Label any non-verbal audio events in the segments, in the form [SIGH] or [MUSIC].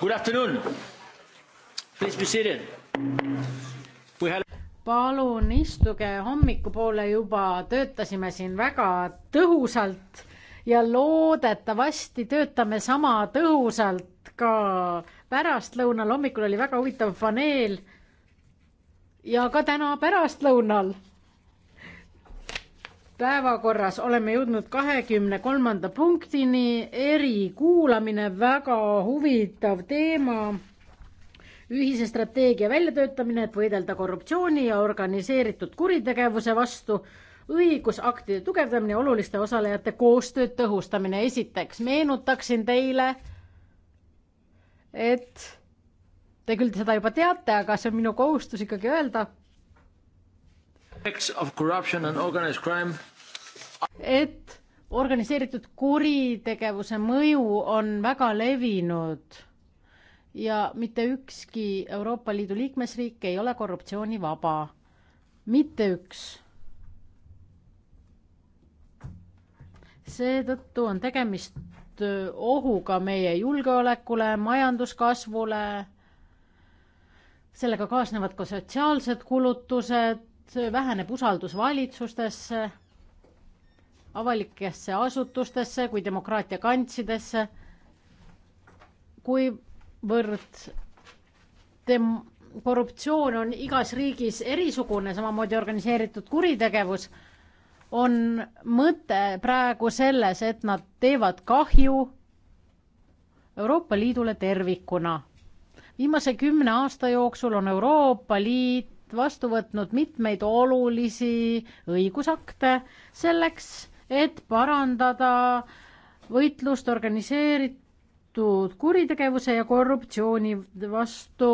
Good afternoon. Please be seated. We had palun istuge hommikupoole juba, töötasime siin väga tõhusalt ja loodetavasti töötame sama tõhusalt ka pärastlõunal, hommikul oli väga huvitav paneel. ja ka täna pärastlõunal päevakorras oleme jõudnud kahekümne kolmanda punktini, erikuulamine, väga huvitav teema. ühise strateegia väljatöötamine, et võidelda korruptsiooni ja organiseeritud kuritegevuse vastu, õigusaktide tugevdamine, oluliste osalejate koostööd tõhustamine. esiteks meenutaksin teile, et te küll seda juba teate, aga see on minu kohustus ikkagi öelda et organiseeritud kuritegevuse mõju on väga levinud ja mitte ükski Euroopa Liidu liikmesriik ei ole korruptsioonivaba. mitte üks. seetõttu on tegemist ohuga meie julgeolekule, majanduskasvule, sellega kaasnevad ka sotsiaalsed kulutused, väheneb usaldus valitsustesse, avalikesse asutustesse kui demokraatia kantsidesse, kuivõrd dem-, korruptsioon on igas riigis erisugune, samamoodi organiseeritud kuritegevus, on mõte praegu selles, et nad teevad kahju Euroopa Liidule tervikuna. viimase kümne aasta jooksul on Euroopa Liit vastu võtnud mitmeid olulisi õigusakte selleks, et parandada võitlust organiseeritud kuritegevuse ja korruptsiooni vastu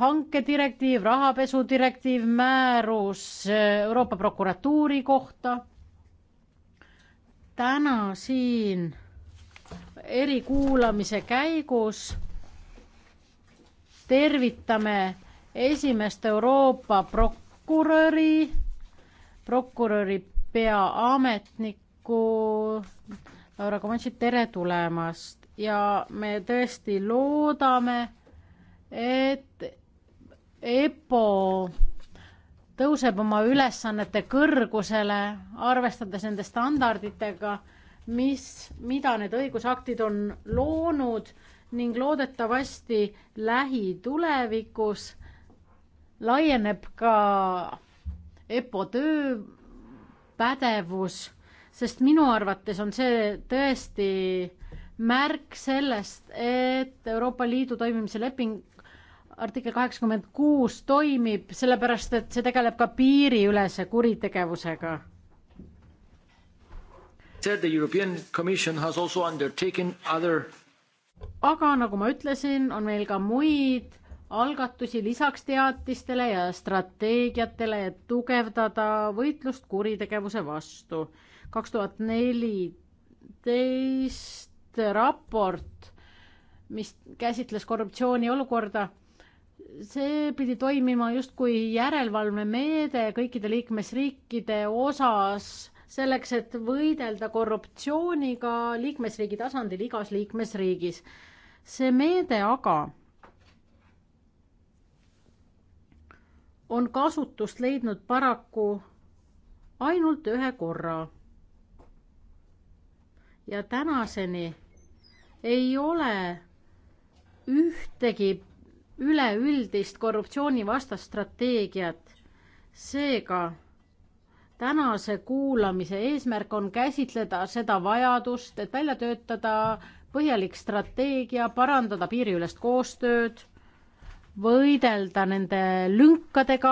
hankedirektiiv, rahapesudirektiiv, määrus Euroopa prokuratuuri kohta. täna siin erikuulamise käigus tervitame esimest Euroopa prokuröri, prokuröri peaametnikku Laura Komatšit, tere tulemast ja me tõesti loodame, et EPPO tõuseb oma ülesannete kõrgusele, arvestades nende standarditega, mis, mida need õigusaktid on loonud ning loodetavasti lähitulevikus laieneb ka EPPO tööpädevus, sest minu arvates on see tõesti märk sellest, et Euroopa Liidu toimimise leping artikkel kaheksakümmend kuus toimib, sellepärast et see tegeleb ka piiriülese kuritegevusega. Other... aga nagu ma ütlesin, on meil ka muid algatusi lisaks teatistele ja strateegiatele, et tugevdada võitlust kuritegevuse vastu. kaks tuhat neliteist raport, mis käsitles korruptsiooni olukorda, see pidi toimima justkui järelevalvemeede kõikide liikmesriikide osas selleks, et võidelda korruptsiooniga liikmesriigi tasandil igas liikmesriigis. see meede aga on kasutust leidnud paraku ainult ühe korra. ja tänaseni ei ole ühtegi üleüldist korruptsioonivastast strateegiat. seega tänase kuulamise eesmärk on käsitleda seda vajadust, et välja töötada põhjalik strateegia, parandada piiriülest koostööd võidelda nende lünkadega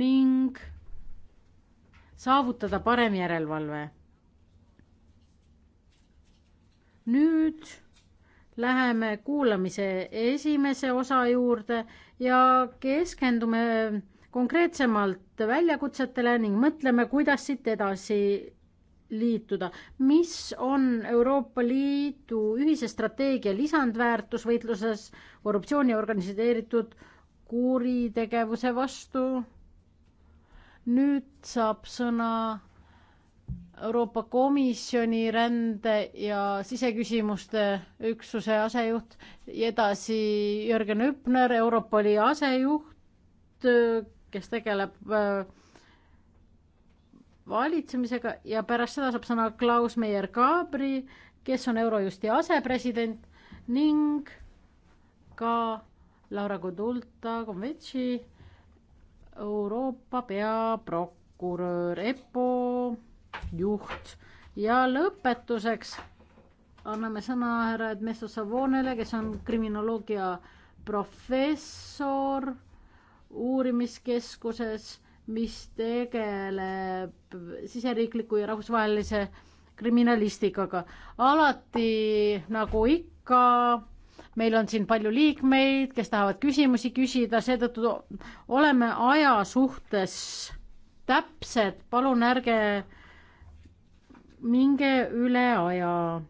ning saavutada parem järelevalve. nüüd läheme kuulamise esimese osa juurde ja keskendume konkreetsemalt väljakutsetele ning mõtleme, kuidas siit edasi liituda. mis on Euroopa Liidu ühise strateegia lisandväärtus võitluses korruptsiooni organiseeritud kuritegevuse vastu? nüüd saab sõna Euroopa Komisjoni rände ja siseküsimuste üksuse asejuht, edasi Jörgen Hüpner, Europoli asejuht, kes tegeleb äh, valitsemisega ja pärast seda saab sõna Klaus Meier-Kaabri, kes on Eurojusti asepresident ning ka Laura Kudulta Konvetsi, Euroopa peaprokurör, EPPO juht ja lõpetuseks anname sõna härra Edmesto Savonele, kes on kriminoloogia professor uurimiskeskuses mis tegeleb siseriikliku ja rahvusvahelise kriminalistikaga. alati nagu ikka, meil on siin palju liikmeid, kes tahavad küsimusi küsida, seetõttu oleme aja suhtes täpsed, palun ärge minge üle aja.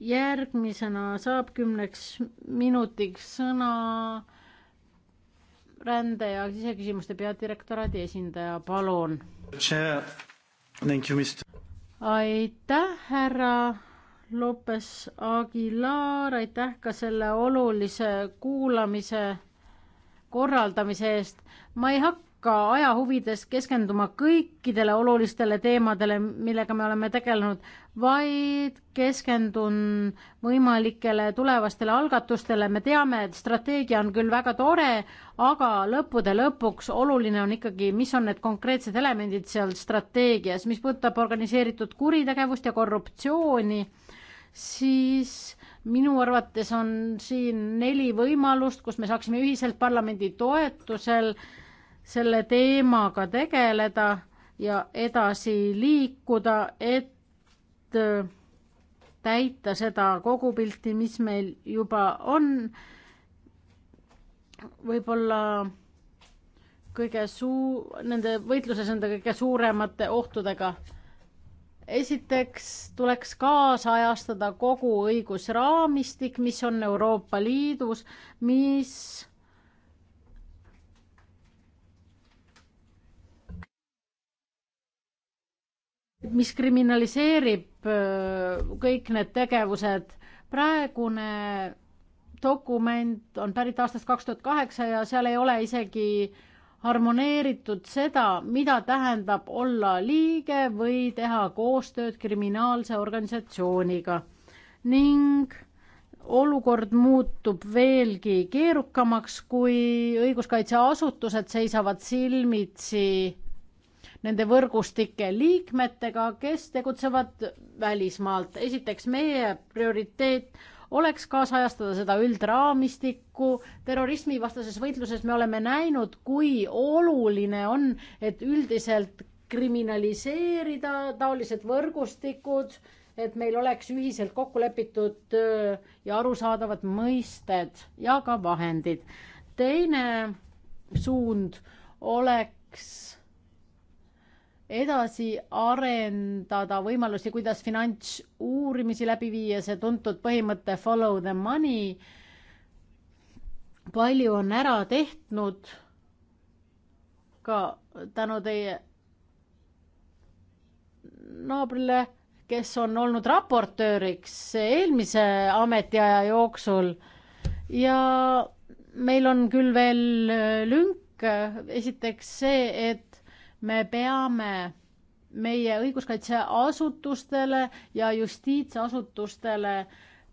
järgmisena saab kümneks minutiks sõna rände ja siseküsimuste peadirektoraadi esindaja, palun. aitäh, härra Lopes Aguilar, aitäh ka selle olulise kuulamise korraldamise eest. ma ei hakka ka aja huvides keskenduma kõikidele olulistele teemadele, millega me oleme tegelenud, vaid keskendun võimalikele tulevastele algatustele. me teame, et strateegia on küll väga tore, aga lõppude lõpuks oluline on ikkagi, mis on need konkreetsed elemendid seal strateegias, mis puudutab organiseeritud kuritegevust ja korruptsiooni, siis minu arvates on siin neli võimalust, kus me saaksime ühiselt parlamendi toetusel äh, selle teemaga tegeleda ja edasi liikuda, et äh, täita seda kogupilti, mis meil juba on. võib-olla kõige suu-, nende võitluses nende kõige suuremate ohtudega. esiteks tuleks kaasajastada kogu õigusraamistik, mis on Euroopa Liidus, mis mis kriminaliseerib äh, kõik need tegevused. praegune dokument on pärit aastast kaks tuhat kaheksa ja seal ei ole isegi harmoneeritud seda, mida tähendab olla liige või teha koostööd kriminaalse organisatsiooniga. ning olukord muutub veelgi keerukamaks, kui õiguskaitseasutused seisavad silmitsi nende võrgustike liikmetega, kes tegutsevad välismaalt. esiteks, meie prioriteet oleks kaasajastada seda üldraamistikku. terrorismivastases võitluses me oleme näinud, kui oluline on, et üldiselt kriminaliseerida taolised võrgustikud, et meil oleks ühiselt kokku lepitud äh, ja arusaadavad mõisted ja ka vahendid. teine suund oleks edasi arendada võimalusi, kuidas finantsuurimisi läbi viia, see tuntud põhimõte follow the money. palju on ära tehtud ka tänu teie naabrile, kes on olnud raportööriks eelmise ametiaja jooksul ja meil on küll veel lünk, esiteks see, et me peame meie õiguskaitseasutustele ja justiitsasutustele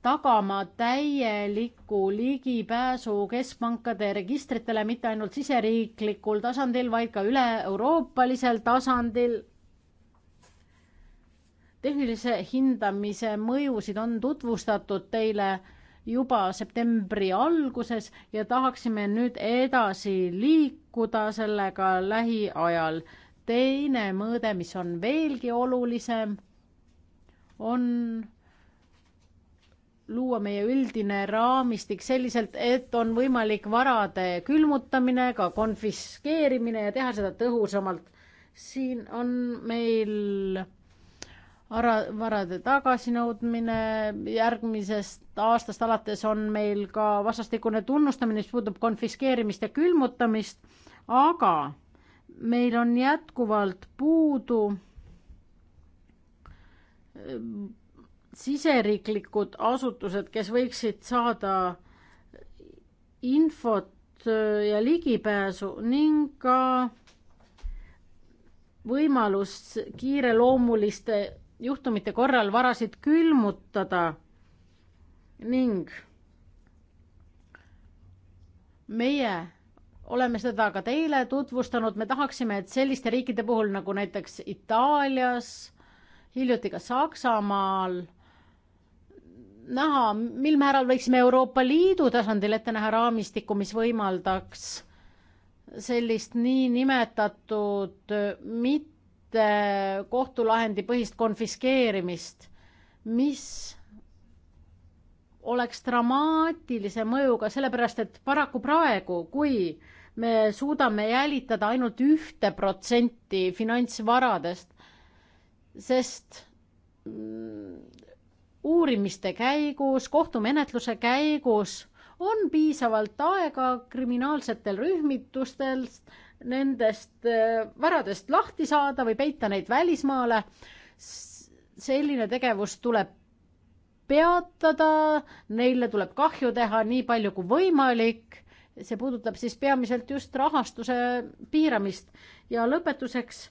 tagama täieliku ligipääsu keskpankade registritele mitte ainult siseriiklikul tasandil, vaid ka üle-euroopalisel tasandil. tehnilise hindamise mõjusid on tutvustatud teile juba septembri alguses ja tahaksime nüüd edasi liikuda sellega lähiajal. teine mõõde, mis on veelgi olulisem, on luua meie üldine raamistik selliselt, et on võimalik varade külmutamine, ka konfiskeerimine ja teha seda tõhusamalt. siin on meil ara, varade tagasinõudmine, järgmisest aastast alates on meil ka vastastikune tunnustamine, mis puudutab konfiskeerimist ja külmutamist, aga meil on jätkuvalt puudu äh, siseriiklikud asutused, kes võiksid saada infot äh, ja ligipääsu ning ka võimalust kiireloomuliste juhtumite korral varasid külmutada ning meie oleme seda ka teile tutvustanud, me tahaksime, et selliste riikide puhul nagu näiteks Itaalias, hiljuti ka Saksamaal, näha, mil määral võiksime Euroopa Liidu tasandil ette näha raamistikku, mis võimaldaks sellist niinimetatud mit-, mitte eh, kohtulahendi põhist konfiskeerimist, mis oleks dramaatilise mõjuga, sellepärast et paraku praegu, kui me suudame jälitada ainult ühte protsenti finantsvaradest, sest mm, uurimiste käigus, kohtumenetluse käigus on piisavalt aega kriminaalsetel rühmitustel nendest äh, varadest lahti saada või peita neid välismaale. selline tegevus tuleb peatada, neile tuleb kahju teha nii palju kui võimalik. see puudutab siis peamiselt just rahastuse piiramist ja lõpetuseks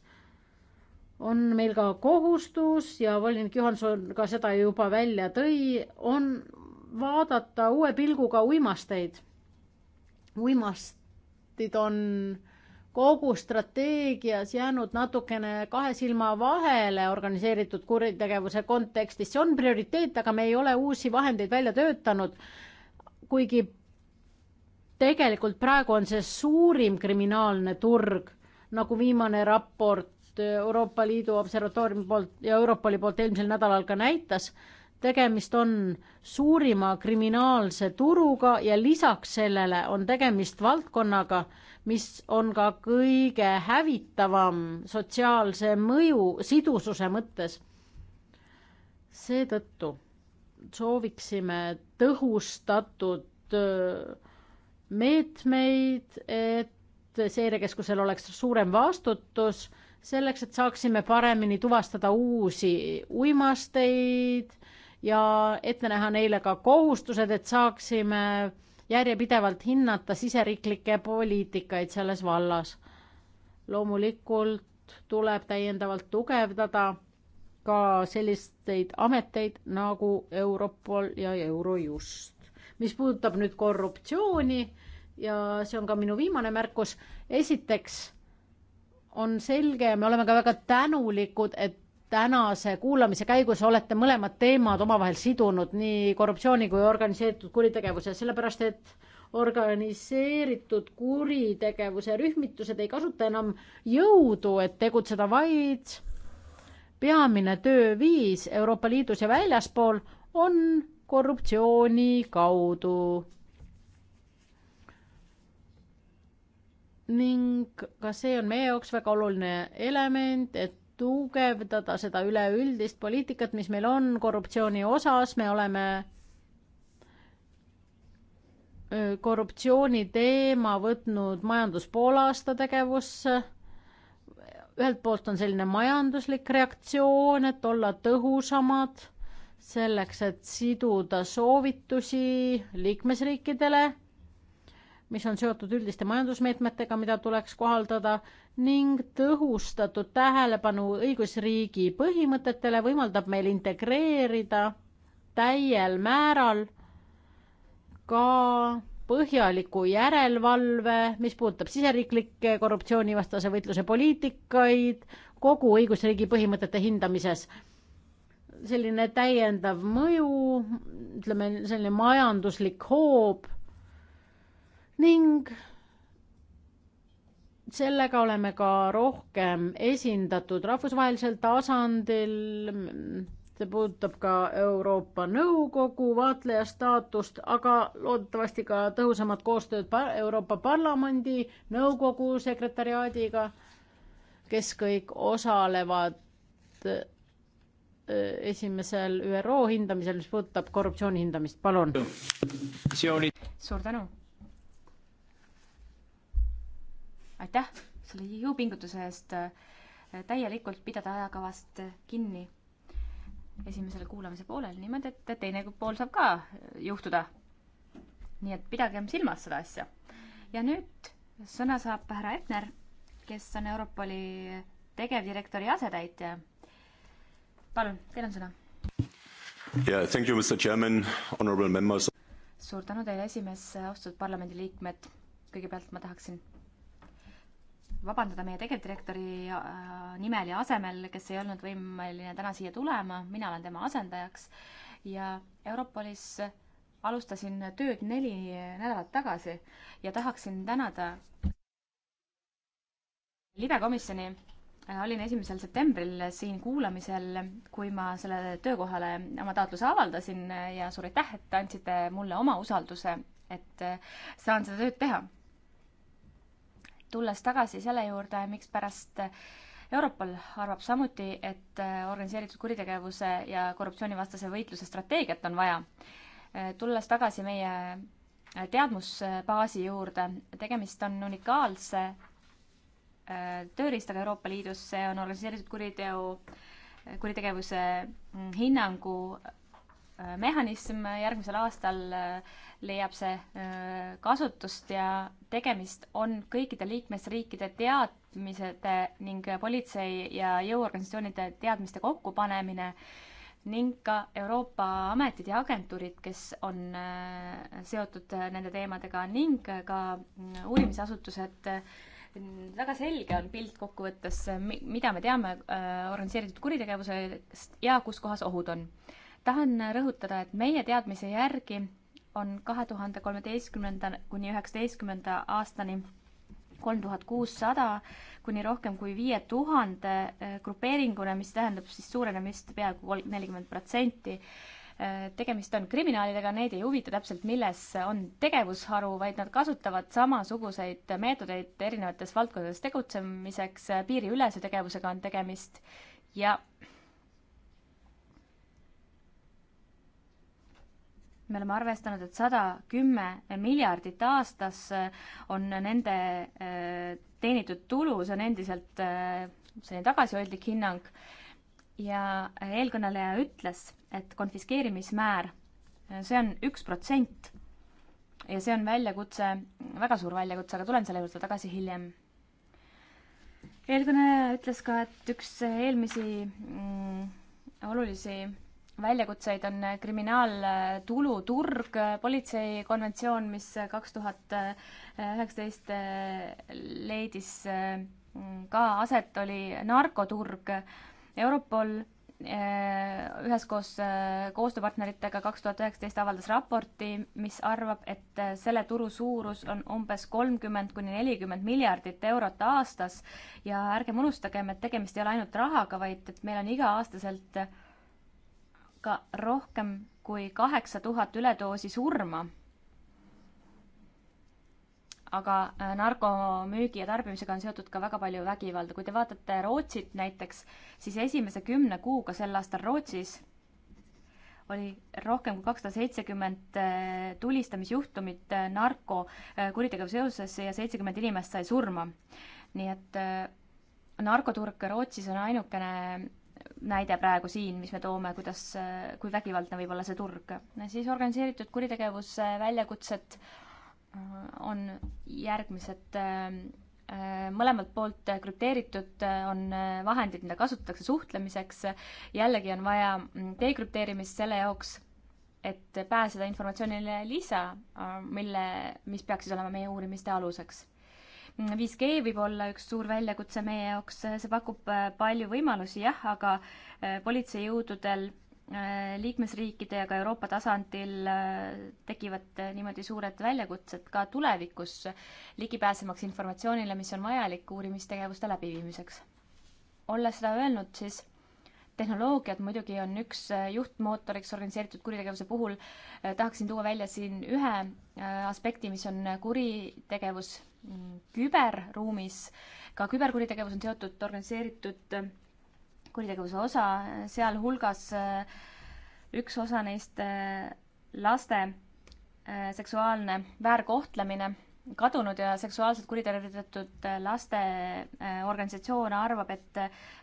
on meil ka kohustus ja volinik Johanson ka seda juba välja tõi, on vaadata uue pilguga uimasteid. uimastid on äh, kogu strateegias jäänud natukene kahe silma vahele organiseeritud kuritegevuse kontekstis. see on prioriteet, aga me ei ole uusi vahendeid välja töötanud. kuigi tegelikult praegu on see suurim kriminaalne turg, nagu viimane raport Euroopa Liidu observatooriumi poolt ja Europoli poolt eelmisel nädalal ka näitas, tegemist on suurima kriminaalse turuga ja lisaks sellele on tegemist valdkonnaga, mis on ka kõige hävitavam sotsiaalse mõju sidususe mõttes. seetõttu sooviksime tõhustatud meetmeid, et seirekeskusel oleks suurem vastutus selleks, et saaksime paremini tuvastada uusi uimasteid ja ette näha neile ka kohustused, et saaksime järjepidevalt hinnata siseriiklikke poliitikaid selles vallas. loomulikult tuleb täiendavalt tugevdada ka selliseid ameteid nagu Europol ja Eurojust. mis puudutab nüüd korruptsiooni ja see on ka minu viimane märkus, esiteks on selge ja me oleme ka väga tänulikud, et tänase kuulamise käigus olete mõlemad teemad omavahel sidunud, nii korruptsiooni kui organiseeritud kuritegevuse, sellepärast et organiseeritud kuritegevuse rühmitused ei kasuta enam jõudu, et tegutseda, vaid peamine tööviis Euroopa Liidus ja väljaspool on korruptsiooni kaudu. ning ka see on meie jaoks väga oluline element, et tugevdada seda üleüldist poliitikat, mis meil on korruptsiooni osas, me oleme korruptsiooni teema võtnud majandus poole aasta tegevusse. ühelt poolt on selline majanduslik reaktsioon, et olla tõhusamad selleks, et siduda soovitusi liikmesriikidele mis on seotud üldiste majandusmeetmetega, mida tuleks kohaldada ning tõhustatud tähelepanu õigusriigi põhimõtetele võimaldab meil integreerida täiel määral ka põhjaliku järelevalve, mis puudutab siseriiklikke korruptsioonivastase võitluse poliitikaid, kogu õigusriigi põhimõtete hindamises. selline täiendav mõju, ütleme selline majanduslik hoob ning sellega oleme ka rohkem esindatud rahvusvahelisel tasandil. see puudutab ka Euroopa Nõukogu vaatleja staatust, aga loodetavasti ka tõhusamat koostööd par Euroopa Parlamendi nõukogu sekretariaadiga, kes kõik osalevad äh, esimesel ÜRO hindamisel, mis puudutab korruptsiooni hindamist, palun. suur tänu aitäh selle jõupingutuse eest äh, täielikult pidada ajakavast äh, kinni esimesele kuulamise poolel niimoodi, et teine pool saab ka äh, juhtuda. nii et pidagem silmas seda asja. ja nüüd sõna saab härra Epner, kes on Europoli tegevdirektori asetäitja. palun, teil on sõna. Yeah, thank you, Mr Chairman, honorable members. suur tänu teile, esimees, austatud parlamendiliikmed. kõigepealt ma tahaksin vabandada meie tegevdirektori äh, nimel ja asemel, kes ei olnud võimeline täna siia tulema, mina olen tema asendajaks ja Europolis alustasin tööd neli nädalat tagasi ja tahaksin tänada libekomisjoni äh, olin esimesel septembril siin kuulamisel, kui ma sellele töökohale oma taotluse avaldasin ja suur aitäh, et andsite mulle oma usalduse, et äh, saan seda tööd teha tulles tagasi selle juurde, mikspärast Europol arvab samuti, et organiseeritud kuritegevuse ja korruptsioonivastase võitluse strateegiat on vaja. tulles tagasi meie teadmusbaasi juurde, tegemist on unikaalse äh, tööriistaga Euroopa Liidus, see on organiseeritud kuriteo, kuritegevuse mm, hinnangu äh, mehhanism järgmisel aastal äh, leiab see kasutust ja tegemist on kõikide liikmesriikide teadmisede ning politsei ja jõuorganisatsioonide teadmiste kokkupanemine ning ka Euroopa ametid ja agentuurid, kes on seotud nende teemadega ning ka mm, uurimisasutused. väga selge on pilt kokkuvõttes, mida me teame organiseeritud kuritegevusest ja kus kohas ohud on. tahan rõhutada, et meie teadmise järgi on kahe tuhande kolmeteistkümnenda kuni üheksateistkümnenda aastani kolm tuhat kuussada kuni rohkem kui viie tuhande eh, grupeeringuna, mis tähendab siis suurenemist peaaegu nelikümmend protsenti. Eh, tegemist on kriminaalidega, neid ei huvita täpselt, milles on tegevusharu, vaid nad kasutavad samasuguseid meetodeid erinevates valdkondades tegutsemiseks, piiriülese tegevusega on tegemist ja me oleme arvestanud, et sada kümme miljardit aastas äh, on nende äh, teenitud tulu, see on endiselt äh, selline tagasihoidlik hinnang. ja eelkõneleja ütles, et konfiskeerimismäär, see on üks protsent. ja see on väljakutse, väga suur väljakutse, aga tulen selle juurde tagasi hiljem. eelkõneleja ütles ka, et üks eelmisi mm, olulisi väljakutseid on äh, kriminaaltulu äh, turg, äh, politseikonventsioon, mis kaks tuhat üheksateist leidis mm, ka aset, oli narkoturg, Europol üheskoos koostööpartneritega kaks tuhat üheksateist avaldas raporti, mis arvab, et selle turu suurus on umbes kolmkümmend kuni nelikümmend miljardit eurot aastas ja ärgem unustagem, et tegemist ei ole ainult rahaga, vaid et meil on iga-aastaselt ka rohkem kui kaheksa tuhat üledoosi surma. aga äh, narkomüügi ja tarbimisega on seotud ka väga palju vägivalda. kui te vaatate Rootsit näiteks, siis esimese kümne kuuga sel aastal Rootsis oli rohkem kui kakssada seitsekümmend äh, tulistamisjuhtumit äh, narkokuritegevuse seoses ja seitsekümmend inimest sai surma. nii et narkoturg Rootsis on ainukene näide praegu siin, mis me toome, kuidas, kui vägivaldne võib olla see turg. siis organiseeritud kuritegevuse väljakutsed äh, on järgmised. Äh, äh, mõlemalt poolt krüpteeritud on vahendid, mida kasutatakse suhtlemiseks. jällegi on vaja mm, dekrüpteerimist selle jaoks, et pääseda informatsioonile lisa, mille, mis peaks siis olema meie uurimiste aluseks 5G võib olla üks suur väljakutse meie jaoks, see pakub äh, palju võimalusi jah, aga äh, politseijõududel äh, liikmesriikide ja ka Euroopa tasandil tekivad niimoodi suured väljakutsed ka tulevikus ligipääsemaks informatsioonile, mis on vajalik uurimistegevuste läbiviimiseks. olles seda öelnud, siis tehnoloogiad muidugi on üks juhtmootoriks organiseeritud kuritegevuse puhul. tahaksin tuua välja siin ühe aspekti, mis on kuritegevus küberruumis. ka küberkuritegevus on seotud organiseeritud äh, kuritegevuse osa, sealhulgas äh, üks osa neist äh, laste seksuaalne väärkohtlemine. kadunud ja seksuaalselt kuritarvitatud laste organisatsioon arvab, et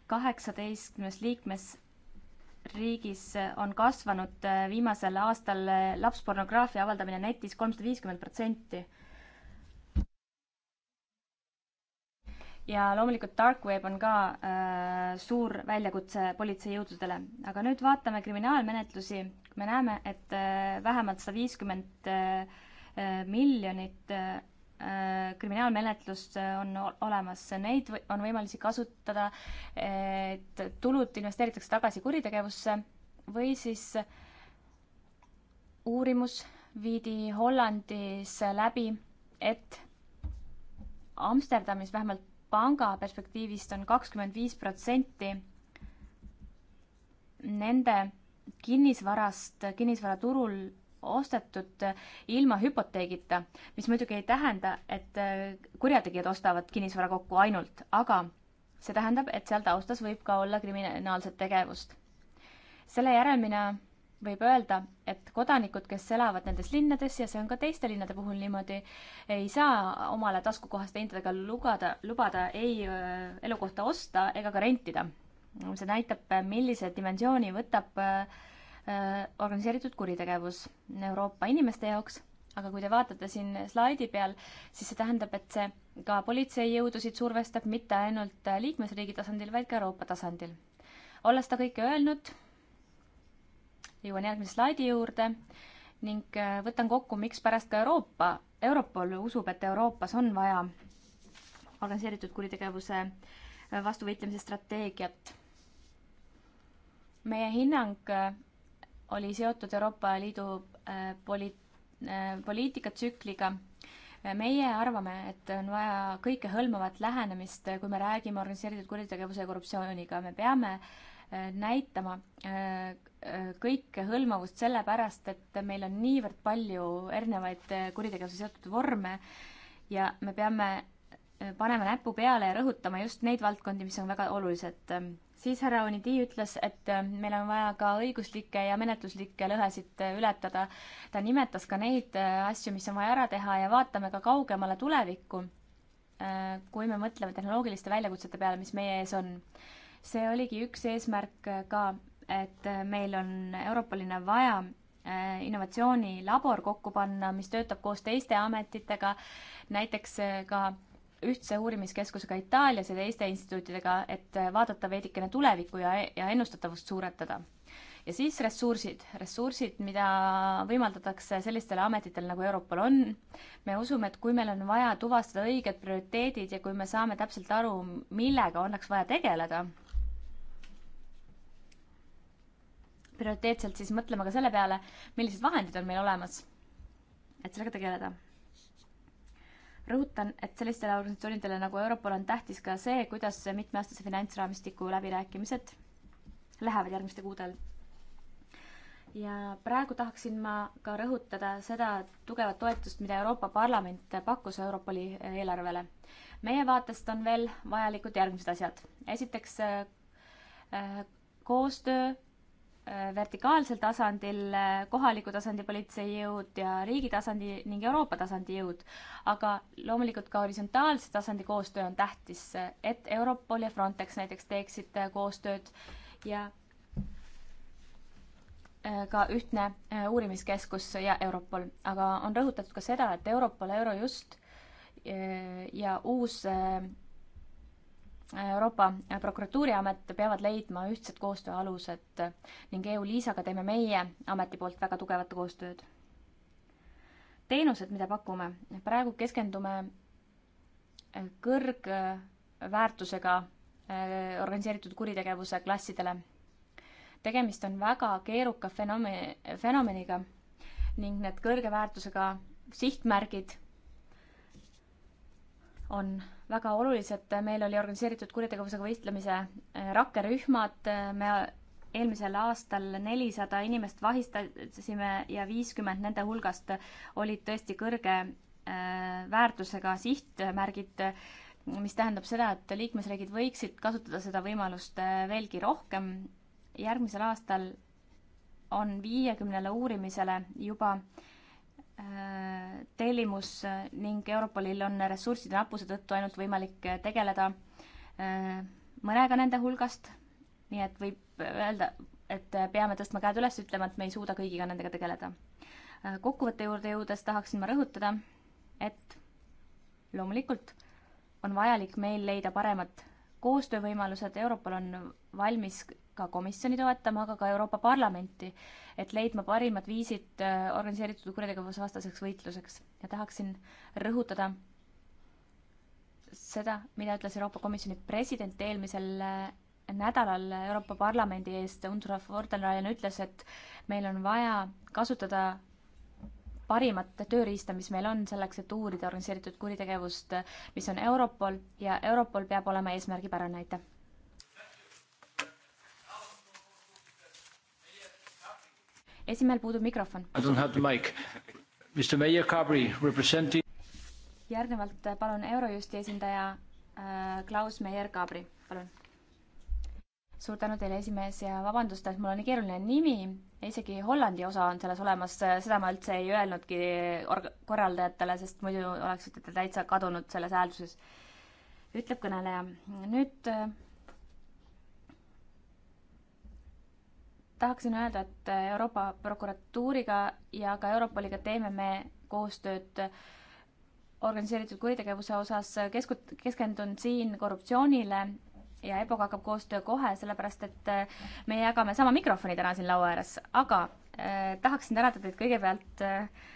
kaheksateistkümnes liikmesriigis on kasvanud viimasel aastal lapspornograafia avaldamine netis kolmsada viiskümmend protsenti ja loomulikult dark web on ka äh, suur väljakutse politseijõududele. aga nüüd vaatame kriminaalmenetlusi, me näeme, et äh, vähemalt sada viiskümmend äh, miljonit äh, kriminaalmenetlust äh, on olemas, neid on võimalusi kasutada, et tulud investeeritakse tagasi kuritegevusse või siis uurimus viidi Hollandis läbi, et Amsterdamis vähemalt panga perspektiivist on kakskümmend viis protsenti nende kinnisvarast kinnisvaraturul ostetud ilma hüpoteegita, mis muidugi ei tähenda, et äh, kurjategijad ostavad kinnisvara kokku ainult, aga see tähendab, et seal taustas võib ka olla kriminaalset tegevust. selle järel mina võib öelda, et kodanikud, kes elavad nendes linnades ja see on ka teiste linnade puhul niimoodi, ei saa omale taskukohaste hindadega lugada, lubada ei elukohta osta ega ka rentida. see näitab, millise dimensiooni võtab organiseeritud kuritegevus Euroopa inimeste jaoks, aga kui te vaatate siin slaidi peal, siis see tähendab, et see ka politseijõudusid survestab mitte ainult liikmesriigi tasandil, vaid ka Euroopa tasandil. olles seda kõike öelnud, jõuan järgmise slaidi juurde ning äh, võtan kokku, mikspärast ka Euroopa, Europol usub, et Euroopas on vaja organiseeritud kuritegevuse äh, vastu võitlemise strateegiat. meie hinnang äh, oli seotud Euroopa Liidu poli-, poliitikatsükliga. meie arvame, et on vaja kõikehõlmavat lähenemist, kui me räägime organiseeritud kuritegevuse ja korruptsiooniga, me peame äh, Äh, näitama äh, äh, kõike hõlmavust sellepärast, et meil on niivõrd palju erinevaid kuritegevuse seotud vorme ja me peame panema näpu peale ja rõhutama just neid valdkondi, mis on väga olulised. Ähm, siis härra Onidi ütles, et meil on vaja ka õiguslikke ja menetluslikke lõhesid ületada. ta nimetas ka neid asju, mis on vaja ära teha ja vaatame ka kaugemale tulevikku, kui me mõtleme tehnoloogiliste väljakutsete peale, mis meie ees on see oligi üks eesmärk ka, et meil on Europoline vaja äh, innovatsioonilabor kokku panna, mis töötab koos teiste ametitega, näiteks äh, ka ühtse uurimiskeskusega Itaalias ja teiste instituutidega, et äh, vaadata veidikene tulevikku ja, ja ennustatavust suuretada. ja siis ressursid, ressursid, mida võimaldatakse sellistele ametitele, nagu Europol on. me usume, et kui meil on vaja tuvastada õiged prioriteedid ja kui me saame täpselt aru, millega oleks vaja tegeleda, prioriteetselt siis mõtlema ka selle peale, millised vahendid on meil olemas, et sellega tegeleda. rõhutan, et sellistele organisatsioonidele nagu Europol on tähtis ka see, kuidas mitmeaastase finantsraamistiku läbirääkimised lähevad järgmistel kuudel. ja praegu tahaksin ma ka rõhutada seda tugevat toetust, mida Euroopa Parlament pakkus Europoli eelarvele. meie vaatest on veel vajalikud järgmised asjad. esiteks äh, äh, koostöö Äh, vertikaalsel tasandil äh, kohaliku tasandi politseijõud ja riigi tasandi ning Euroopa tasandi jõud. aga loomulikult ka horisontaalse tasandi koostöö on tähtis, äh, et Europol ja Frontex näiteks teeksid koostööd ja ka ühtne uurimiskeskus ja Europol, aga on rõhutatud ka seda, et Europol, Eurojust ja uus Euroopa Prokuratuuriamet peavad leidma ühtsed koostööalused ning EU-Liisaga teeme meie ameti poolt väga tugevat koostööd. teenused, mida pakume, praegu keskendume äh, kõrgväärtusega äh, organiseeritud kuritegevuse klassidele. tegemist on väga keeruka fenome-, fenomeniga ning need kõrge väärtusega sihtmärgid on väga olulised, meil oli organiseeritud kuritegevusega võitlemise eh, rakkerühmad, me eelmisel aastal nelisada inimest vahistasime ja viiskümmend nende hulgast olid tõesti kõrge eh, väärtusega sihtmärgid, mis tähendab seda, et liikmesriigid võiksid kasutada seda võimalust eh, veelgi rohkem. järgmisel aastal on viiekümnele uurimisele juba äh, tellimus ning Europolil on ressursside nappuse tõttu ainult võimalik tegeleda äh, mõnega nende hulgast, nii et võib öelda, et peame tõstma käed üles, ütlema, et me ei suuda kõigiga nendega tegeleda. Äh, kokkuvõtte juurde jõudes tahaksin ma rõhutada, et loomulikult on vajalik meil leida paremat koostöövõimalused, Europol on valmis ka komisjoni toetama, aga ka Euroopa Parlamenti, et leidma parimad viisid äh, organiseeritud kuritegevuse vastaseks võitluseks ja tahaksin rõhutada seda, mida ütles Euroopa Komisjoni president eelmisel äh, nädalal Euroopa Parlamendi eest, Ursula von der Leyen ütles, et meil on vaja kasutada parimat tööriista, mis meil on selleks, et uurida organiseeritud kuritegevust, mis on Europol ja Europol peab olema eesmärgipärane, aitäh. esimehel puudub mikrofon. I don't have the mic. Mr Meier Kabri representing. järgnevalt palun Eurojusti esindaja äh, Klaus Meier Kabri, palun suur tänu teile, esimees, ja vabandust, et mul on nii keeruline nimi, isegi Hollandi osa on selles olemas, seda ma üldse ei öelnudki org-, korraldajatele, sest muidu oleksite te täitsa kadunud selles häälduses, ütleb kõneleja. nüüd tahaksin öelda, et Euroopa prokuratuuriga ja ka Europoliga teeme me koostööd organiseeritud kuritegevuse osas, keskut-, keskendun siin korruptsioonile ja EPOK hakkab koostöö kohe, sellepärast et äh, me jagame sama mikrofoni täna siin laua ääres, aga eh, tahaksin tänada teid kõigepealt eh,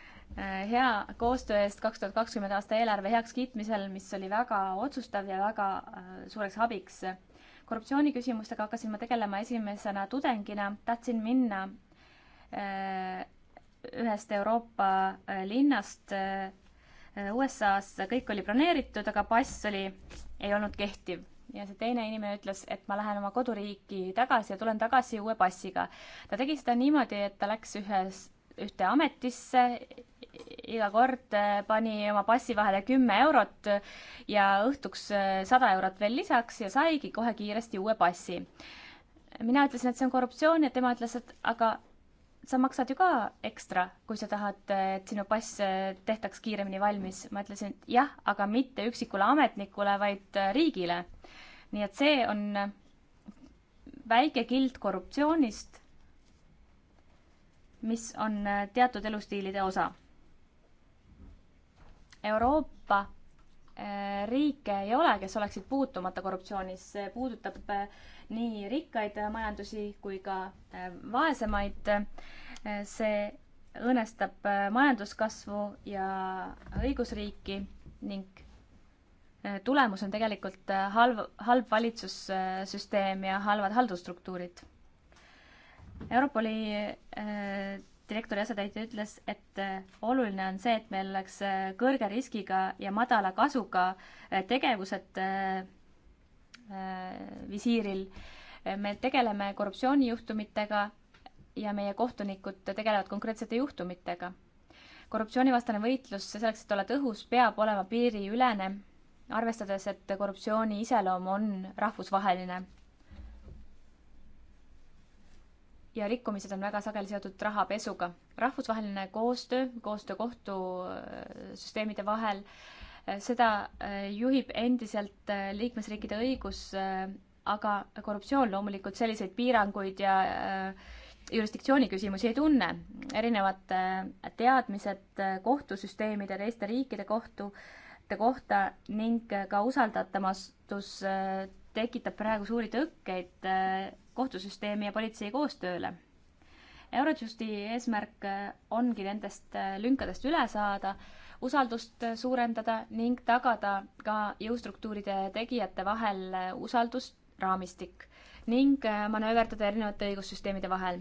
hea koostöö eest kaks tuhat kakskümmend aasta eelarve heakskiitmisel, mis oli väga otsustav ja väga eh, suureks abiks. korruptsiooniküsimustega hakkasin ma tegelema esimesena tudengina, tahtsin minna ühest Euroopa linnast USA-s, kõik oli broneeritud, aga pass oli, ei olnud kehtiv ja see teine inimene ütles, et ma lähen oma koduriiki tagasi ja tulen tagasi uue passiga. ta tegi seda niimoodi, et ta läks ühes, ühte ametisse, iga kord äh, pani oma passi vahele kümme eurot ja õhtuks äh, sada eurot veel lisaks ja saigi kohe kiiresti uue passi. mina ütlesin, et see on korruptsioon ja tema ütles, et aga sa maksad ju ka ekstra, kui sa tahad, et sinu pass äh, tehtaks kiiremini valmis. ma ütlesin, et jah, aga mitte üksikule ametnikule, vaid äh, riigile. nii et see on väike kild korruptsioonist, mis on äh, teatud elustiilide osa. Euroopa riike ei ole, kes oleksid puutumata korruptsioonis, see puudutab äh, nii rikkaid majandusi kui ka äh, vaesemaid. Äh, see õõnestab äh, majanduskasvu ja õigusriiki ning tulemus on tegelikult halb, halb valitsussüsteem ja halvad haldusstruktuurid. Europoli direktori asetäitja ütles, et oluline on see, et meil oleks kõrge riskiga ja madala kasuga tegevused Äh, visiiril. me tegeleme korruptsioonijuhtumitega ja meie kohtunikud tegelevad konkreetsete juhtumitega. korruptsioonivastane võitlus, selleks, et olla tõhus, peab olema piiriülene, arvestades, et korruptsiooni iseloom on rahvusvaheline. ja rikkumised on väga sageli seotud rahapesuga. rahvusvaheline koostöö, koostöö kohtusüsteemide vahel äh, seda äh, juhib endiselt äh, liikmesriikide õigus, äh, aga korruptsioon loomulikult selliseid piiranguid ja jurisdiktsiooni küsimusi ei tunne. erinevad teadmised kohtusüsteemide, teiste riikide kohtute kohta ning ka usaldatamatus tekitab praegu suuri tõkkeid kohtusüsteemi ja politsei koostööle. Eurojusti eesmärk ongi nendest lünkadest üle saada usaldust suurendada ning tagada ka jõustruktuuride tegijate vahel usaldusraamistik ning äh, manööverdada erinevate õigussüsteemide vahel.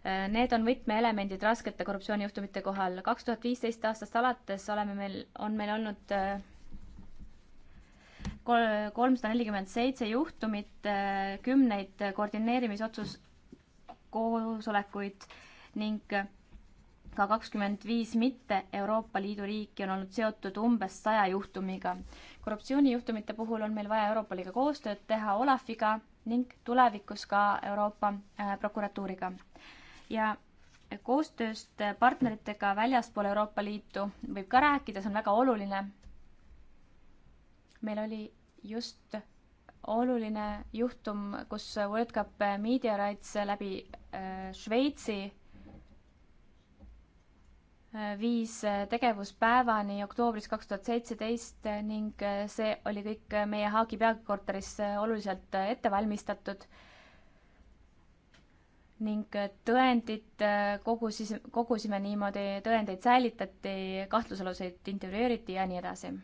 Äh, need on võtmeelemendid raskete korruptsioonijuhtumite kohal. kaks tuhat viisteist aastast alates oleme meil, on meil olnud äh, kolmsada nelikümmend seitse juhtumit, kümneid koordineerimisotsus, koosolekuid ning ka kakskümmend viis mitte Euroopa Liidu riiki on olnud seotud umbes saja juhtumiga. korruptsioonijuhtumite puhul on meil vaja Euroopa Liiga koostööd teha Olafiga ning tulevikus ka Euroopa äh, prokuratuuriga. ja koostööst partneritega väljaspool Euroopa Liitu võib ka rääkida, see on väga oluline. meil oli just oluline juhtum, kus World Cup Media Rights läbi äh, Šveitsi äh, viis äh, tegevuspäevani oktoobris kaks tuhat seitseteist ning äh, see oli kõik äh, meie Haagi peakorteris oluliselt ette valmistatud. ning tõendid kogusis, kogusime niimoodi, tõendeid säilitati, kahtlusaluseid intervjueeriti ja nii edasi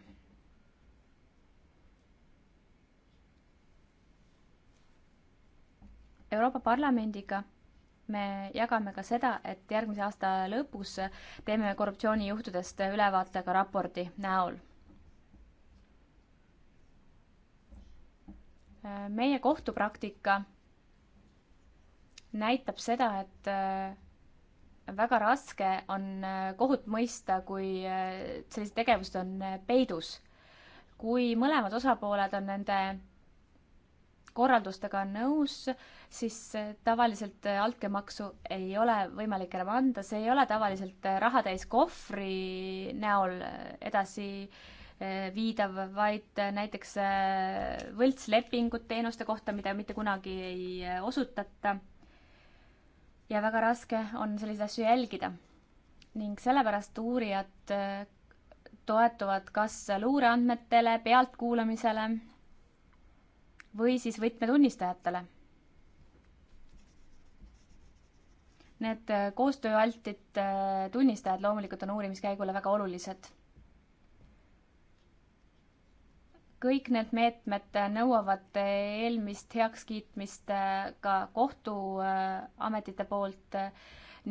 Euroopa Parlamendiga me jagame ka seda, et järgmise aasta lõpus teeme korruptsioonijuhtudest ülevaate ka raporti näol. meie kohtupraktika näitab seda, et äh, väga raske on äh, kohut mõista, kui äh, sellised tegevused on peidus. kui mõlemad osapooled on nende korraldustega nõus, siis tavaliselt altkäemaksu ei ole võimalik enam anda, see ei ole tavaliselt rahatäis kohvri näol edasi eh, viidav, vaid näiteks eh, võltslepingud teenuste kohta, mida mitte kunagi ei eh, osutata. ja väga raske on selliseid asju jälgida. ning sellepärast uurijad toetuvad kas luureandmetele, pealtkuulamisele, või siis võtmetunnistajatele. Need äh, koostööaltid äh, tunnistajad loomulikult on uurimiskäigule väga olulised. kõik need meetmed nõuavad äh, eelmist heakskiitmist ka kohtuametite poolt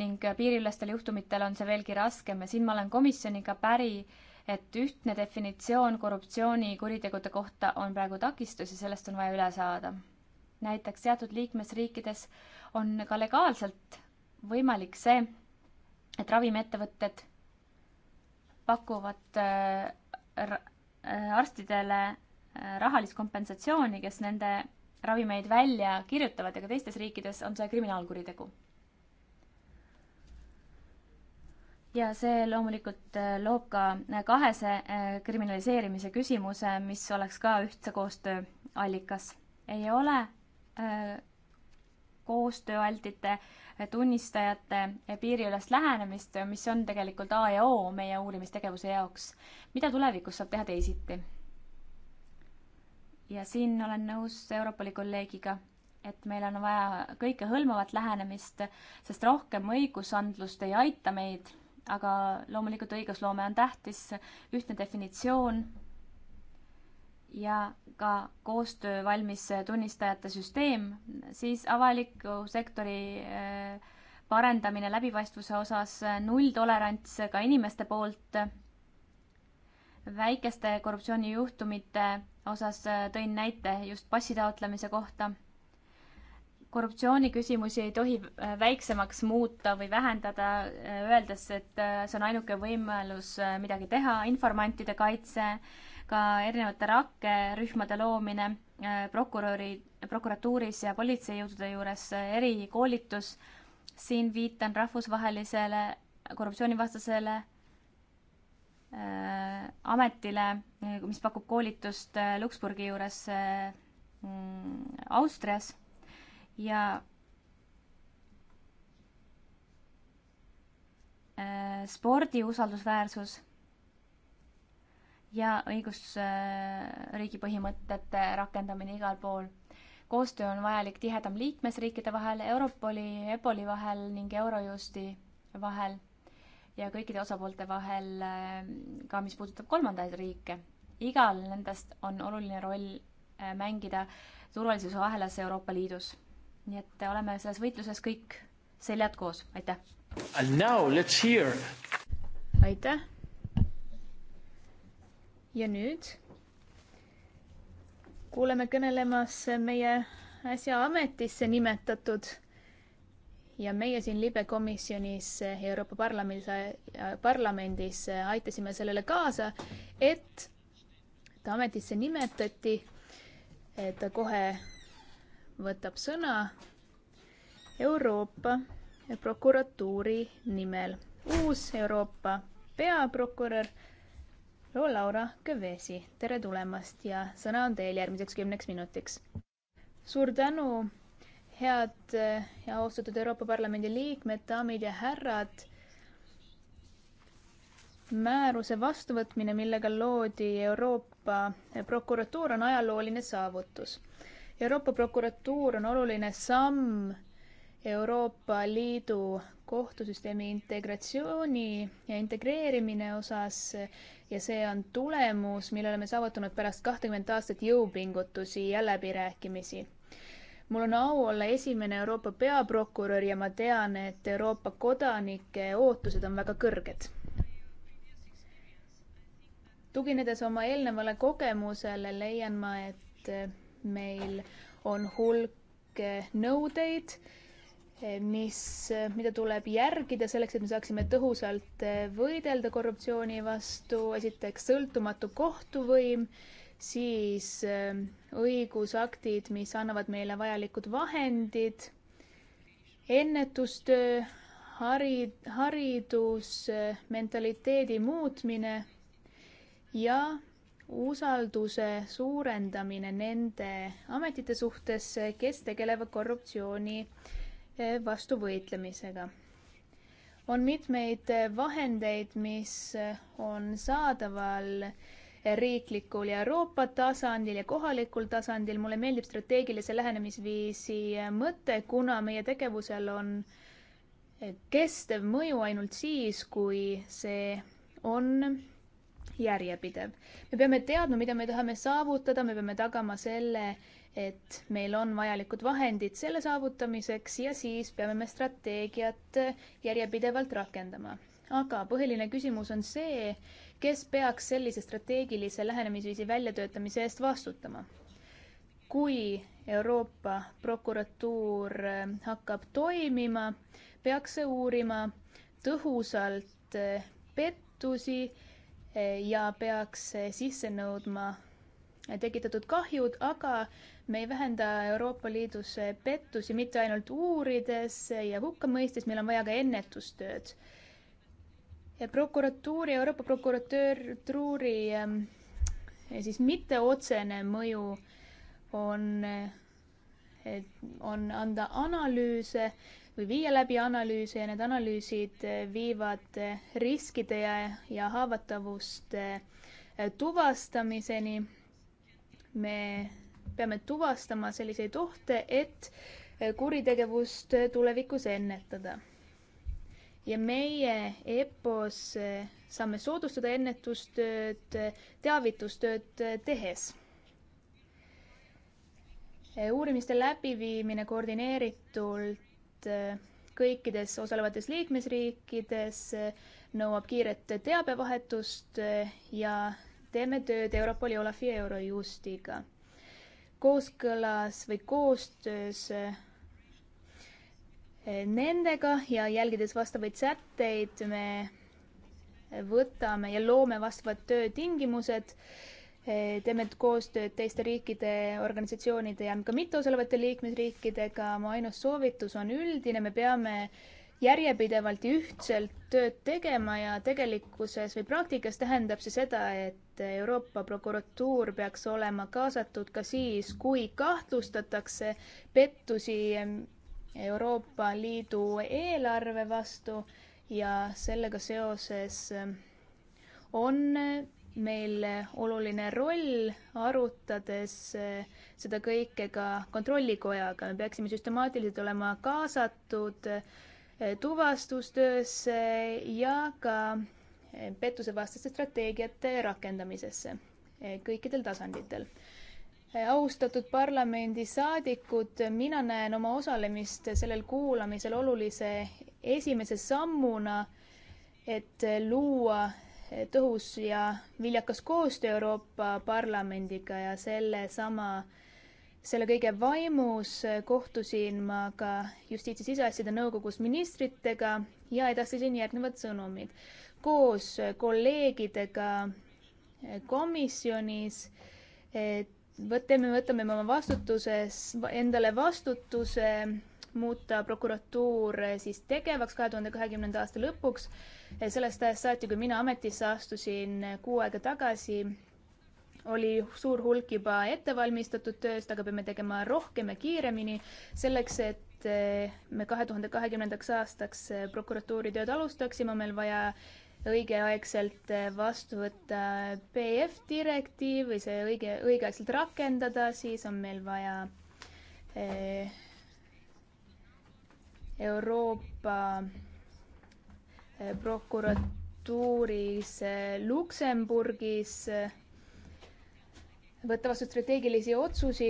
ning piiriülestel juhtumitel on see veelgi raskem ja siin ma olen komisjoniga päri et ühtne definitsioon korruptsioonikuritegude kohta on praegu takistus ja sellest on vaja üle saada. näiteks teatud liikmesriikides on ka legaalselt võimalik see, et ravimiettevõtted pakuvad äh, äh, arstidele äh, rahalist kompensatsiooni, kes nende ravimeid välja kirjutavad ja ka teistes riikides on see kriminaalkuritegu ja see loomulikult äh, loob ka äh, kahese äh, kriminaliseerimise küsimuse, mis oleks ka ühtse koostöö allikas. ei ole koostööaltite tunnistajate piiriülest lähenemist, mis on tegelikult A ja O meie uurimistegevuse jaoks. mida tulevikus saab teha teisiti? ja siin olen nõus Europoli kolleegiga, et meil on vaja kõikehõlmavat lähenemist, sest rohkem õigusandlust ei aita meid aga loomulikult õigusloome on tähtis, ühtne definitsioon ja ka koostöö valmis tunnistajate süsteem, siis avaliku sektori äh, parendamine läbipaistvuse osas, nulltolerants ka inimeste poolt, väikeste korruptsioonijuhtumite osas äh, tõin näite just passi taotlemise kohta korruptsiooniküsimusi ei tohi äh, väiksemaks muuta või vähendada, äh, öeldes, et äh, see on ainuke võimalus midagi teha, informantide kaitse, ka erinevate rakkerühmade loomine prokuröri, prokuratuuris ja politseijõudude juures, erikoolitus, siin viitan rahvusvahelisele korruptsioonivastasele äh, ametile, mis pakub koolitust äh, Luksemburgi juures äh, mm, Austrias ja äh, spordi usaldusväärsus ja õigusriigi äh, põhimõtete rakendamine igal pool. koostöö on vajalik tihedam liikmesriikide vahel, Europoli, EPOLi vahel ning Eurojusti vahel ja kõikide osapoolte vahel äh, ka, mis puudutab kolmandaid riike. igal nendest on oluline roll mängida turvalisuse ahelas Euroopa Liidus nii et oleme selles võitluses kõik seljad koos, aitäh! aitäh! ja nüüd kuuleme kõnelemas meie äsja ametisse nimetatud ja meie siin libe komisjonis Euroopa Parlamendis, parlamendis aitasime sellele kaasa, et ta ametisse nimetati, et ta kohe võtab sõna Euroopa prokuratuuri nimel uus Euroopa peaprokurör Laura Kövesi. tere tulemast ja sõna on teil järgmiseks kümneks minutiks. suur tänu, head ja austatud Euroopa Parlamendi liikmed, daamid ja härrad. määruse vastuvõtmine, millega loodi Euroopa prokuratuur, on ajalooline saavutus Euroopa prokuratuur on oluline samm Euroopa Liidu kohtusüsteemi integratsiooni ja integreerimine osas ja see on tulemus, mille oleme saavutanud pärast kahtekümmet aastat jõupingutusi ja läbirääkimisi. mul on au olla esimene Euroopa peaprokurör ja ma tean, et Euroopa kodanike ootused on väga kõrged. tuginedes oma eelnevale kogemusele, leian ma, et meil on hulk eh, nõudeid, eh, mis, eh, mida tuleb järgida selleks, et me saaksime tõhusalt võidelda korruptsiooni vastu, esiteks sõltumatu kohtuvõim, siis õigusaktid, mis annavad meile vajalikud vahendid, ennetustöö, hari, haridus, mentaliteedi muutmine ja usalduse suurendamine nende ametite suhtes, kes tegelevad korruptsiooni eh, vastu võitlemisega. on mitmeid eh, vahendeid, mis eh, on saadaval riiklikul ja Euroopa tasandil ja kohalikul tasandil. mulle meeldib strateegilise lähenemisviisi mõte, kuna meie tegevusel on kestev mõju ainult siis, kui see on järjepidev. me peame teadma, mida me tahame saavutada, me peame tagama selle, et meil on vajalikud vahendid selle saavutamiseks ja siis peame me strateegiat järjepidevalt rakendama. aga põhiline küsimus on see, kes peaks sellise strateegilise lähenemisviisi väljatöötamise eest vastutama. kui Euroopa prokuratuur ehm, hakkab toimima, peaks see uurima tõhusalt ehm, pettusi ja peaks sisse nõudma tekitatud kahjud, aga me ei vähenda Euroopa Liidus pettusi mitte ainult uurides ja hukka mõistes, meil on vaja ka ennetustööd. prokuratuuri, Euroopa prokuratuuri ähm, siis mitteotsene mõju on, on anda analüüse või viia läbi analüüse ja need analüüsid eh, viivad eh, riskide ja, ja haavatavuste eh, tuvastamiseni. me peame tuvastama selliseid ohte, et kuritegevust tulevikus ennetada. ja meie EPO-s saame soodustada ennetustööd, teavitustööd tehes uurimiste läbiviimine koordineeritult et äh, kõikides osalevates liikmesriikides äh, nõuab kiiret teabevahetust äh, ja teeme tööd Europoli, Olafi ja Eurojustiga. kooskõlas või koostöös nendega ja jälgides vastavaid sätteid, me võtame ja loome vastavad töötingimused Eh, teeme koostööd teiste riikide organisatsioonide ja ka mitteosalevate liikmesriikidega. mu ainus soovitus on üldine, me peame järjepidevalt ja ühtselt tööd tegema ja tegelikkuses või praktikas tähendab see seda, et Euroopa prokuratuur peaks olema kaasatud ka siis, kui kahtlustatakse pettusi Euroopa Liidu eelarve vastu ja sellega seoses on meil oluline roll, arutades eh, seda kõike ka kontrollikojaga. me peaksime süstemaatiliselt olema kaasatud eh, tuvastustöösse ja ka eh, pettusevastaste strateegiate rakendamisesse kõikidel tasanditel. austatud parlamendisaadikud, mina näen oma osalemist sellel kuulamisel olulise esimese sammuna, et luua tõhus ja viljakas koostöö Euroopa Parlamendiga ja sellesama, selle kõige vaimus kohtusin ma ka justiits- ja siseasjade nõukogus ministritega ja edastasin järgnevad sõnumid. koos kolleegidega komisjonis võtame, võtame oma vastutuses, endale vastutuse muuta prokuratuur siis tegevaks kahe tuhande kahekümnenda aasta lõpuks sellest ajast saati, kui mina ametisse astusin kuu aega tagasi, oli suur hulk juba ettevalmistatud tööst, aga peame tegema rohkem ja kiiremini selleks, et eh, me kahe tuhande kahekümnendaks aastaks eh, prokuratuuri tööd alustaksime, on meil vaja õigeaegselt eh, vastu võtta PF direktiiv või see õige, õigeaegselt rakendada, siis on meil vaja Euroopa prokuratuuris eh, Luksemburgis eh, võtta vastu strateegilisi otsusi.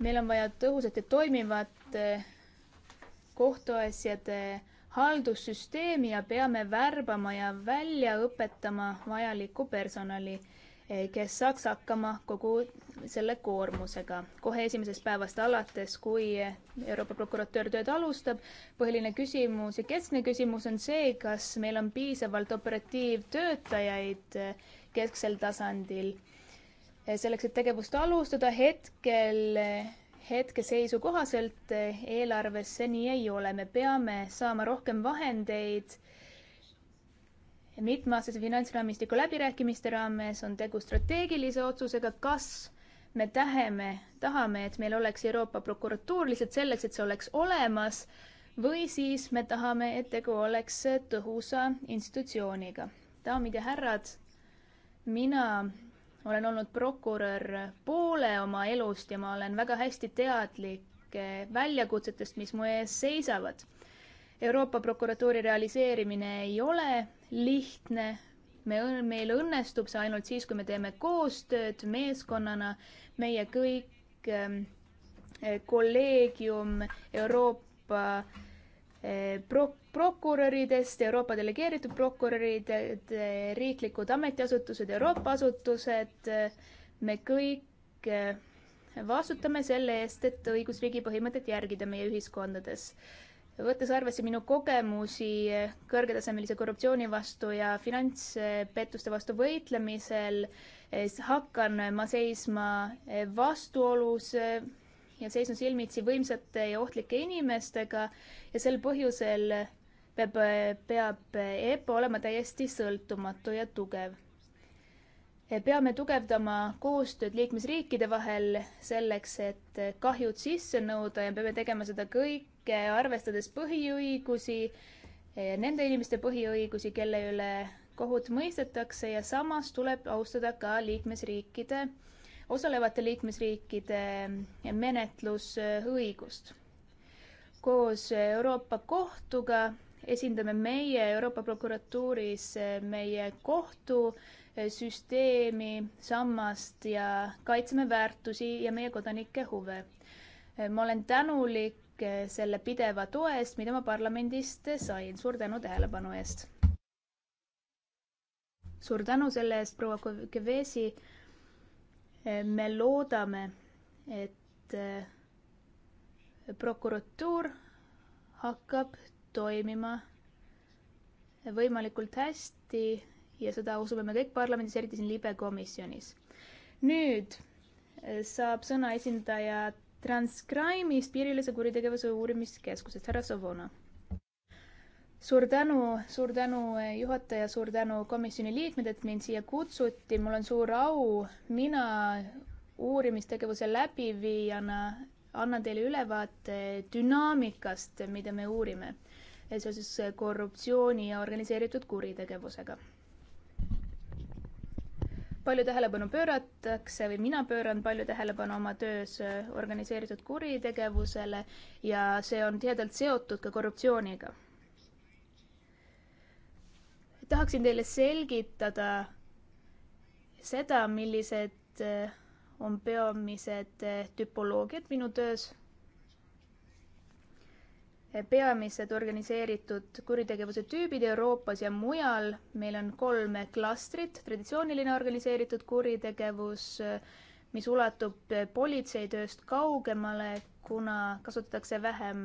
meil on vaja tõhusat ja toimivat eh, kohtuasjade haldussüsteemi ja peame värbama ja välja õpetama vajalikku personali Eh, kes saaks hakkama kogu selle koormusega. kohe esimesest päevast alates, kui Euroopa prokuratuur tööd alustab, põhiline küsimus ja keskne küsimus on see, kas meil on piisavalt operatiivtöötajaid eh, kesksel tasandil eh, selleks, et tegevust alustada. hetkel, hetkeseisu kohaselt eelarves see nii ei ole, me peame saama rohkem vahendeid mitmeaastase finantsraamistiku läbirääkimiste raames on tegu strateegilise otsusega, kas me täheme, tahame, et meil oleks Euroopa prokuratuur lihtsalt selleks, et see oleks olemas, või siis me tahame, et tegu oleks tõhusa institutsiooniga. daamid ja härrad, mina olen olnud prokurör poole oma elust ja ma olen väga hästi teadlik eh, väljakutsetest, mis mu ees seisavad. Euroopa prokuratuuri realiseerimine ei ole lihtne. me, meil õnnestub see ainult siis, kui me teeme koostööd meeskonnana, meie kõik ähm, äh, kolleegium Euroopa äh, pro-, prokuröridest, Euroopa delegeeritud prokurörid, äh, riiklikud ametiasutused, Euroopa asutused, äh, me kõik vastutame selle eest, et õigusriigi põhimõtet järgida meie ühiskondades võttes arvesse minu kogemusi kõrgetasemelise korruptsiooni vastu ja finantspettuste vastu võitlemisel, hakkan ma seisma vastuolus ja seisun silmitsi võimsate ja ohtlike inimestega ja sel põhjusel peab, peab EPPO olema täiesti sõltumatu ja tugev. peame tugevdama koostööd liikmesriikide vahel selleks, et kahjud sisse nõuda ja peame tegema seda kõik kõike, arvestades põhiõigusi, eh, nende inimeste põhiõigusi, kelle üle kohut mõistetakse ja samas tuleb austada ka liikmesriikide, osalevate liikmesriikide menetlusõigust. koos Euroopa Kohtuga esindame meie Euroopa prokuratuuris meie kohtusüsteemi, eh, sammast ja kaitseme väärtusi ja meie kodanike huve. Eh, ma olen tänulik kõike selle pideva toe eest, mida ma parlamendist sain. suur tänu tähelepanu eest! suur tänu selle eest, proua Kövesi. me loodame, et eh, prokuratuur hakkab toimima võimalikult hästi ja seda usume me kõik parlamendis, eriti siin libekomisjonis. nüüd eh, saab sõna esindajad Transcrime'ist, piirilise kuritegevuse uurimiskeskusest, härra Savona. suur tänu, suur tänu, eh, juhataja, suur tänu, komisjoni liikmed, et mind siia kutsuti, mul on suur au, mina uurimistegevuse läbiviijana annan teile ülevaate dünaamikast, mida me uurime eh, seoses eh, korruptsiooni ja organiseeritud kuritegevusega palju tähelepanu pööratakse või mina pööran palju tähelepanu oma töös äh, organiseeritud kuritegevusele ja see on tihedalt seotud ka korruptsiooniga. tahaksin teile selgitada seda, millised äh, on peamised äh, tüpoloogiad minu töös peamised organiseeritud kuritegevuse tüübid Euroopas ja mujal. meil on kolm klastrit, traditsiooniline organiseeritud kuritegevus, mis ulatub politseitööst kaugemale, kuna kasutatakse vähem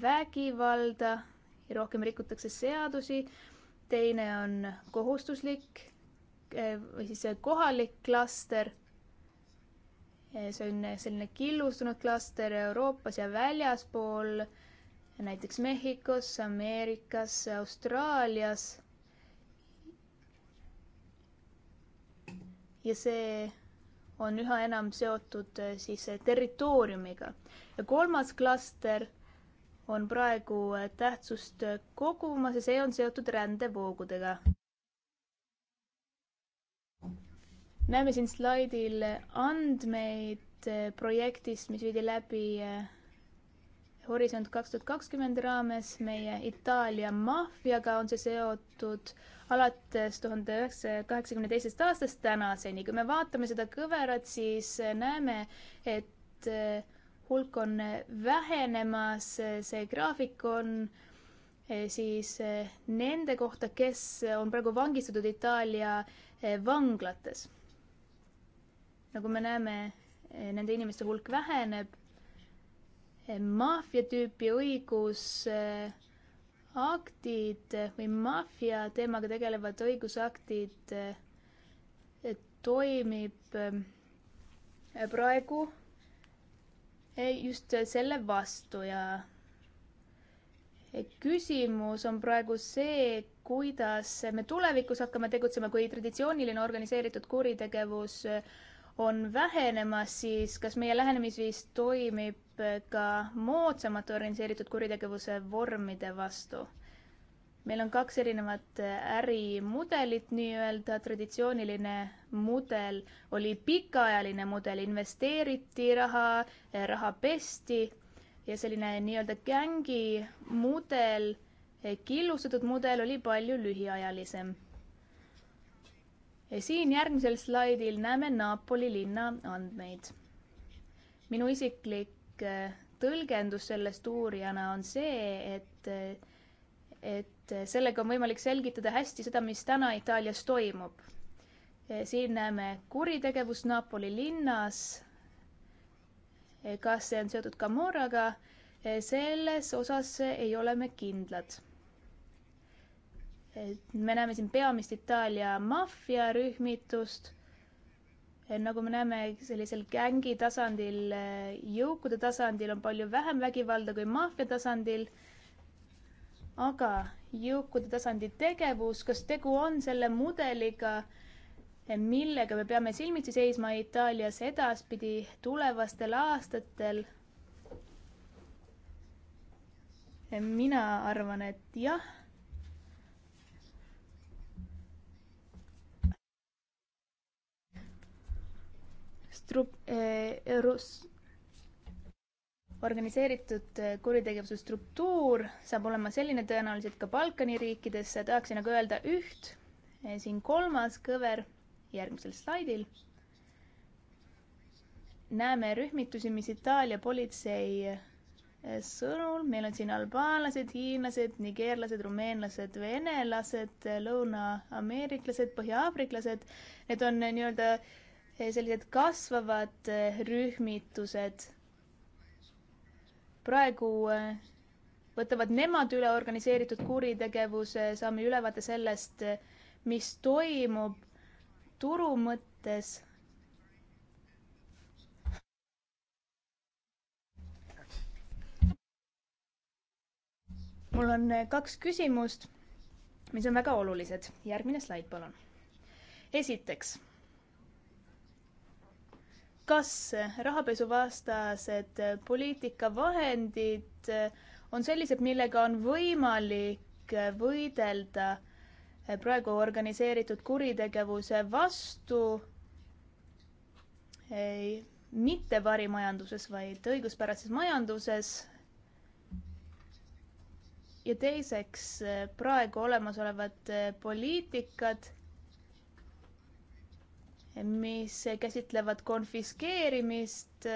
vägivalda ja rohkem rikutakse seadusi. teine on kohustuslik eh, või siis kohalik klaster Eh, see on selline killustunud klaster Euroopas ja väljaspool, näiteks Mehhikos, Ameerikas, Austraalias. ja see on üha enam seotud eh, siis eh, territooriumiga. ja kolmas klaster on praegu tähtsust kogumas ja see on seotud rändevoogudega. näeme siin slaidil andmeid eh, projektist, mis viidi läbi eh, Horisont kaks tuhat kakskümmend raames meie Itaalia maffiaga on see seotud alates tuhande üheksasaja kaheksakümne teisest aastast tänaseni. kui me vaatame seda kõverat, siis eh, näeme, et hulk on vähenemas, see graafik on siis nende kohta, kes on praegu vangistatud Itaalia vanglates nagu me näeme, eh, nende inimeste hulk väheneb. Eh, maffia tüüpi õigusaktid eh, või maffia teemaga tegelevad õigusaktid toimib praegu just selle vastu ja küsimus on praegu see, kuidas me tulevikus hakkame tegutsema, kui traditsiooniline organiseeritud kuritegevus äh, on vähenemas, siis kas meie lähenemisviis toimib ka moodsamate organiseeritud kuritegevuse vormide vastu? meil on kaks erinevat ärimudelit nii-öelda, traditsiooniline mudel oli pikaajaline mudel, investeeriti raha, raha pesti ja selline nii-öelda gängi mudel, killustatud mudel oli palju lühiajalisem siin järgmisel slaidil näeme Napoli linna andmeid. minu isiklik äh, tõlgendus sellest uurijana on see, et, äh, et sellega on võimalik selgitada hästi seda, mis täna Itaalias toimub. siin näeme kuritegevust Napoli linnas. kas see on seotud Camorraga? selles osas ei ole me kindlad me näeme siin peamist Itaalia maffiarühmitust. nagu me näeme, sellisel gängi tasandil, eh, jõukude tasandil on palju vähem vägivalda kui maffia tasandil. aga jõukude tasandi tegevus, kas tegu on selle mudeliga, eh, millega me peame silmitsi seisma Itaalias edaspidi tulevastel aastatel? Eh, mina arvan, et jah Eh, organiseeritud eh, kuritegevuse struktuur saab olema selline tõenäoliselt ka Balkani riikidesse, tahaksin aga öelda üht, eh, siin kolmas kõver järgmisel slaidil. näeme rühmitusi, mis Itaalia politsei sõnul, meil on siin albaanlased, hiinlased, nigeerlased, rumeenlased, venelased, lõuna-ameeriklased, põhja-aafriklased, need on nii-öelda äh, Eh, sellised kasvavad eh, rühmitused. praegu eh, võtavad nemad üle organiseeritud kuritegevuse, saame ülevaate sellest, mis toimub turu mõttes mul on kaks küsimust, mis on väga olulised. järgmine slaid, palun. esiteks kas rahapesuvastased poliitikavahendid on sellised, millega on võimalik võidelda praegu organiseeritud kuritegevuse vastu ei, mitte varimajanduses, vaid õiguspärases majanduses. ja teiseks praegu olemasolevad poliitikad mis käsitlevad konfiskeerimist.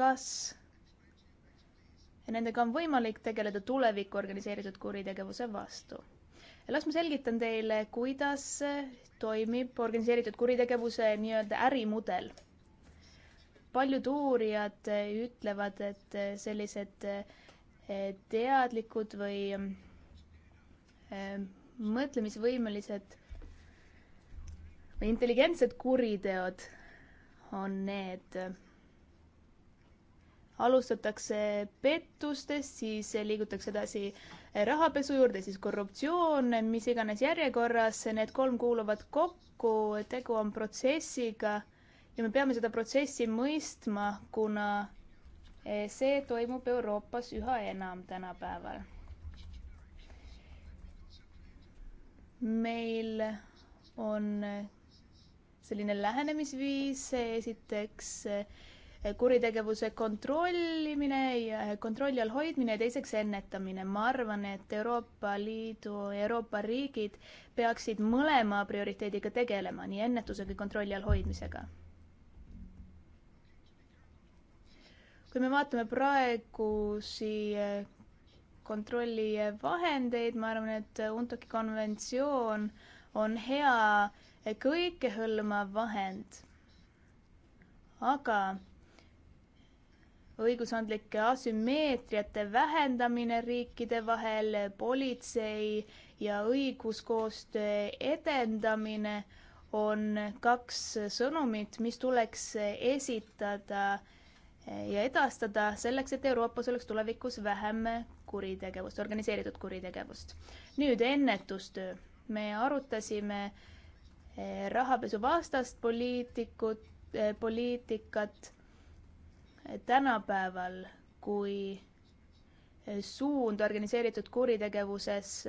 kas nendega on võimalik tegeleda tuleviku organiseeritud kuritegevuse vastu? las ma selgitan teile, kuidas toimib organiseeritud kuritegevuse nii-öelda ärimudel. paljud uurijad ütlevad, et sellised eh, teadlikud või eh, mõtlemisvõimelised intelligentsed kuriteod on need, alustatakse pettustest, siis liigutakse edasi rahapesu juurde, siis korruptsioon, mis iganes järjekorras, need kolm kuuluvad kokku, tegu on protsessiga ja me peame seda protsessi mõistma, kuna see toimub Euroopas üha enam tänapäeval. meil on selline lähenemisviis, esiteks eh, kuritegevuse kontrollimine ja eh, kontrolli all hoidmine ja teiseks ennetamine. ma arvan, et Euroopa Liidu, Euroopa riigid peaksid mõlema prioriteediga tegelema, nii ennetuse kui kontrolli all hoidmisega. kui me vaatame praegusi eh, kontrollivahendeid, ma arvan, et UNTOC-i konventsioon äh, on hea kõikehõlmav vahend. aga õigusandlike asümmeetriate vähendamine riikide vahel, politsei ja õiguskoostöö edendamine on kaks sõnumit, mis tuleks esitada ja edastada selleks, et Euroopas oleks tulevikus vähem kuritegevust, organiseeritud kuritegevust. nüüd ennetustöö me arutasime eh, rahapesuvastast poliitikut, eh, poliitikat eh, tänapäeval, kui suund organiseeritud kuritegevuses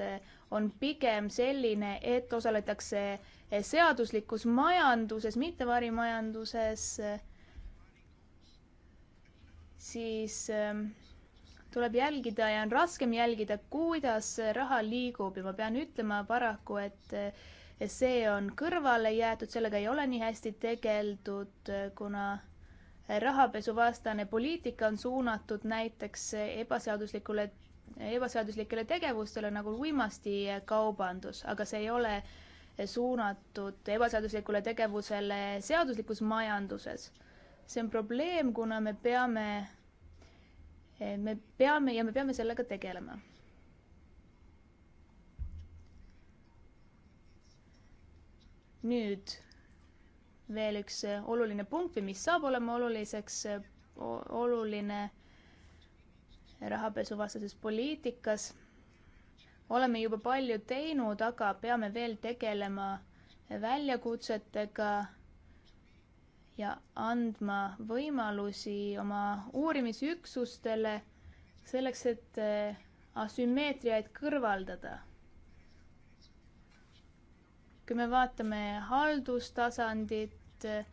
on pigem selline, et osaletakse seaduslikus majanduses, mitte varimajanduses, siis äh, tuleb jälgida ja on raskem jälgida, kuidas raha liigub ja ma pean ütlema paraku, et see on kõrvale jäetud, sellega ei ole nii hästi tegeldud, kuna rahapesuvastane poliitika on suunatud näiteks ebaseaduslikule, ebaseaduslikele tegevustele nagu uimastikaubandus, aga see ei ole suunatud ebaseaduslikule tegevusele seaduslikus majanduses. see on probleem, kuna me peame me peame ja me peame sellega tegelema. nüüd veel üks oluline punkt või mis saab olema oluliseks, oluline rahapesuvastases poliitikas. oleme juba palju teinud, aga peame veel tegelema väljakutsetega ja andma võimalusi oma uurimisüksustele selleks, et eh, asümmeetriaid kõrvaldada. kui me vaatame haldustasandit eh,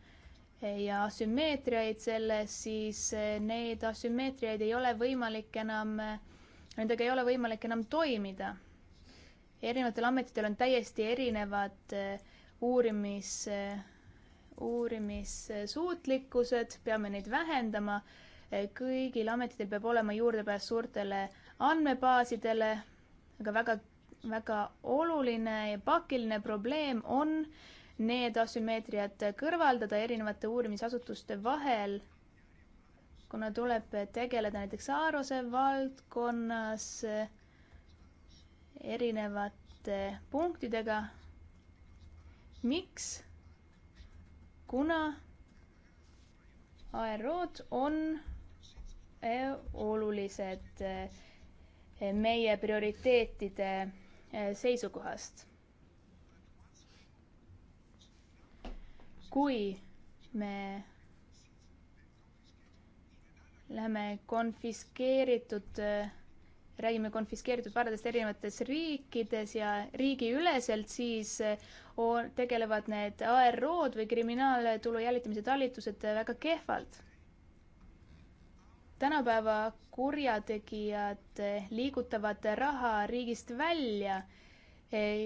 ja asümmeetriaid selles, siis eh, neid asümmeetriaid ei ole võimalik enam, nendega ei ole võimalik enam toimida. erinevatel ametitel on täiesti erinevad uurimis- uurimissuutlikkused, peame neid vähendama. kõigil ametitel peab olema juurdepääs suurtele andmebaasidele, aga väga, väga oluline ja pakiline probleem on need asümmeetriad kõrvaldada erinevate uurimisasutuste vahel, kuna tuleb tegeleda näiteks Aarose valdkonnas erinevate punktidega miks kuna ARO-d on eh, olulised eh, meie prioriteetide eh, seisukohast. kui me läheme konfiskeeritud räägime konfiskeeritud varadest erinevates riikides ja riigiüleselt, siis tegelevad need ARO-d või kriminaaltulu jälitamise talitused väga kehvalt. tänapäeva kurjategijad liigutavad raha riigist välja.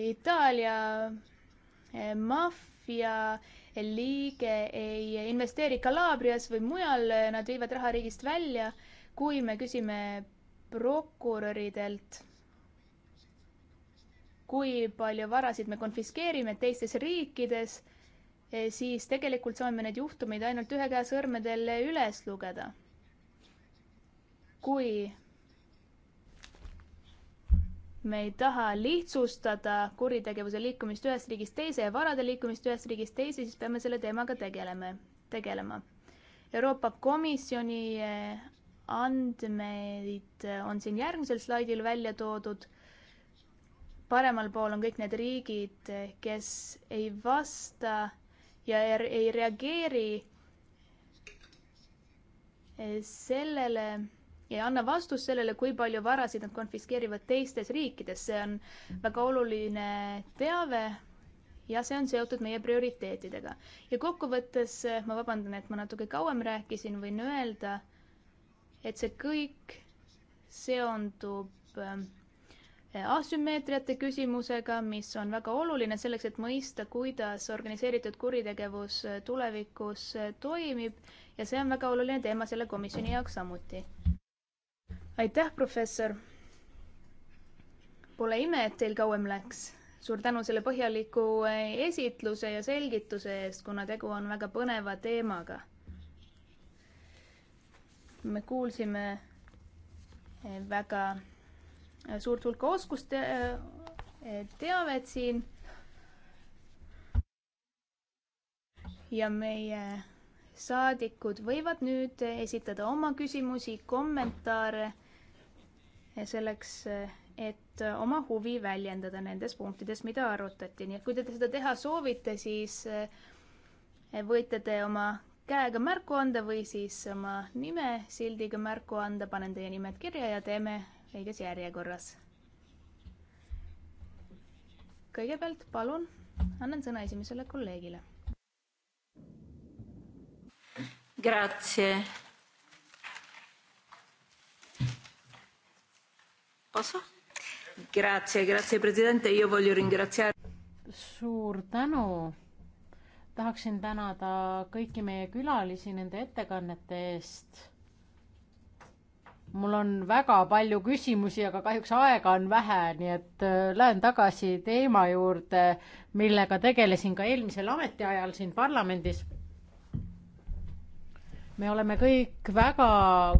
Itaalia eh, maffia liige ei investeeri Kalabrias või mujal, nad viivad raha riigist välja. kui me küsime prokuröridelt, kui palju varasid me konfiskeerime teistes riikides, eh, siis tegelikult saame need juhtumid ainult ühe käe sõrmedel üles lugeda. kui me ei taha lihtsustada kuritegevuse liikumist ühest riigist teise ja varade liikumist ühest riigist teise, siis peame selle teemaga tegelema, tegelema. Euroopa Komisjoni eh, andmeid äh, on siin järgmisel slaidil välja toodud. paremal pool on kõik need riigid, äh, kes ei vasta ja er-, ei reageeri äh, sellele, ei anna vastust sellele, kui palju varasid nad konfiskeerivad teistes riikides. see on väga oluline teave ja see on seotud meie prioriteetidega. ja kokkuvõttes ma vabandan, et ma natuke kauem rääkisin, võin öelda et see kõik seondub ähm, asümmeetriate küsimusega, mis on väga oluline selleks, et mõista, kuidas organiseeritud kuritegevus äh, tulevikus äh, toimib ja see on väga oluline teema selle komisjoni jaoks samuti. aitäh, professor! Pole ime, et teil kauem läks. suur tänu selle põhjaliku äh, esitluse ja selgituse eest, kuna tegu on väga põneva teemaga me kuulsime eh, väga eh, suurt hulka oskuste eh, teavet siin. ja meie saadikud võivad nüüd esitada oma küsimusi, kommentaare selleks, et oma huvi väljendada nendes punktides, mida arutati, nii et kui te seda teha soovite, siis võite te oma käega märku anda või siis oma nime sildiga märku anda, panen teie nimed kirja ja teeme õiges järjekorras. kõigepealt palun, annan sõna esimesele kolleegile. Grazie. Posso? Grazie, grazie presidente, io voglio ringraziare. suur tänu tahaksin tänada kõiki meie külalisi nende ettekannete eest. mul on väga palju küsimusi, aga kahjuks aega on vähe, nii et äh, lähen tagasi teema juurde, millega tegelesin ka eelmisel ametiajal siin parlamendis. me oleme kõik väga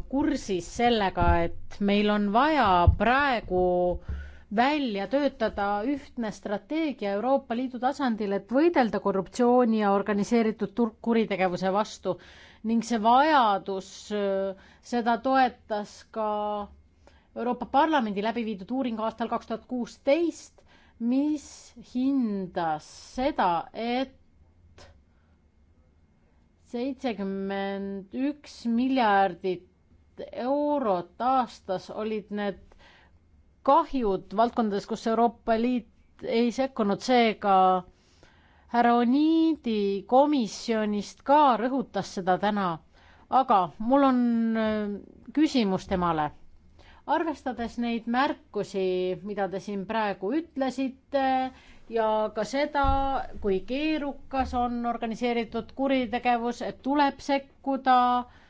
kursis sellega, et meil on vaja praegu äh, välja töötada ühtne strateegia Euroopa Liidu tasandil, et võidelda korruptsiooni ja organiseeritud kuritegevuse vastu ning see vajadus, äh, seda toetas ka Euroopa Parlamendi läbi viidud uuring aastal kaks tuhat kuusteist, mis hindas seda, et seitsekümmend üks miljardit eurot aastas olid need kahjud valdkondades, kus Euroopa Liit ei sekkunud, seega härra Oniidi komisjonist ka rõhutas seda täna, aga mul on äh, küsimus temale. arvestades neid märkusi, mida te siin praegu ütlesite ja ka seda, kui keerukas on organiseeritud kuritegevus, et tuleb sekkuda äh,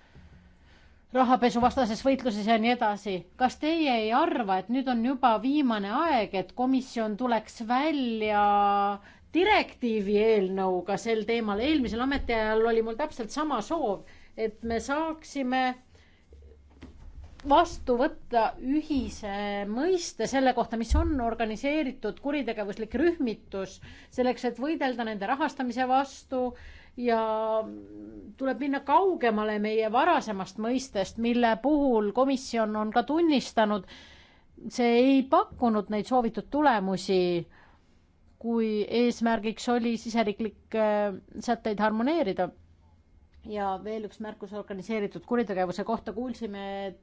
rahapesuvastases võitluses ja nii edasi. kas teie ei arva, et nüüd on juba viimane aeg, et komisjon tuleks välja direktiivi eelnõuga sel teemal, eelmisel ametiajal oli mul täpselt sama soov, et me saaksime vastu võtta ühise mõiste selle kohta, mis on organiseeritud kuritegevuslik rühmitus, selleks et võidelda nende rahastamise vastu ja tuleb minna kaugemale meie varasemast mõistest, mille puhul komisjon on ka tunnistanud, see ei pakkunud neid soovitud tulemusi, kui eesmärgiks oli siseriiklikke äh, sätteid harmoneerida. ja veel üks märkus organiseeritud kuritegevuse kohta, kuulsime, et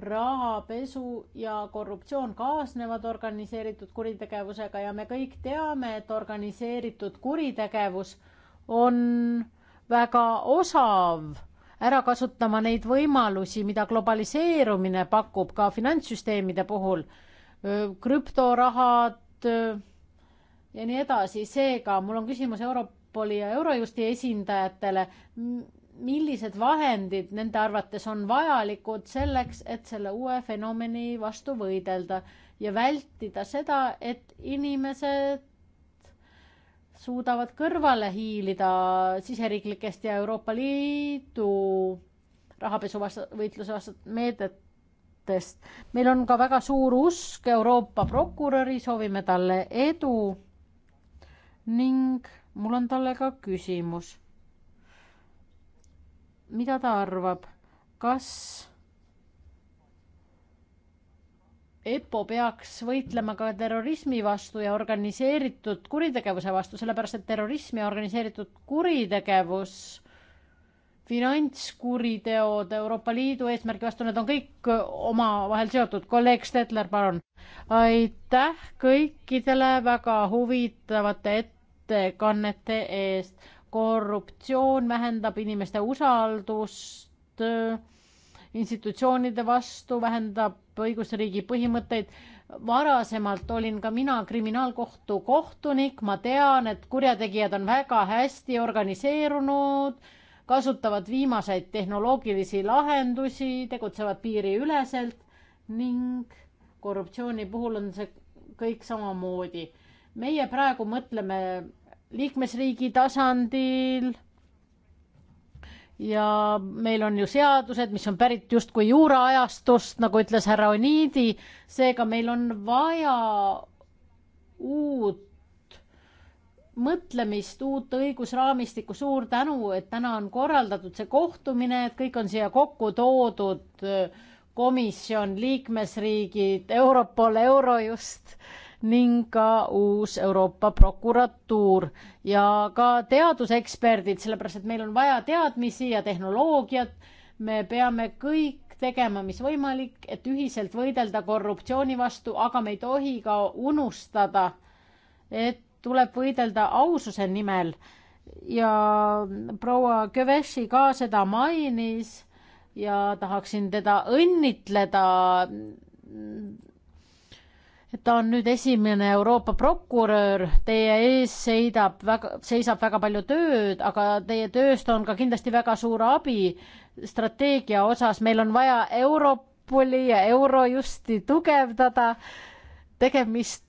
rahapesu ja korruptsioon kaasnevad organiseeritud kuritegevusega ja me kõik teame, et organiseeritud kuritegevus on väga osav ära kasutama neid võimalusi, mida globaliseerumine pakub ka finantssüsteemide puhul, krüptorahad ja nii edasi, seega mul on küsimus Europoli ja Eurojusti esindajatele, millised vahendid nende arvates on vajalikud selleks, et selle uue fenomeni vastu võidelda ja vältida seda, et inimesed suudavad kõrvale hiilida siseriiklikest ja Euroopa Liidu rahapesu vasta-, võitluse vastast meedetest. meil on ka väga suur usk Euroopa prokuröri, soovime talle edu ning mul on talle ka küsimus mida ta arvab, kas EPPO peaks võitlema ka terrorismi vastu ja organiseeritud kuritegevuse vastu, sellepärast et terrorism ja organiseeritud kuritegevus, finantskuriteod Euroopa Liidu eesmärgi vastu, need on kõik omavahel seotud. kolleeg Stetler, palun. aitäh kõikidele väga huvitavate ettekannete eest korruptsioon vähendab inimeste usaldust institutsioonide vastu, vähendab õigusriigi põhimõtteid. varasemalt olin ka mina kriminaalkohtu kohtunik, ma tean, et kurjategijad on väga hästi organiseerunud, kasutavad viimaseid tehnoloogilisi lahendusi, tegutsevad piiriüleselt ning korruptsiooni puhul on see kõik samamoodi. meie praegu mõtleme liikmesriigi tasandil ja meil on ju seadused, mis on pärit justkui juuraajastust, nagu ütles härra Oniidi, seega meil on vaja uut mõtlemist, uut õigusraamistikku, suur tänu, et täna on korraldatud see kohtumine, et kõik on siia kokku toodud, komisjon, liikmesriigid, Europol, Eurojust ning ka uus Euroopa prokuratuur ja ka teaduseksperdid, sellepärast et meil on vaja teadmisi ja tehnoloogiat. me peame kõik tegema, mis võimalik, et ühiselt võidelda korruptsiooni vastu, aga me ei tohi ka unustada, et tuleb võidelda aususe nimel ja proua Köveshi ka seda mainis ja tahaksin teda õnnitleda ta on nüüd esimene Euroopa prokurör, teie ees seidab väga, seisab väga palju tööd, aga teie tööst on ka kindlasti väga suur abi strateegia osas, meil on vaja Europoli ja Eurojusti tugevdada, tegemist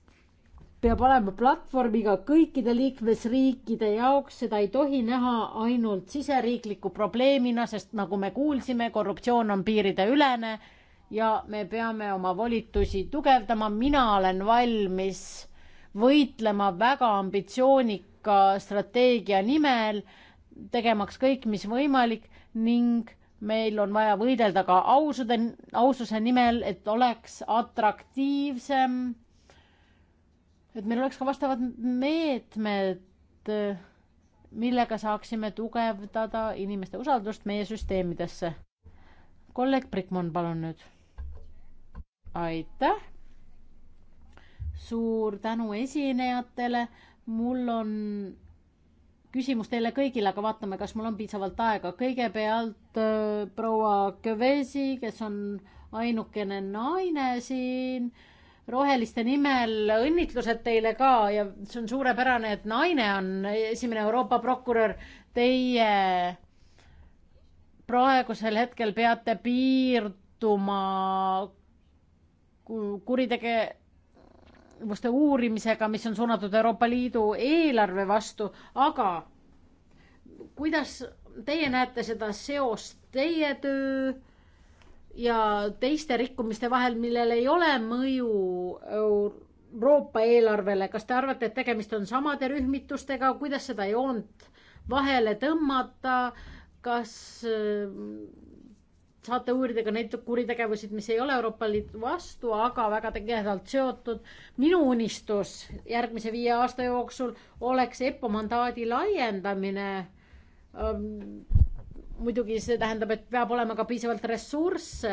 peab olema platvormiga kõikide liikmesriikide jaoks, seda ei tohi näha ainult siseriikliku probleemina, sest nagu me kuulsime, korruptsioon on piirideülene ja me peame oma volitusi tugevdama. mina olen valmis võitlema väga ambitsioonika strateegia nimel, tegemaks kõik, mis võimalik ning meil on vaja võidelda ka ausude, aususe nimel, et oleks atraktiivsem. et meil oleks ka vastavad meetmed, millega saaksime tugevdada inimeste usaldust meie süsteemidesse. kolleeg Prikman, palun nüüd aitäh. suur tänu esinejatele. mul on küsimus teile kõigile, aga vaatame, kas mul on piisavalt aega. kõigepealt äh, proua Kövesi, kes on ainukene naine siin roheliste nimel õnnitlused teile ka ja see on suurepärane, et naine on esimene Euroopa prokurör. Teie praegusel hetkel peate piirduma kuritegevuste uurimisega, mis on suunatud Euroopa Liidu eelarve vastu, aga kuidas teie näete seda seost teie töö ja teiste rikkumiste vahel, millel ei ole mõju Euroopa eelarvele, kas te arvate, et tegemist on samade rühmitustega, kuidas seda joont vahele tõmmata, kas saate uurida ka neid kuritegevusi, mis ei ole Euroopa Liidu vastu, aga väga tihedalt seotud. minu unistus järgmise viie aasta jooksul oleks EPPO mandaadi laiendamine. Ähm, muidugi see tähendab, et peab olema ka piisavalt ressursse,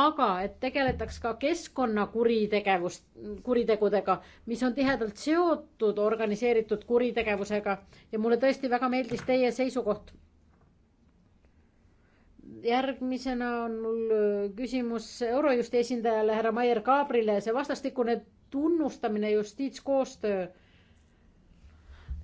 aga et tegeletaks ka keskkonnakuritegevust, kuritegudega, mis on tihedalt seotud organiseeritud kuritegevusega ja mulle tõesti väga meeldis teie seisukoht järgmisena on mul äh, küsimus Eurojusti esindajale härra Maier Kaabrile, see vastastikune tunnustamine, justiitskoostöö.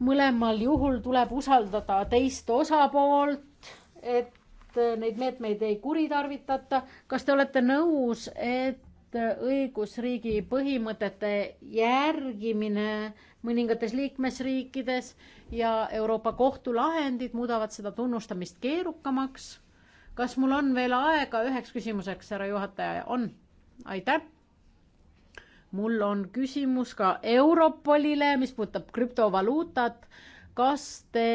mõlemal juhul tuleb usaldada teist osapoolt, et äh, neid meetmeid ei kuritarvitata. kas te olete nõus, et äh, õigusriigi põhimõtete järgimine mõningates liikmesriikides ja Euroopa Kohtu lahendid muudavad seda tunnustamist keerukamaks kas mul on veel aega üheks küsimuseks, härra juhataja? on, aitäh. mul on küsimus ka Europolile, mis puudutab krüptovaluutat. kas te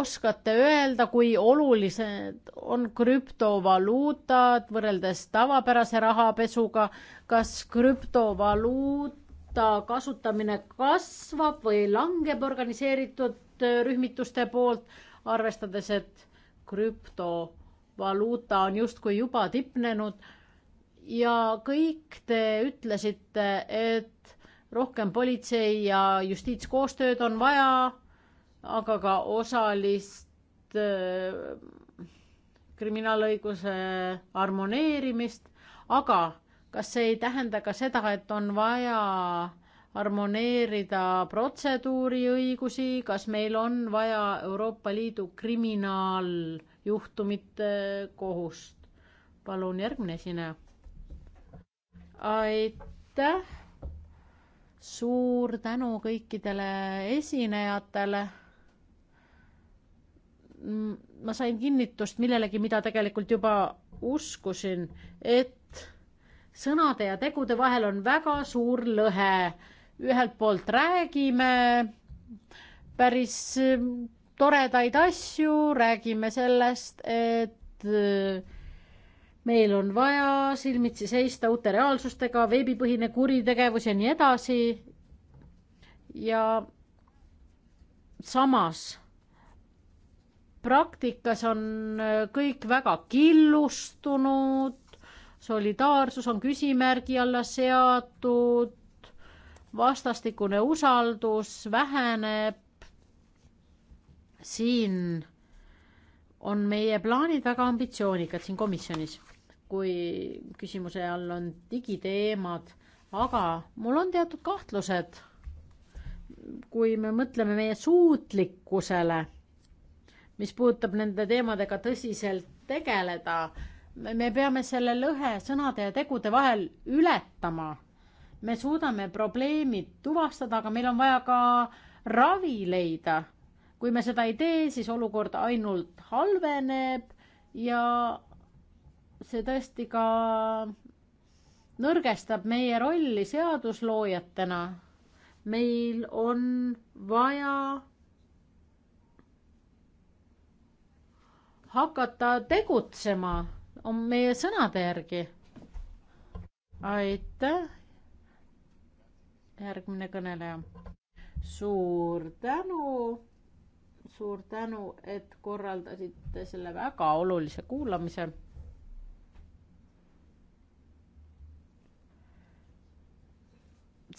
oskate öelda, kui olulised on krüptovaluutad võrreldes tavapärase rahapesuga, kas krüptovaluuta kasutamine kasvab või langeb organiseeritud äh, rühmituste poolt, arvestades, et krüptovaluuta on justkui juba tipnenud ja kõik te ütlesite, et rohkem politsei ja justiitskoostööd on vaja, aga ka osalist äh, kriminaalõiguse harmoneerimist, aga kas see ei tähenda ka seda, et on vaja harmoneerida protseduuriõigusi, kas meil on vaja Euroopa Liidu kriminaaljuhtumite kohust? palun järgmine esineja. aitäh. suur tänu kõikidele esinejatele. ma sain kinnitust millelegi, mida tegelikult juba uskusin, et sõnade ja tegude vahel on väga suur lõhe ühelt poolt räägime päris ähm, toredaid asju, räägime sellest, et äh, meil on vaja silmitsi seista uute reaalsustega, veebipõhine kuritegevus ja nii edasi. ja samas praktikas on äh, kõik väga killustunud, solidaarsus on küsimärgi alla seatud, vastastikune usaldus väheneb. siin on meie plaanid väga ambitsioonikad siin komisjonis, kui küsimuse all on digiteemad, aga mul on teatud kahtlused. kui me mõtleme meie suutlikkusele, mis puudutab nende teemadega tõsiselt tegeleda, me peame selle lõhe sõnade ja tegude vahel ületama me suudame probleemid tuvastada, aga meil on vaja ka ravi leida. kui me seda ei tee, siis olukord ainult halveneb ja see tõesti ka nõrgestab meie rolli seadusloojatena. meil on vaja hakata tegutsema, on meie sõnade järgi. aitäh järgmine kõneleja. suur tänu, suur tänu, et korraldasite selle väga olulise kuulamise.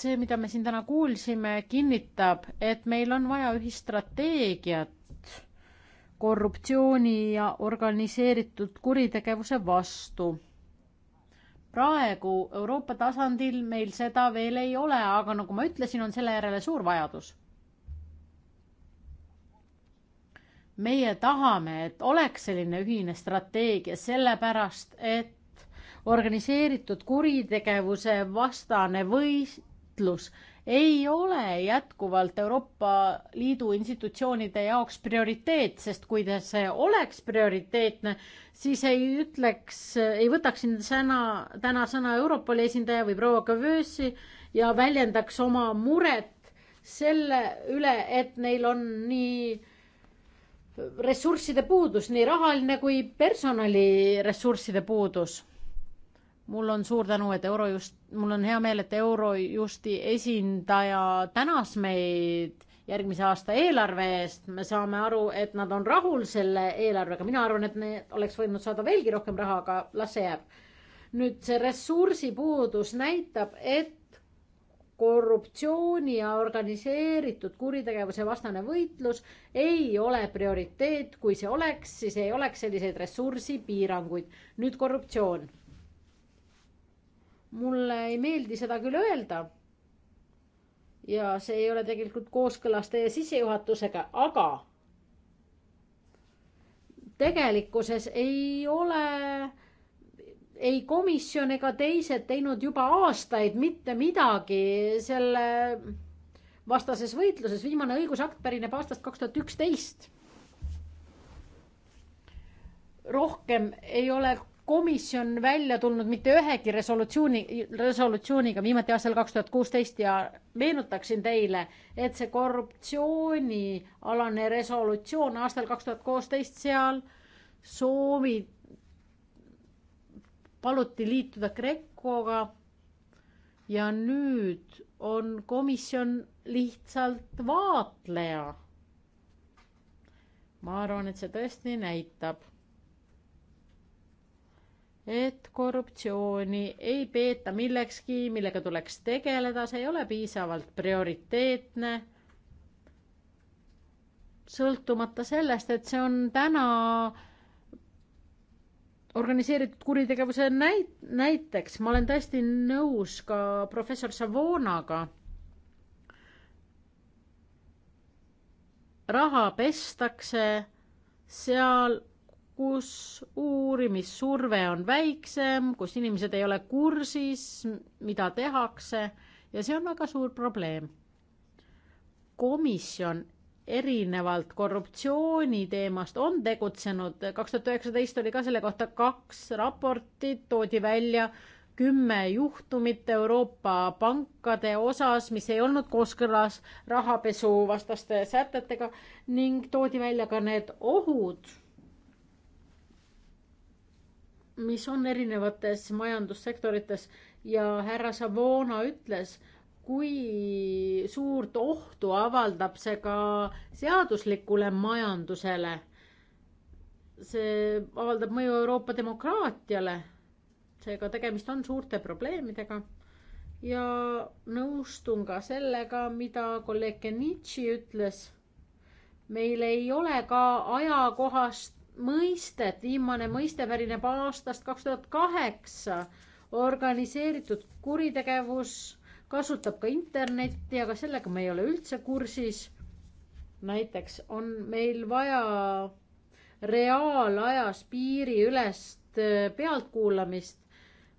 see, mida me siin täna kuulsime, kinnitab, et meil on vaja ühistrateegiat korruptsiooni ja organiseeritud kuritegevuse vastu praegu Euroopa tasandil meil seda veel ei ole, aga nagu ma ütlesin, on selle järele suur vajadus. meie tahame, et oleks selline ühine strateegia, sellepärast et organiseeritud kuritegevuse vastane võitlus ei ole jätkuvalt Euroopa Liidu institutsioonide jaoks prioriteet, sest kui ta see oleks prioriteetne, siis ei ütleks, ei võtaks siin sõna, täna sõna Europoli esindaja või proua Kavöösi ja väljendaks oma muret selle üle, et neil on nii ressursside puudus, nii rahaline kui personaliressursside puudus mul on suur tänu, et Eurojust, mul on hea meel, et Eurojusti esindaja tänas meid järgmise aasta eelarve eest, me saame aru, et nad on rahul selle eelarvega, mina arvan, et me oleks võinud saada veelgi rohkem raha, aga las see jääb. nüüd see ressursipuudus näitab, et korruptsiooni ja organiseeritud kuritegevuse vastane võitlus ei ole prioriteet, kui see oleks, siis ei oleks selliseid ressursipiiranguid. nüüd korruptsioon mulle ei meeldi seda küll öelda. ja see ei ole tegelikult kooskõlas teie sissejuhatusega, aga tegelikkuses ei ole ei komisjon ega teised teinud juba aastaid mitte midagi selle vastases võitluses. viimane õigusakt pärineb aastast kaks tuhat üksteist. rohkem ei ole komisjon välja tulnud mitte ühegi resolutsiooni, resolutsiooniga viimati aastal kaks tuhat kuusteist ja meenutaksin teile, et see korruptsioonialane resolutsioon aastal kaks tuhat kuusteist, seal Soomi paluti liituda Kreekoga ja nüüd on komisjon lihtsalt vaatleja. ma arvan, et see tõesti näitab et korruptsiooni ei peeta millekski, millega tuleks tegeleda, see ei ole piisavalt prioriteetne. sõltumata sellest, et see on täna organiseeritud kuritegevuse näit-, näiteks, ma olen täiesti nõus ka professor Savonaga. raha pestakse seal kus uurimissurve on väiksem, kus inimesed ei ole kursis, mida tehakse ja see on väga suur probleem. komisjon erinevalt korruptsiooni teemast on tegutsenud, kaks tuhat üheksateist oli ka selle kohta kaks raportit, toodi välja kümme juhtumit Euroopa pankade osas, mis ei olnud kooskõlas rahapesuvastaste sätetega ning toodi välja ka need ohud mis on erinevates majandussektorites ja härra Savona ütles, kui suurt ohtu avaldab see ka seaduslikule majandusele. see avaldab mõju Euroopa demokraatiale. seega tegemist on suurte probleemidega. ja nõustun ka sellega, mida kolleeg Genichi ütles. meil ei ole ka ajakohast mõistet, viimane mõiste pärineb aastast kaks tuhat kaheksa. organiseeritud kuritegevus kasutab ka internetti, aga sellega me ei ole üldse kursis. näiteks on meil vaja reaalajas piiriülest äh, pealtkuulamist.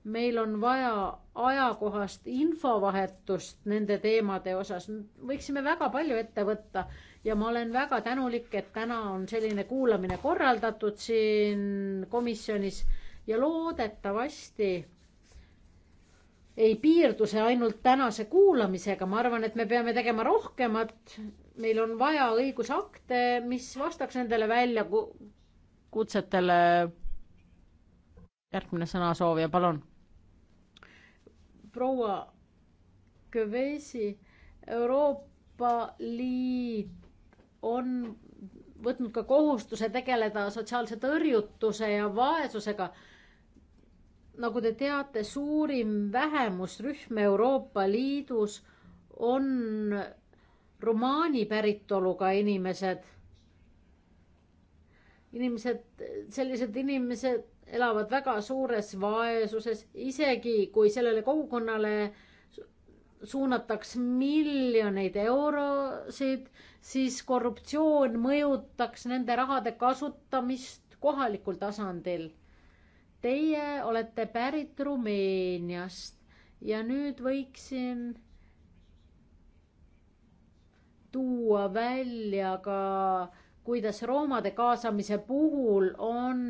meil on vaja ajakohast infovahetust nende teemade osas. võiksime väga palju ette võtta ja ma olen väga tänulik, et täna on selline kuulamine korraldatud siin komisjonis ja loodetavasti ei piirdu see ainult tänase kuulamisega, ma arvan, et me peame tegema rohkemat. meil on vaja õigusakte, mis vastaks nendele väljakutsetele. järgmine sõnasoovija, palun. proua Kövesi, Euroopa Liit on võtnud ka kohustuse tegeleda sotsiaalse tõrjutuse ja vaesusega. nagu te teate, suurim vähemusrühm Euroopa Liidus on romaani päritoluga inimesed. inimesed, sellised inimesed elavad väga suures vaesuses, isegi kui sellele kogukonnale suunataks miljoneid eurosid, siis korruptsioon mõjutaks nende rahade kasutamist kohalikul tasandil. Teie olete pärit Rumeeniast ja nüüd võiksin tuua välja ka, kuidas roomade kaasamise puhul on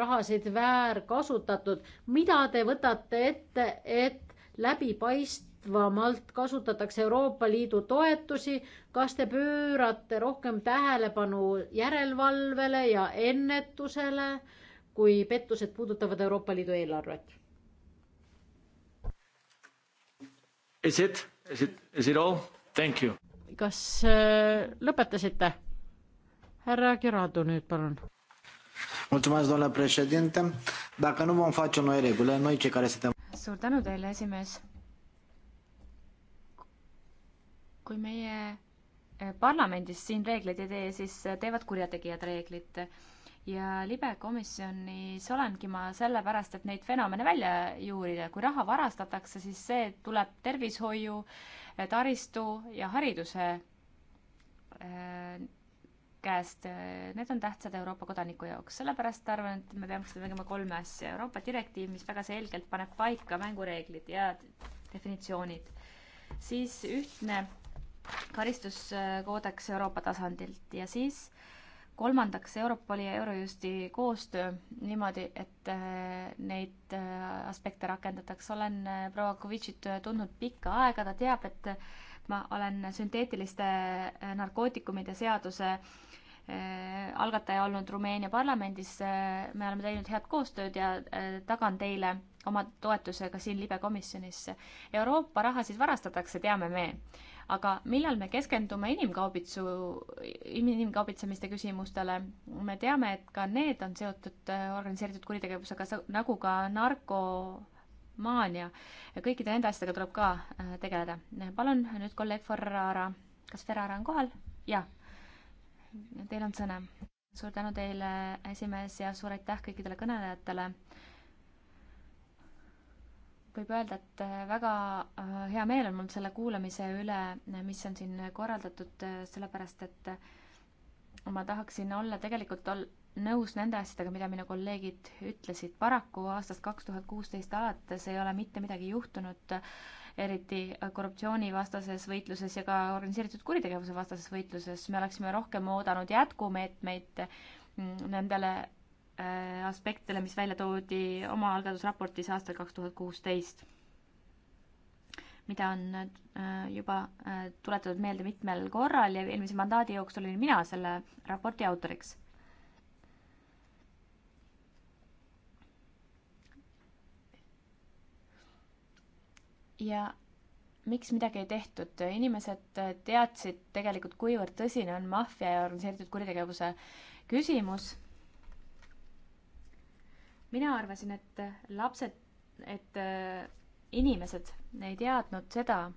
rahasid väärkasutatud. mida te võtate ette, et läbipaist-, aktiivsemalt kasutatakse Euroopa Liidu toetusi, kas te pöörate rohkem tähelepanu järelevalvele ja ennetusele, kui pettused puudutavad Euroopa Liidu eelarvet? Is it, is it, is it all? Thank you. kas äh, lõpetasite? härra Gerardo nüüd palun. mulțumesc, doamna președinte. Dacă nu vom face noi regulile, noi cei care suntem. suur tänu teile, esimees kui meie eh, parlamendis siin reegleid ei tee, siis eh, teevad kurjategijad reeglid. ja libekomisjonis olengi ma sellepärast, et neid fenomene välja juurida. kui raha varastatakse, siis see tuleb tervishoiu, eh, taristu ja hariduse käest, need on tähtsad Euroopa kodaniku jaoks, sellepärast arvan, et me peaksime tegema kolme asja. Euroopa direktiiv, mis väga selgelt paneb paika mängureeglid ja definitsioonid. siis ühtne karistuskoodeks Euroopa tasandilt ja siis kolmandaks Europoli ja Eurojusti koostöö niimoodi, et äh, neid äh, aspekte rakendatakse. olen äh, proua Kovitšit tundnud pikka aega, ta teab, et ma olen sünteetiliste narkootikumide seaduse äh, Äh, algataja olnud Rumeenia parlamendis, äh, me oleme teinud head koostööd ja äh, tagan teile oma toetusega siin libekomisjonis. Euroopa raha siis varastatakse, teame me. aga millal me keskendume inimkaubitsu, inimkaubitsemiste küsimustele? me teame, et ka need on seotud organiseeritud kuritegevusega, nagu ka narkomaania. kõikide nende asjadega tuleb ka tegeleda. palun nüüd kolleeg Ferrara, kas Ferrara on kohal? jah Teil on sõna. suur tänu teile, esimees, ja suur aitäh kõikidele kõnelejatele. võib öelda, et äh, väga äh, hea meel on mul selle kuulamise üle, äh, mis on siin korraldatud, sellepärast et ma tahaksin olla tegelikult ol-, nõus nende asjadega, mida minu kolleegid ütlesid. paraku aastast kaks tuhat kuusteist alates ei ole mitte midagi juhtunud eriti korruptsioonivastases võitluses ja ka organiseeritud kuritegevuse vastases võitluses. me oleksime rohkem oodanud jätkumeetmeid mm, nendele äh, aspektidele, mis välja toodi oma algatusraportis aastal kaks tuhat kuusteist, mida on äh, juba äh, tuletatud meelde mitmel korral ja eelmise mandaadi jooksul olin mina selle raporti autoriks ja miks midagi ei tehtud? inimesed äh, teadsid tegelikult, kuivõrd tõsine on maffia ja organiseeritud kuritegevuse küsimus. mina arvasin, et äh, lapsed, et äh, inimesed ei teadnud seda,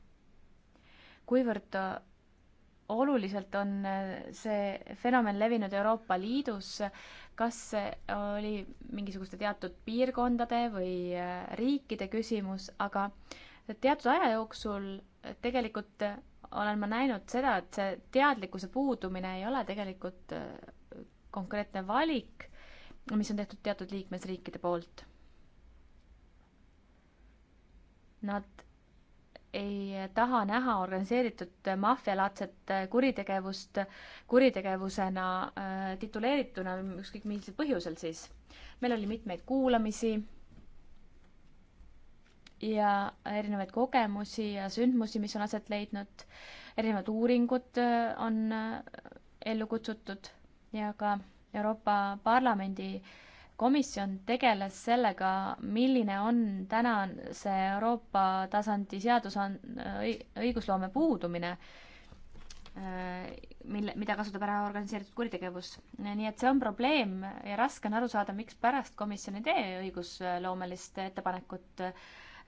kuivõrd oluliselt on see fenomen levinud Euroopa Liidus, kas see oli mingisuguste teatud piirkondade või riikide küsimus, aga äh, teatud aja jooksul tegelikult äh, olen ma näinud seda, et see teadlikkuse puudumine ei ole tegelikult äh, konkreetne valik, mis on tehtud teatud liikmesriikide poolt. Nad ei taha näha organiseeritud maffialaadset äh, kuritegevust kuritegevusena tituleerituna, ükskõik millisel põhjusel siis. meil oli mitmeid kuulamisi ja erinevaid kogemusi ja sündmusi, mis on aset leidnud, erinevad uuringud äh, on äh, ellu kutsutud ja ka Euroopa Parlamendi komisjon tegeles sellega, milline on tänase Euroopa tasandi seadusand-, õigusloome puudumine, äh, mille, mida kasutab ära organiseeritud kuritegevus. nii et see on probleem ja raske on aru saada, mikspärast komisjon ei tee õigusloomelist ettepanekut äh,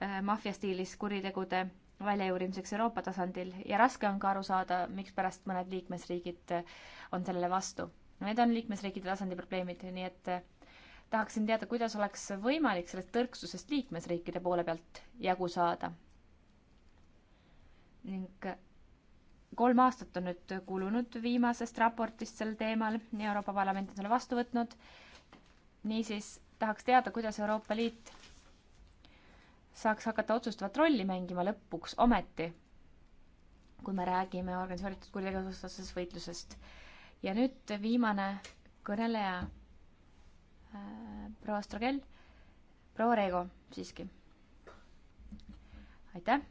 Äh, maffiastiilis kuritegude väljajuurimiseks Euroopa tasandil ja raske on ka aru saada, mikspärast mõned liikmesriigid äh, on sellele vastu. Need on liikmesriikide tasandi probleemid, nii et äh, tahaksin teada, kuidas oleks võimalik sellest tõrksusest liikmesriikide poole pealt jagu saada. ning kolm aastat on nüüd kulunud viimasest raportist sel teemal, Euroopa Parlament on selle vastu võtnud. niisiis tahaks teada, kuidas Euroopa Liit saaks hakata otsustavat rolli mängima lõpuks ometi, kui me räägime organiseeritud kuritegevuse vastasest võitlusest. ja nüüd viimane kõneleja äh,, proua Astrogel, proua Reigo siiski. aitäh!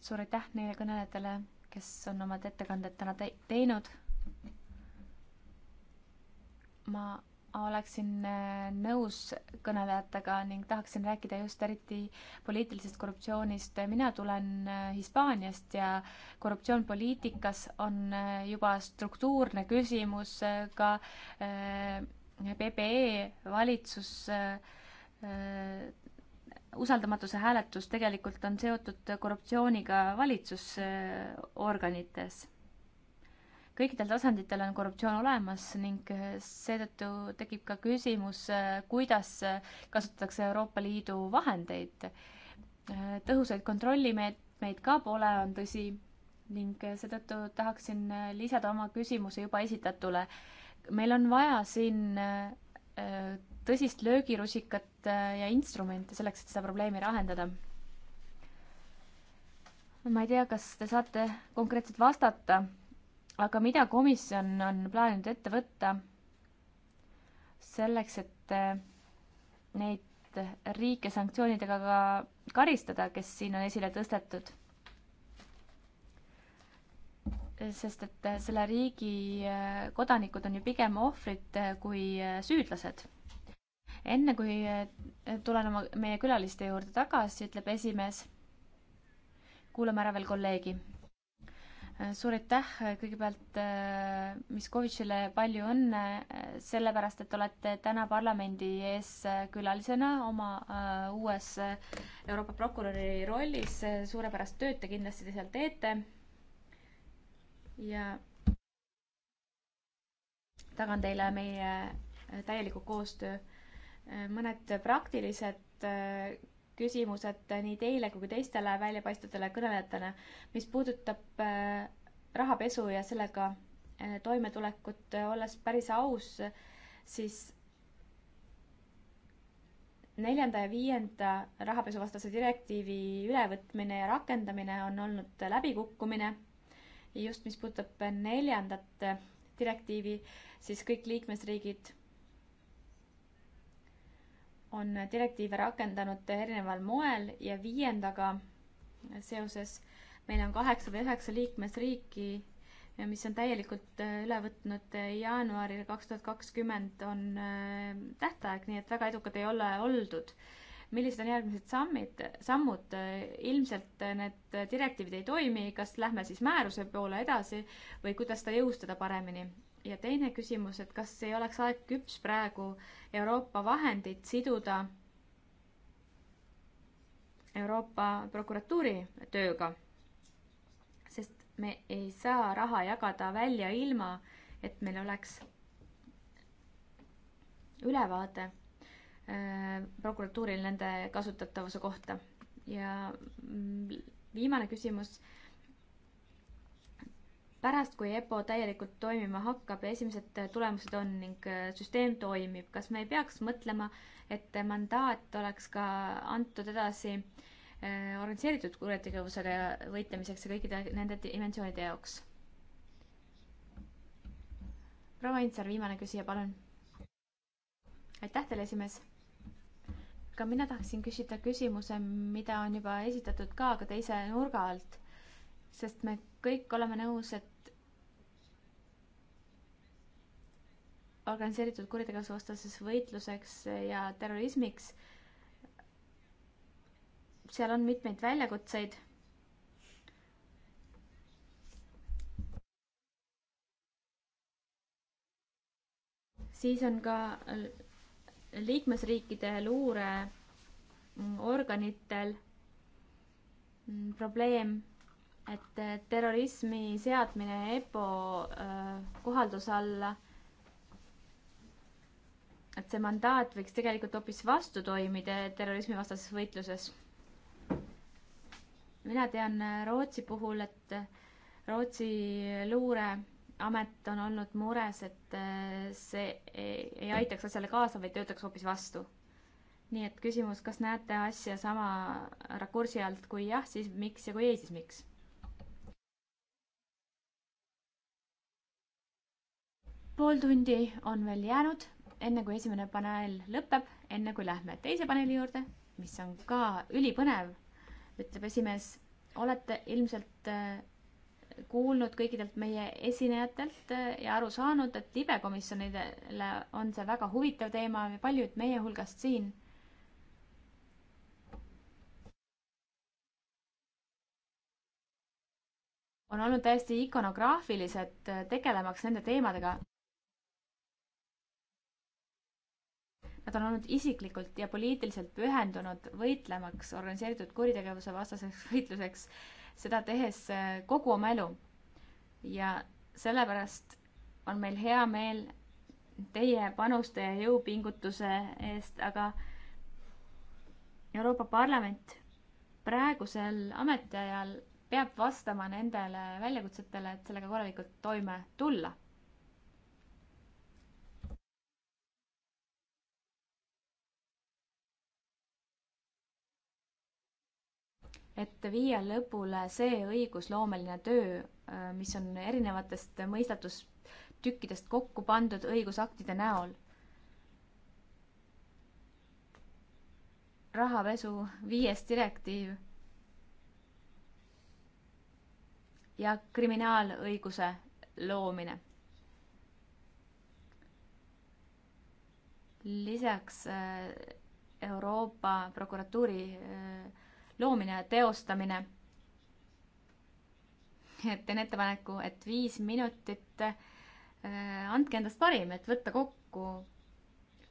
suur aitäh neile kõnelejatele, kes on omad ettekanded täna te teinud. ma oleksin äh, nõus kõnelejatega ning tahaksin rääkida just eriti poliitilisest korruptsioonist. mina tulen äh, Hispaaniast ja korruptsioon poliitikas on äh, juba struktuurne küsimus ka PPE valitsus usaldamatuse hääletus tegelikult on seotud korruptsiooniga valitsusorganites kõikidel tasanditel on korruptsioon olemas ning eh, seetõttu tekib ka küsimus, eh, kuidas kasutatakse Euroopa Liidu vahendeid. Eh, tõhusaid kontrollimeetmeid ka pole, on tõsi, ning seetõttu tahaksin lisada oma küsimuse juba esitatule. meil on vaja siin tõsist löögirusikat ja instrumente selleks, et seda probleemi lahendada ma ei tea, kas te saate konkreetselt vastata aga mida komisjon on plaaninud ette võtta selleks, et eh, neid riike sanktsioonidega ka karistada, kes siin on esile tõstetud? sest et eh, selle riigi eh, kodanikud on ju pigem ohvrid kui süüdlased. enne kui tulen oma, meie külaliste juurde tagasi, ütleb esimees, kuulame ära veel kolleegi suur aitäh kõigepealt äh, Miskovitšile palju õnne, äh, sellepärast et olete täna parlamendi ees äh, külalisena oma uues Euroopa prokuröri rollis. suurepärast tööd te kindlasti te seal teete. ja tagan teile meie täieliku koostöö. mõned praktilised küsimused nii teile kui ka teistele väljapaistvatele kõnelejatele, mis puudutab äh, rahapesu ja sellega äh, toimetulekut, äh, olles päris aus, siis neljanda ja viienda rahapesuvastase direktiivi ülevõtmine ja rakendamine on olnud läbikukkumine. just mis puudutab neljandat direktiivi, siis kõik liikmesriigid on direktiive rakendanud erineval moel ja viiendaga seoses meil on kaheksa või üheksa liikmesriiki, mis on täielikult äh, üle võtnud jaanuaril kaks tuhat kakskümmend on äh, tähtaeg, nii et väga edukad ei ole oldud. millised on järgmised sammid, sammud? ilmselt need direktiivid ei toimi, kas lähme siis määruse poole edasi või kuidas seda jõustada paremini? ja teine küsimus, et kas ei oleks aeg küps praegu Euroopa vahendid siduda Euroopa prokuratuuri tööga? sest me ei saa raha jagada välja ilma, et meil oleks ülevaade äh, prokuratuuril nende kasutatavuse kohta. ja mm, viimane küsimus pärast, kui EPO täielikult toimima hakkab ja esimesed äh, tulemused on ning äh, süsteem toimib, kas me ei peaks mõtlema, et äh, mandaat oleks ka antud edasi organiseeritud kuritegevusele võitlemiseks ja kõikide nende dimensioonide jaoks? proua Intsar, viimane küsija, palun. aitäh teile, esimees. ka mina tahaksin küsida küsimuse, mida on juba esitatud ka, aga teise nurga alt sest me kõik oleme nõus, et organiseeritud kuritegevuse vastases võitluseks ja terrorismiks. seal on mitmeid väljakutseid. siis on ka liikmesriikide luureorganitel probleem, et terrorismi seadmine EPPO äh, kohalduse alla et see mandaat võiks tegelikult hoopis vastu toimida terrorismivastases võitluses. mina tean äh, Rootsi puhul, et äh, Rootsi luureamet on olnud mures, et äh, see ei, ei aitaks asjale kaasa, vaid töötaks hoopis vastu. nii et küsimus, kas näete asja sama rakursi alt, kui jah, siis miks ja kui ei, siis miks? pool tundi on veel jäänud enne kui esimene paneel lõpeb, enne kui lähme teise paneeli juurde, mis on ka ülipõnev, ütleb esimees, olete ilmselt äh, kuulnud kõikidelt meie esinejatelt äh, ja aru saanud, et libekomisjonidele on see väga huvitav teema ja paljud meie hulgast siin on olnud täiesti ikonograafilised äh, tegelemaks nende teemadega. Nad on olnud isiklikult ja poliitiliselt pühendunud võitlemaks organiseeritud kuritegevuse vastaseks [LAUGHS] võitluseks, seda tehes äh, kogu oma elu. ja sellepärast on meil hea meel teie panuste ja jõupingutuse eest, aga Euroopa Parlament praegusel ametiajal peab vastama nendele väljakutsetele, et sellega korralikult toime tulla et viia lõpule see õigusloomeline töö, äh, mis on erinevatest mõistatustükkidest kokku pandud õigusaktide näol. rahapesu viies direktiiv ja kriminaalõiguse loomine lisaks äh, Euroopa prokuratuuri äh, loomine ja teostamine. teen ettepaneku, et viis minutit äh,, andke endast parim, et võtta kokku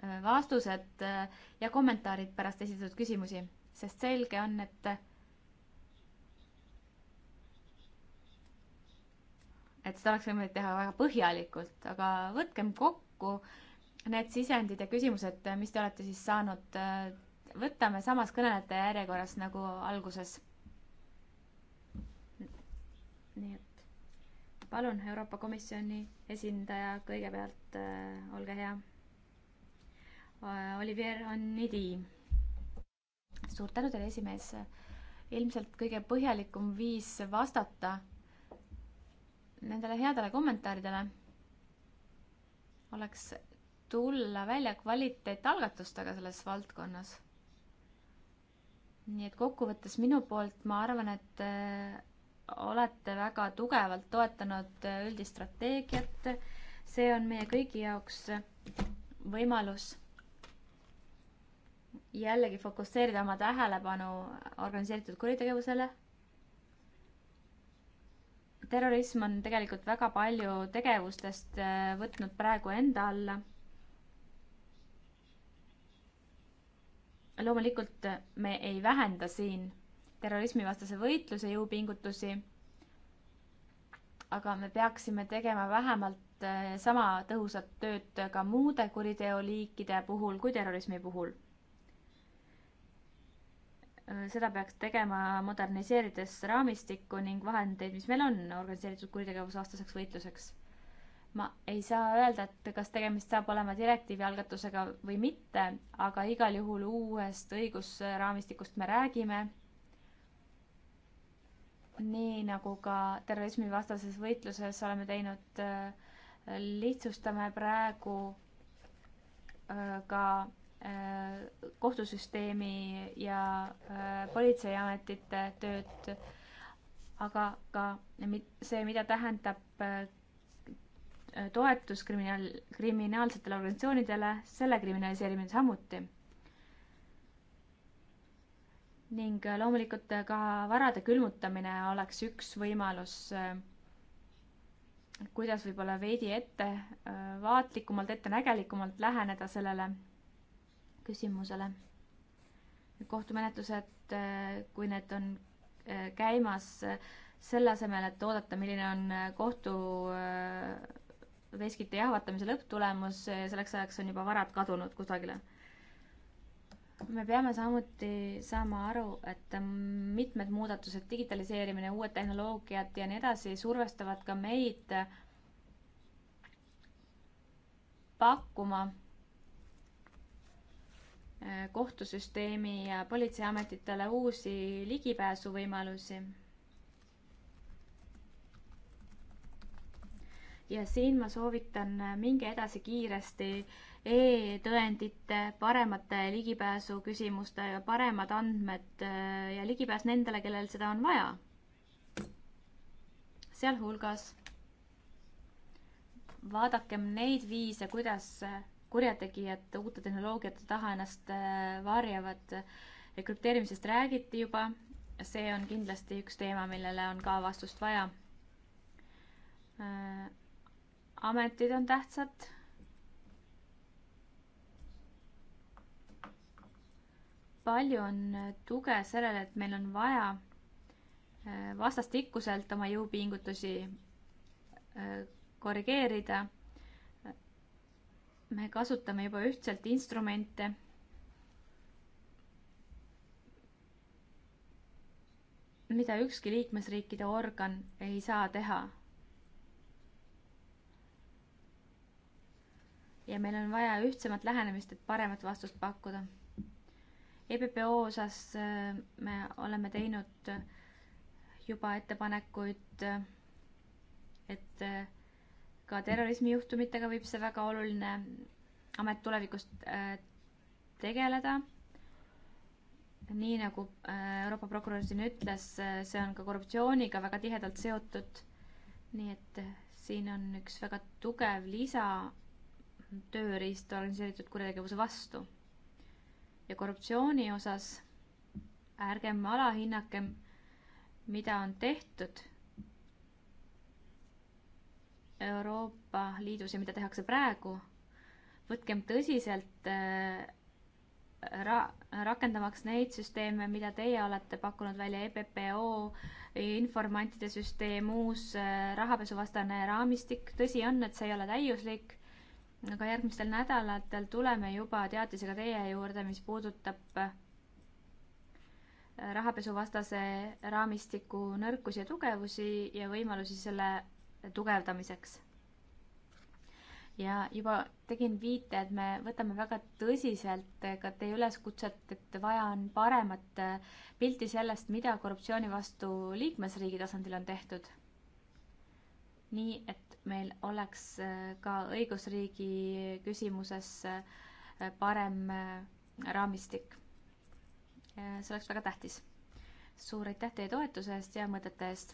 äh, vastused äh, ja kommentaarid pärast esitatud küsimusi, sest selge on, et et seda oleks võimalik teha väga põhjalikult, aga võtkem kokku need sisendid ja küsimused, mis te olete siis saanud äh, võtame samas kõnelejate järjekorras nagu alguses. nii et palun, Euroopa Komisjoni esindaja, kõigepealt äh, olge hea. Äh, Olivier Annidi. suur tänu teile, esimees. ilmselt kõige põhjalikum viis vastata nendele headele kommentaaridele oleks tulla välja kvaliteetalgatustega selles valdkonnas nii et kokkuvõttes minu poolt ma arvan, et äh, olete väga tugevalt toetanud äh, üldist strateegiat. see on meie kõigi jaoks äh, võimalus jällegi fokusseerida oma tähelepanu organiseeritud kuritegevusele. terrorism on tegelikult väga palju tegevustest võtnud praegu enda alla loomulikult me ei vähenda siin terrorismivastase võitluse jõupingutusi, aga me peaksime tegema vähemalt äh, sama tõhusat tööd ka muude kuriteoliikide puhul kui terrorismi puhul. Äh, seda peaks tegema moderniseerides raamistikku ning vahendeid, mis meil on organiseeritud kuritegevusvastaseks võitluseks ma ei saa öelda, et kas tegemist saab olema direktiivi algatusega või mitte, aga igal juhul uuest õigusraamistikust me räägime. nii nagu ka terrorismivastases võitluses oleme teinud, äh, lihtsustame praegu äh, ka äh, kohtusüsteemi ja politseiametite tööd, aga ka see, mida tähendab Äh, toetus kriminaal, kriminaalsetele organisatsioonidele, selle kriminaliseerimine samuti. ning äh, loomulikult äh, ka varade külmutamine oleks üks võimalus, kuidas võib-olla veidi ettevaatlikumalt, ettenägelikumalt läheneda sellele küsimusele. kohtumenetlused, kui need on käimas, selle asemel, et oodata, milline on kohtu veskite jahvatamise lõpptulemus, selleks ajaks on juba varad kadunud kusagile. me peame samuti saama aru, et mitmed muudatused, digitaliseerimine, uued tehnoloogiad ja nii edasi survestavad ka meid pakkuma eh, kohtusüsteemi ja politseiametitele uusi ligipääsuvõimalusi ja siin ma soovitan, äh, minge edasi kiiresti e-tõendite, paremate ligipääsu küsimuste ja paremad andmed äh, ja ligipääs nendele, kellel seda on vaja. sealhulgas vaadakem neid viise, kuidas äh, kurjategijad uute tehnoloogiate taha ennast varjavad. krüpteerimisest räägiti juba, see on kindlasti üks teema, millele on ka vastust vaja ametid on tähtsad. palju on äh, tuge sellele, et meil on vaja äh, vastastikkuselt oma jõupingutusi äh, korrigeerida. me kasutame juba ühtselt instrumente. mida ükski liikmesriikide organ ei saa teha ja meil on vaja ühtsemat lähenemist, et paremat vastust pakkuda. EPPO osas äh, me oleme teinud äh, juba ettepanekuid, äh, et ka terrorismijuhtumitega võib see väga oluline amet tulevikus tegeleda. nii nagu Euroopa prokurör siin ütles, see on ka korruptsiooniga väga tihedalt seotud. nii et siin on üks väga tugev lisa tööriist organiseeritud kuritegevuse vastu. ja korruptsiooni osas ärgem alahinnakem, mida on tehtud Euroopa Liidus ja mida tehakse praegu, võtkem tõsiselt äh, ra-, rakendamaks neid süsteeme, mida teie olete pakkunud välja, EPPO, informantide süsteem, uus äh, rahapesuvastane raamistik, tõsi on, et see ei ole täiuslik, aga järgmistel nädalatel tuleme juba teatisega teie juurde, mis puudutab äh, rahapesuvastase raamistiku nõrkusi ja tugevusi ja võimalusi selle tugevdamiseks. ja juba tegin viite, et me võtame väga tõsiselt äh, ka teie üleskutset, et vaja on paremat äh, pilti sellest, mida korruptsiooni vastu liikmesriigi tasandil on tehtud. nii et meil oleks äh, ka õigusriigi küsimuses äh, parem äh, raamistik. see oleks väga tähtis. suur aitäh teie toetuse eest ja mõtete eest.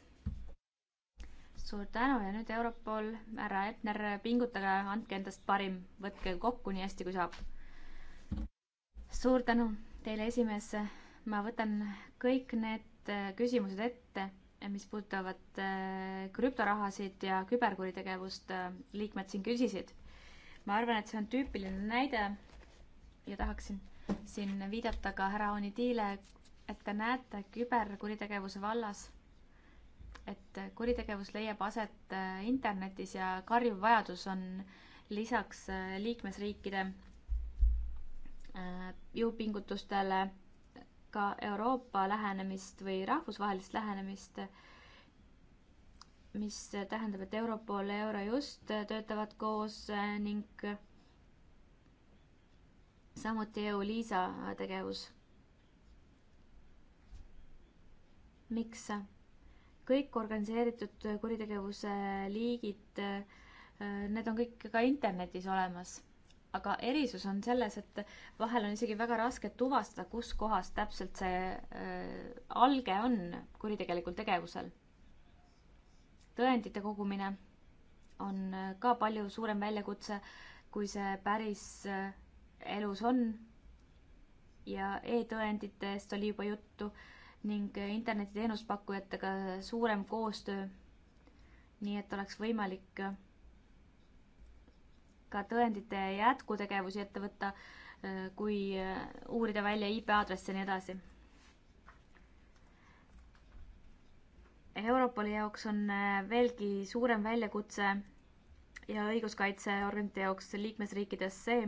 suur tänu ja nüüd Europol, härra Etner, pingutage, andke endast parim, võtke kokku nii hästi kui saab. suur tänu teile, esimees. ma võtan kõik need küsimused ette mis puudutavad äh, krüptorahasid ja küberkuritegevust, äh, liikmed siin küsisid. ma arvan, et see on tüüpiline näide ja tahaksin siin viidata ka härra Onidile, et te näete küberkuritegevuse vallas, et kuritegevus leiab aset äh, internetis ja karjuv vajadus on lisaks liikmesriikide jõupingutustele ka Euroopa lähenemist või rahvusvahelist lähenemist, mis tähendab, et Europol ja Eurojust töötavad koos eh, ning samuti EU-LISA tegevus. miks? kõik organiseeritud kuritegevuse liigid, eh, need on kõik ka internetis olemas aga erisus on selles, et vahel on isegi väga raske tuvastada, kus kohas täpselt see äh, alge on kuritegelikul tegevusel. tõendite kogumine on äh, ka palju suurem väljakutse, kui see päris äh, elus on. ja e-tõenditest oli juba juttu ning äh, internetiteenuspakkujatega suurem koostöö, nii et oleks võimalik äh, ka tõendite jätkutegevusi ette võtta, äh, kui äh, uurida välja IP-aadress ja nii edasi. Europoli jaoks on äh, veelgi suurem väljakutse ja õiguskaitseorganite jaoks liikmesriikides see,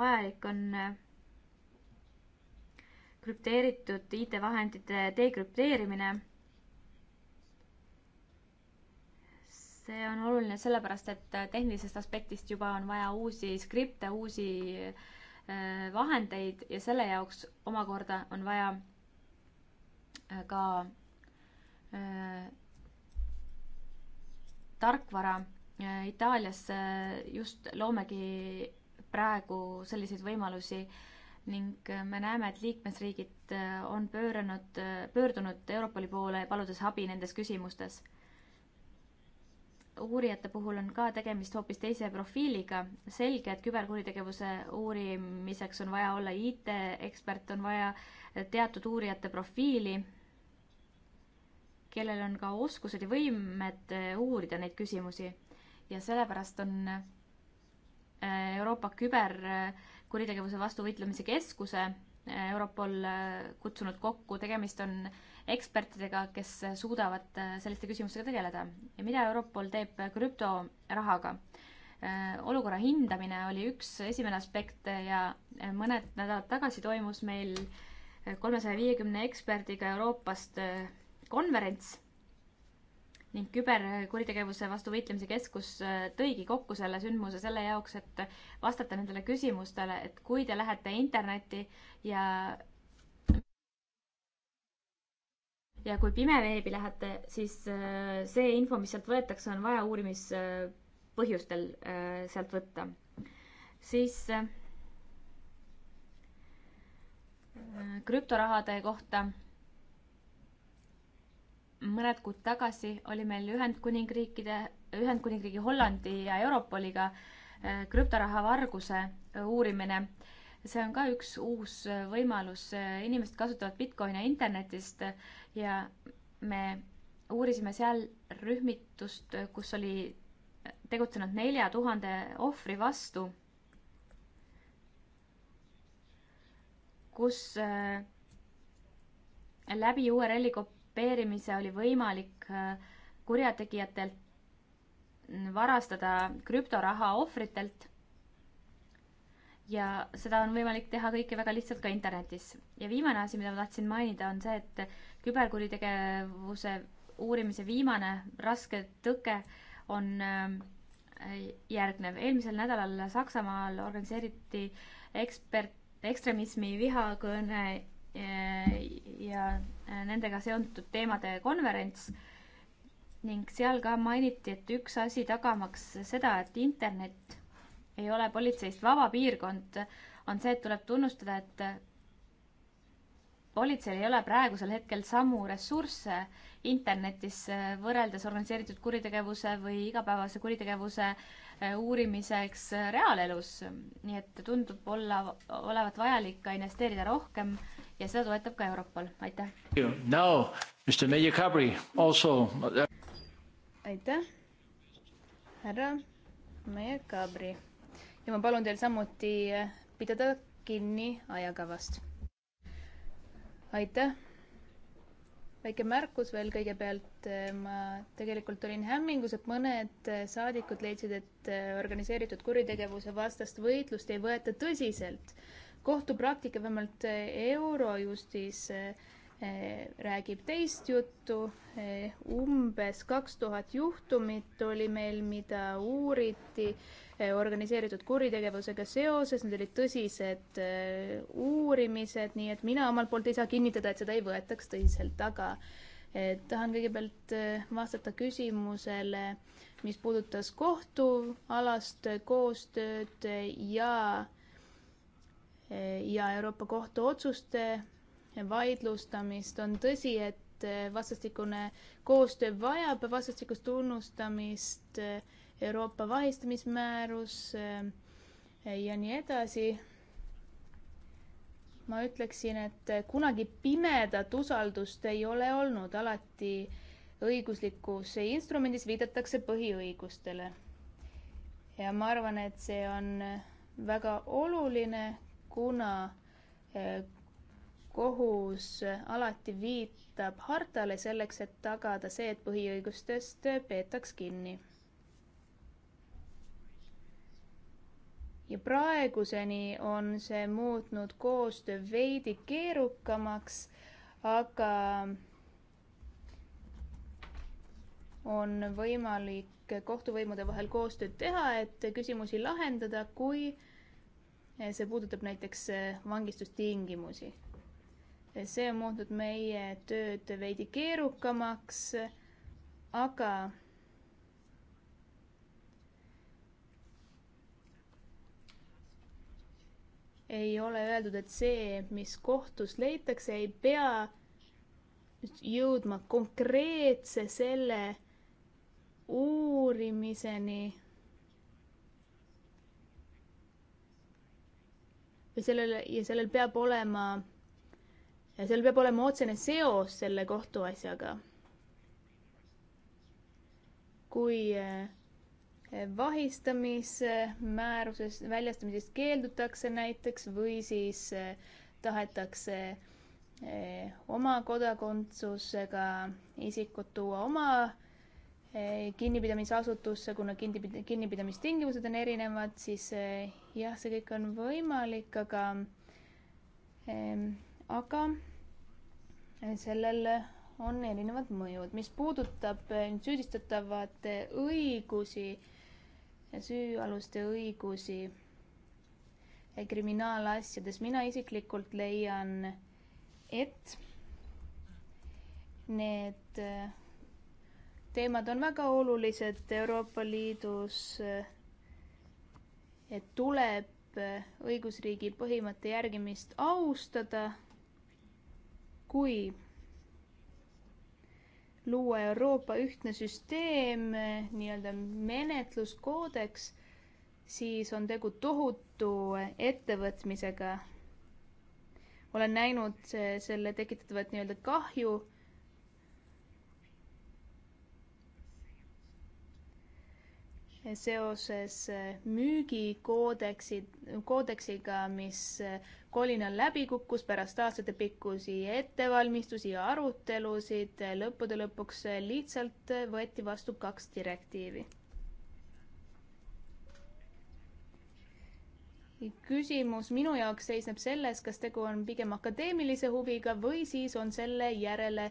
vajalik on krüpteeritud IT-vahendite dekrüpteerimine see on oluline sellepärast, et tehnilisest aspektist juba on vaja uusi skripte, uusi äh, vahendeid ja selle jaoks omakorda on vaja äh, ka äh, tarkvara. Äh, Itaalias just loomegi praegu selliseid võimalusi ning me näeme, et liikmesriigid on pööranud, pöördunud Europoli poole, paludes abi nendes küsimustes uurijate puhul on ka tegemist hoopis teise profiiliga. selge, et küberkuritegevuse uurimiseks on vaja olla IT-ekspert, on vaja teatud uurijate profiili, kellel on ka oskused ja võimed eh, uurida neid küsimusi. ja sellepärast on eh, Euroopa küberkuritegevuse vastu võitlemise keskuse eh, Europol kutsunud kokku, tegemist on äh, ekspertidega, kes suudavad äh, selliste küsimustega tegeleda. ja mida Europol teeb krüptorahaga? Äh, olukorra hindamine oli üks esimene aspekt ja äh, mõned nädalad tagasi toimus meil kolmesaja viiekümne eksperdiga Euroopast konverents ning küberkuritegevuse vastu võitlemise keskus tõigi kokku selle sündmuse selle jaoks, et vastata nendele küsimustele, et kui te lähete internetti ja ja kui pimeveebi lähete, siis äh, see info, mis sealt võetakse, on vaja uurimispõhjustel äh, äh, sealt võtta. siis krüptorahade kohta. mõned kuud tagasi oli meil Ühendkuningriikide, Ühendkuningriigi Hollandi ja Europoliga krüptoraha varguse uurimine see on ka üks uus äh, võimalus, äh, inimesed kasutavad Bitcoini internetist äh, ja me uurisime seal rühmitust, kus oli tegutsenud nelja tuhande ohvri vastu, kus läbi URL-i kopeerimise oli võimalik kurjategijatelt varastada krüptoraha ohvritelt ja seda on võimalik teha kõike väga lihtsalt ka internetis. ja viimane asi, mida ma tahtsin mainida, on see, et küberkuritegevuse uurimise viimane raske tõke on äh, järgnev. eelmisel nädalal Saksamaal organiseeriti ekspert, ekstremismi, vihakõne äh, ja äh, nendega seonduv teemade konverents ning seal ka mainiti, et üks asi tagamaks seda, et internet ei ole politseist vaba piirkond, on see, et tuleb tunnustada, et politseil ei ole praegusel hetkel samu ressursse internetis äh, võrreldes organiseeritud kuritegevuse või igapäevase kuritegevuse äh, uurimiseks äh, reaalelus. nii et tundub olla, olevat vajalik ka investeerida rohkem ja seda toetab ka Europol, aitäh. Uh, aitäh, härra Meie Kabri ja ma palun teil samuti eh, pidada kinni ajakavast. aitäh! väike märkus veel kõigepealt, eh, ma tegelikult olin hämmingus, et mõned eh, saadikud leidsid, et organiseeritud kuritegevuse vastast võitlust ei võeta tõsiselt. kohtupraktika vähemalt Eurojustis räägib teist juttu. umbes kaks tuhat juhtumit oli meil, mida uuriti Eh, organiseeritud kuritegevusega seoses, need olid tõsised eh, uurimised, nii et mina omalt poolt ei saa kinnitada, et seda ei võetaks tõsiselt, aga eh, tahan kõigepealt vastata küsimusele, mis puudutas kohtualast koostööd ja, ja Euroopa Kohtu otsuste vaidlustamist. on tõsi, et vastastikune koostöö vajab vastastikust tunnustamist äh, Euroopa vahistamismäärus eh, ja nii edasi. ma ütleksin, et kunagi pimedat usaldust ei ole olnud, alati õiguslikus instrumendis viidatakse põhiõigustele. ja ma arvan, et see on väga oluline, kuna eh, kohus alati viitab hartale selleks, et tagada see, et põhiõigustest peetaks kinni ja praeguseni on see muutnud koostöö veidi keerukamaks, aga on võimalik kohtuvõimude vahel koostööd teha, et küsimusi lahendada, kui see puudutab näiteks vangistustingimusi. see on muutnud meie tööd veidi keerukamaks, aga ei ole öeldud, et see, mis kohtus leitakse, ei pea jõudma konkreetse selle uurimiseni ja sellel, ja sellel peab olema, sellel peab olema otsene seos selle kohtuasjaga. kui äh, vahistamismääruses väljastamisest keeldutakse näiteks või siis eh, tahetakse eh, oma kodakondsusega isikud tuua oma eh, kinnipidamisasutusse, kuna kinnipid-, kinnipidamistingimused on erinevad, siis jah, see kõik on võimalik, aga, ehm, aga sellel on erinevad mõjud. mis puudutab süüdistatavate õigusi, süüaluste õigusi eh, kriminaalasjades. mina isiklikult leian, et need eh, teemad on väga olulised Euroopa Liidus. Eh, et tuleb õigusriigi põhimõtte järgimist austada, kui luua Euroopa ühtne süsteem, nii-öelda menetluskoodeks, siis on tegu tohutu ettevõtmisega. olen näinud selle tekitatavat nii-öelda kahju seoses äh, müügikoodeksi, koodeksiga, mis äh, kolinal läbi kukkus pärast aastatepikkusi ettevalmistusi ja arutelusid. Äh, lõppude lõpuks lihtsalt võeti vastu kaks direktiivi küsimus minu jaoks seisneb selles, kas tegu on pigem akadeemilise huviga või siis on selle järele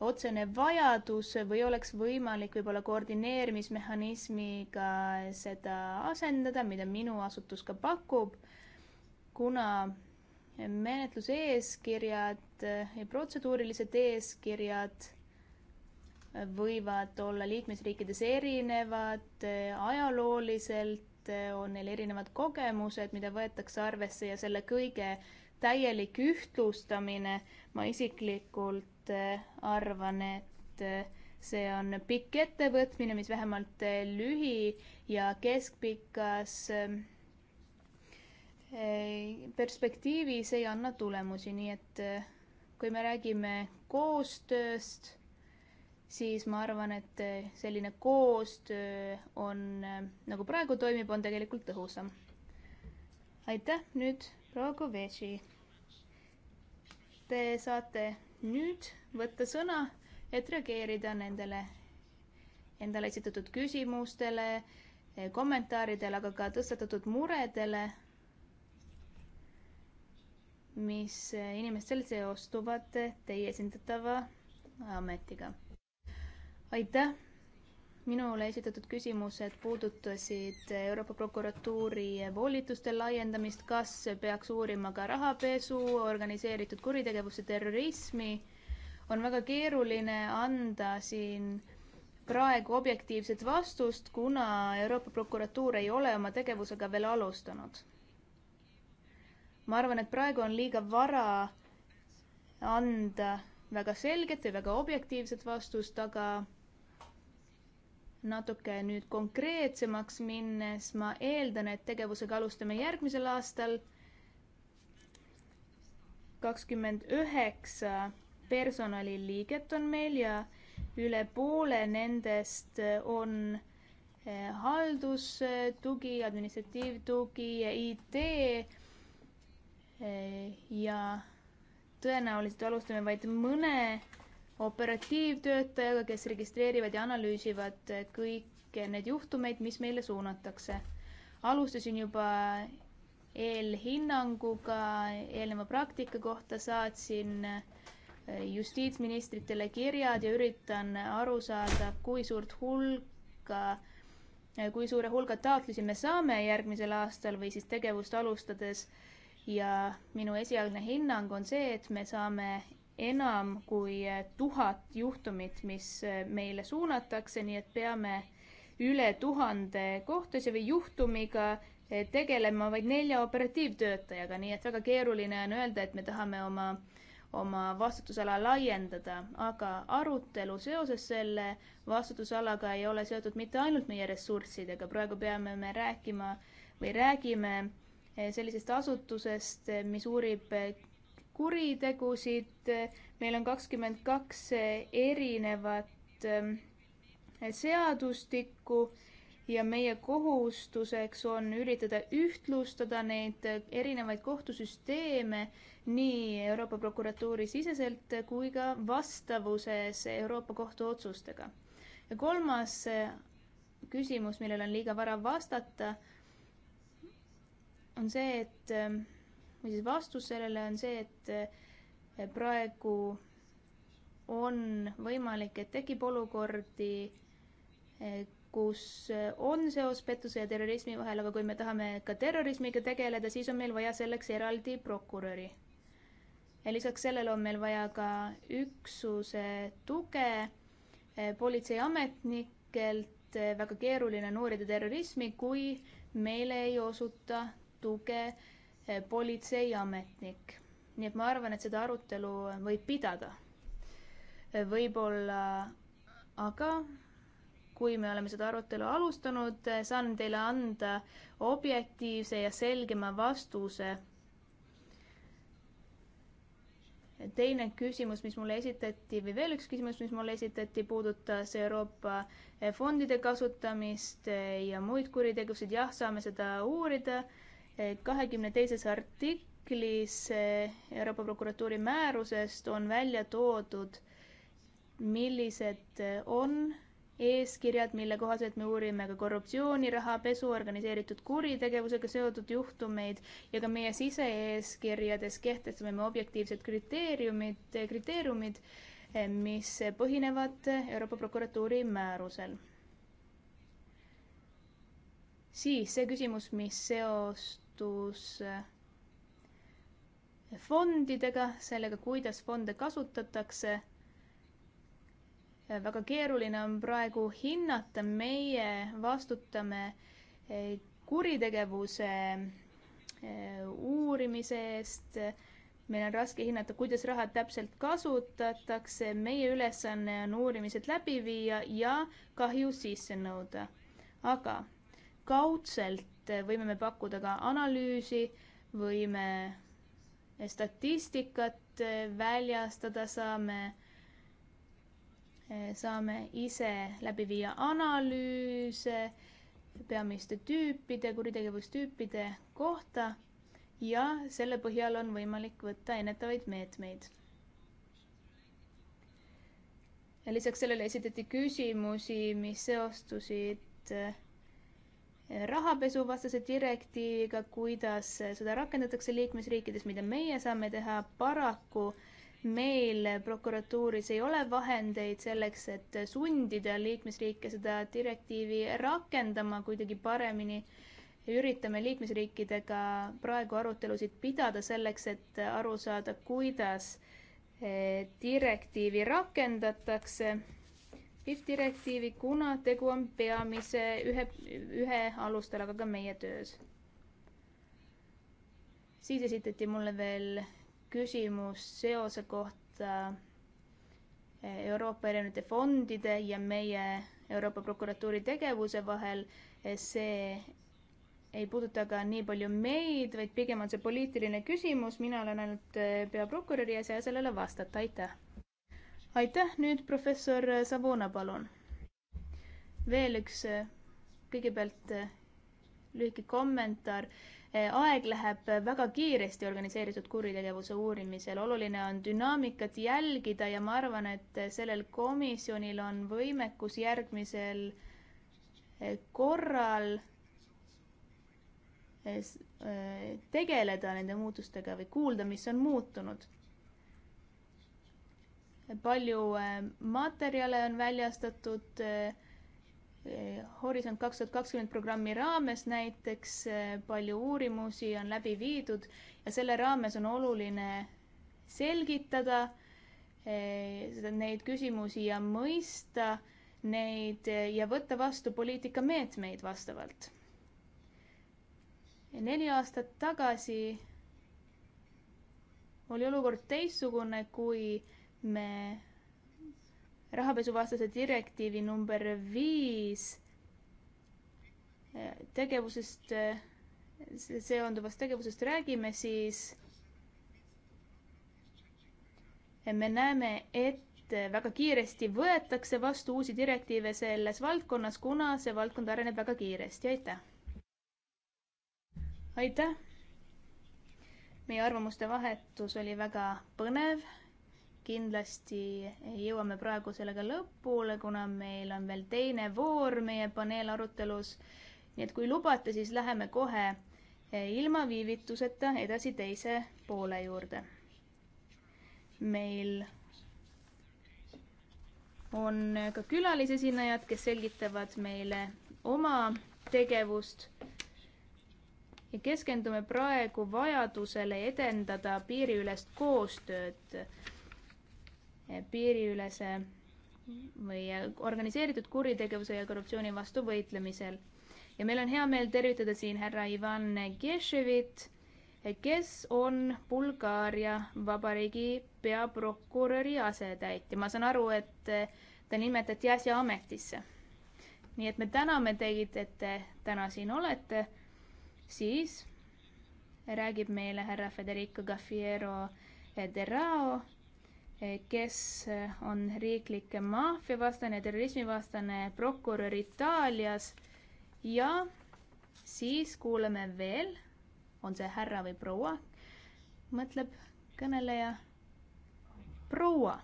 otsene vajadus või oleks võimalik võib-olla koordineerimismehhanismiga seda asendada, mida minu asutus ka pakub, kuna menetluse eeskirjad ja protseduurilised eeskirjad võivad olla liikmesriikides erinevad, ajalooliselt on neil erinevad kogemused, mida võetakse arvesse ja selle kõige täielik ühtlustamine, ma isiklikult et äh, arvan, et äh, see on pikk ettevõtmine, mis vähemalt äh, lühi- ja keskpikas ähm, perspektiivis ei anna tulemusi, nii et kui me räägime koostööst, siis ma arvan, et selline koostöö on, nagu praegu toimib, on tegelikult tõhusam. aitäh, nüüd proua Koveši. Te saate nüüd võtta sõna, et reageerida nendele endale esitatud küsimustele, eh, kommentaaridele, aga ka tõstatatud muredele, mis eh, inimestel seostuvad teie esindatava ametiga. aitäh minule esitatud küsimused puudutasid Euroopa prokuratuuri volituste laiendamist, kas peaks uurima ka rahapesu, organiseeritud kuritegevust ja terrorismi. on väga keeruline anda siin praegu objektiivset vastust, kuna Euroopa prokuratuur ei ole oma tegevusega veel alustanud. ma arvan, et praegu on liiga vara anda väga selget või väga objektiivset vastust, aga natuke nüüd konkreetsemaks minnes, ma eeldan, et tegevusega alustame järgmisel aastal. kakskümmend üheksa personaliliiget on meil ja üle poole nendest on eh, haldustugi, administratiivtugi, IT eh, ja tõenäoliselt alustame vaid mõne operatiivtöötajaga, kes registreerivad ja analüüsivad eh, kõiki neid juhtumeid, mis meile suunatakse. alustasin juba eelhinnanguga eelneva praktika kohta, saatsin eh, justiitsministritele kirjad ja üritan aru saada, kui suurt hulka, eh, kui suure hulga taotlusi me saame järgmisel aastal või siis tegevust alustades. ja minu esialgne hinnang on see, et me saame enam kui eh, tuhat juhtumit, mis eh, meile suunatakse, nii et peame üle tuhande kohtuse või juhtumiga eh, tegelema vaid nelja operatiivtöötajaga, nii et väga keeruline on öelda, et me tahame oma, oma vastutusala laiendada, aga arutelu seoses selle vastutusalaga ei ole seotud mitte ainult meie ressurssidega, praegu peame me rääkima või räägime sellisest asutusest, mis uurib kuritegusid, meil on kakskümmend kaks erinevat ähm, seadustikku ja meie kohustuseks on üritada ühtlustada neid erinevaid kohtusüsteeme nii Euroopa prokuratuuri siseselt kui ka vastavuses Euroopa Kohtu otsustega. ja kolmas äh, küsimus, millele on liiga vara vastata, on see, et ähm, või siis vastus sellele on see, et eh, praegu on võimalik, et tekib olukordi, eh, kus eh, on seos pettuse ja terrorismi vahel, aga kui me tahame ka terrorismiga tegeleda, siis on meil vaja selleks eraldi prokuröri. ja lisaks sellele on meil vaja ka üksuse tuge politseiametnikelt, väga keeruline on uurida terrorismi, kui meile ei osuta tuge Eh, politseiametnik. nii et ma arvan, et seda arutelu võib pidada. Eh, võib-olla aga kui me oleme seda arutelu alustanud, eh, saan teile anda objektiivse ja selgema vastuse. teine küsimus, mis mulle esitati või veel üks küsimus, mis mulle esitati, puudutas Euroopa fondide kasutamist ja muid kuritegusid. jah, saame seda uurida kahekümne teises artiklis eh, Euroopa Prokuratuuri määrusest on välja toodud, millised eh, on eeskirjad, mille kohaselt me uurime ka korruptsiooni, rahapesu, organiseeritud kuritegevusega seotud juhtumeid ja ka meie sise-eeskirjades kehtestame me objektiivsed kriteeriumid, eh, kriteeriumid, mis põhinevad Euroopa Prokuratuuri määrusel. siis see küsimus, mis seost seotus eh, fondidega, sellega, kuidas fonde kasutatakse. Eh, väga keeruline on praegu hinnata, meie vastutame eh, kuritegevuse uurimise eest. meil on raske hinnata, kuidas raha täpselt kasutatakse, meie ülesanne on uurimised läbi viia ja kahju sisse nõuda. aga kaudselt et võime me pakkuda ka analüüsi, võime statistikat eh, väljastada, saame, eh, saame ise läbi viia analüüse peamiste tüüpide, kuritegevustüüpide kohta ja selle põhjal on võimalik võtta ennetavaid meetmeid. ja lisaks sellele esitati küsimusi, mis seostusid eh, rahapesuvastase direktiiviga, kuidas seda rakendatakse liikmesriikides, mida meie saame teha, paraku meil prokuratuuris ei ole vahendeid selleks, et sundida liikmesriike seda direktiivi rakendama kuidagi paremini. üritame liikmesriikidega praegu arutelusid pidada selleks, et aru saada, kuidas eh, direktiivi rakendatakse PIF direktiivi, kuna tegu on peamise ühe, ühe alustalaga ka meie töös. siis esitati mulle veel küsimus seose kohta Euroopa erinevate fondide ja meie Euroopa prokuratuuri tegevuse vahel. see ei puuduta ka nii palju meid, vaid pigem on see poliitiline küsimus, mina olen ainult peaprokuröri ja ei saa sellele vastata, aitäh aitäh, nüüd professor Savona, palun. veel üks, eh, kõigepealt eh, lühike kommentaar. Eh, aeg läheb väga kiiresti organiseeritud kuritegevuse uurimisel, oluline on dünaamikat jälgida ja ma arvan, et sellel komisjonil on võimekus järgmisel korral tegeleda nende muutustega või kuulda, mis on muutunud palju äh, materjale on väljastatud äh, äh, Horisont kaks tuhat kakskümmend programmi raames näiteks, palju uurimusi on läbi viidud ja selle raames on oluline selgitada seda, neid küsimusi ja mõista neid ja võtta vastu poliitikameetmeid vastavalt. neli aastat tagasi oli olukord teistsugune, kui me rahapesuvastase direktiivi number viis eh, tegevusest, eh, seonduvast tegevusest räägime, siis me näeme, et väga kiiresti võetakse vastu uusi direktiive selles valdkonnas, kuna see valdkond areneb väga kiiresti, aitäh! aitäh! meie arvamuste vahetus oli väga põnev kindlasti jõuame praegu sellega lõpule, kuna meil on veel teine voor meie paneelarutelus. nii et kui lubate, siis läheme kohe eh, ilma viivituseta edasi teise poole juurde. meil on ka külalisesinejad, kes selgitavad meile oma tegevust ja keskendume praegu vajadusele edendada piiriülest koostööd Eh, piiriülese või eh, organiseeritud kuritegevuse ja korruptsiooni vastu võitlemisel. ja meil on hea meel tervitada siin härra Ivan Keševit, eh, kes on Bulgaaria Vabariigi peaprokuröri asetäitja. ma saan aru, et ta nimetati äsja ametisse. nii et me täname teid, et te täna siin olete. siis räägib meile härra Federico Gaffiero Derao kes on riiklik maffiavastane, terrorismivastane prokurör Itaalias. ja siis kuuleme veel, on see härra või proua, mõtleb kõneleja. proua,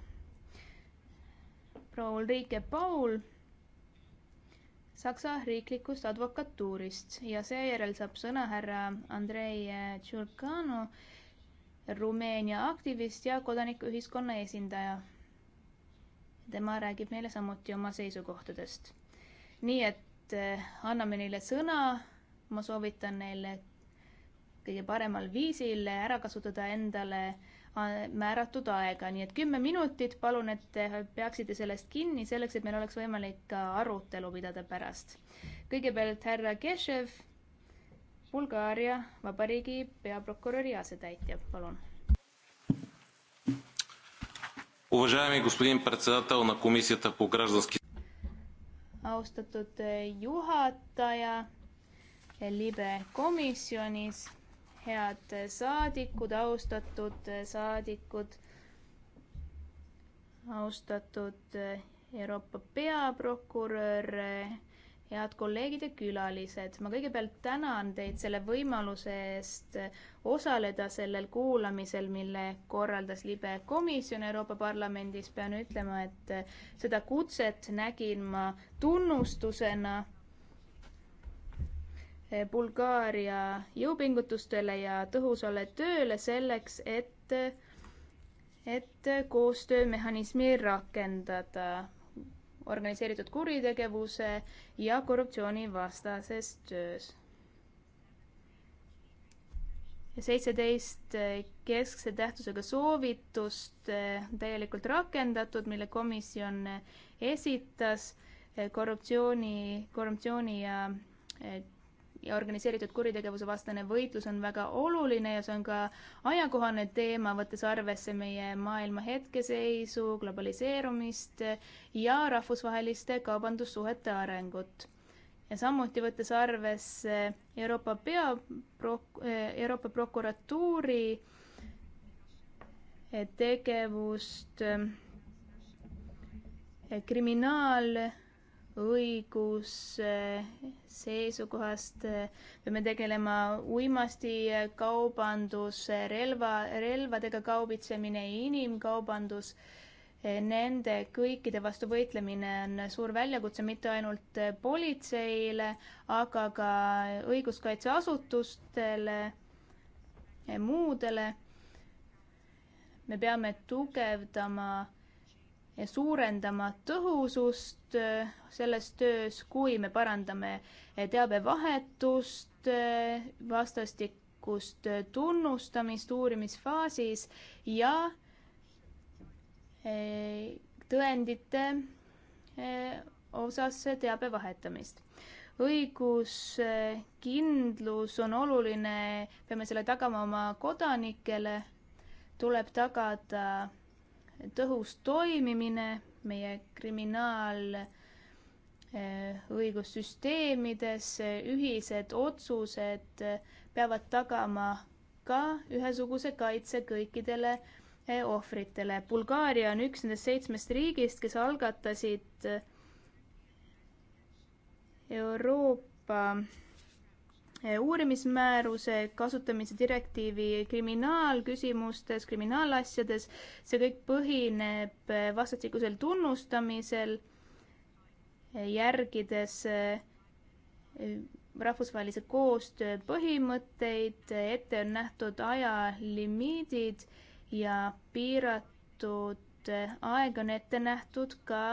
proua Ulrike Paul Saksa riiklikust advokatuurist ja seejärel saab sõna härra Andrei Tšurkanu äh, Rumeenia aktivist ja kodanikuühiskonna esindaja. tema räägib meile samuti oma seisukohtadest. nii et eh, anname neile sõna, ma soovitan neile kõige paremal viisil ära kasutada endale määratud aega, nii et kümme minutit, palun, et te peaksite sellest kinni, selleks et meil oleks võimalik ka arutelu pidada pärast. kõigepealt härra Kešev Bulgaaria Vabariigi peaprokuröri asetäitja, palun. austatud juhataja, libe komisjonis, head saadikud, austatud saadikud, austatud Euroopa peaprokurör head kolleegid ja külalised, ma kõigepealt tänan teid selle võimaluse eest osaleda sellel kuulamisel, mille korraldas libe komisjon Euroopa Parlamendis. pean ütlema, et seda kutset nägin ma tunnustusena Bulgaaria jõupingutustele ja tõhusale tööle selleks, et, et koostöömehhanismi rakendada organiseeritud kuritegevuse ja korruptsiooni vastases töös. seitseteist keskse tähtsusega soovitust eh, täielikult rakendatud, mille komisjon eh, esitas eh, korruptsiooni, korruptsiooni ja ja organiseeritud kuritegevuse vastane võitlus on väga oluline ja see on ka ajakohane teema, võttes arvesse meie maailma hetkeseisu, globaliseerumist ja rahvusvaheliste kaubandussuhete arengut. ja samuti võttes arvesse Euroopa peaprok-, Euroopa prokuratuuri tegevust eh, kriminaal- õiguse seisukohast peame tegelema uimastikaubandus, relva, relvadega kaubitsemine, inimkaubandus. Nende kõikide vastu võitlemine on suur väljakutse mitte ainult politseile, aga ka õiguskaitseasutustele, muudele. me peame tugevdama suurendama tõhusust äh, selles töös, kui me parandame äh, teabevahetust, äh, vastastikust tunnustamist uurimisfaasis ja tõendite osas teabe vahetamist. õiguskindlus on oluline, peame selle tagama oma kodanikele, tuleb tagada tõhus toimimine meie kriminaalõigussüsteemides, eh, ühised otsused eh, peavad tagama ka ühesuguse kaitse kõikidele eh, ohvritele. Bulgaaria on üks nendest seitsmest riigist, kes algatasid Euroopa uurimismääruse kasutamise direktiivi kriminaalküsimustes, kriminaalasjades. see kõik põhineb vastastikusel tunnustamisel, järgides eh, rahvusvahelise koostöö põhimõtteid, ette on nähtud ajalimiidid ja piiratud aeg on ette nähtud ka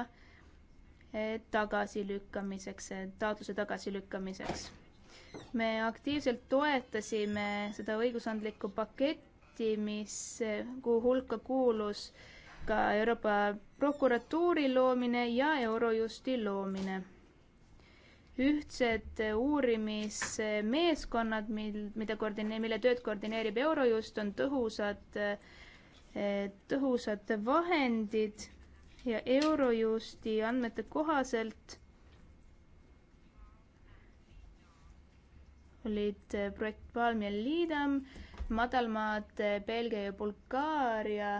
tagasilükkamiseks, taotluse tagasilükkamiseks me aktiivselt toetasime seda õigusandlikku paketti, mis, kuhu hulka kuulus ka Euroopa prokuratuuri loomine ja Eurojusti loomine. ühtsed uurimismeeskonnad, mil, mida koordine-, mille tööd koordineerib Eurojust, on tõhusad, tõhusad vahendid ja Eurojusti andmete kohaselt olid äh, projekt Palm ja Liidam, madalmaad äh, Belgia ja Bulgaaria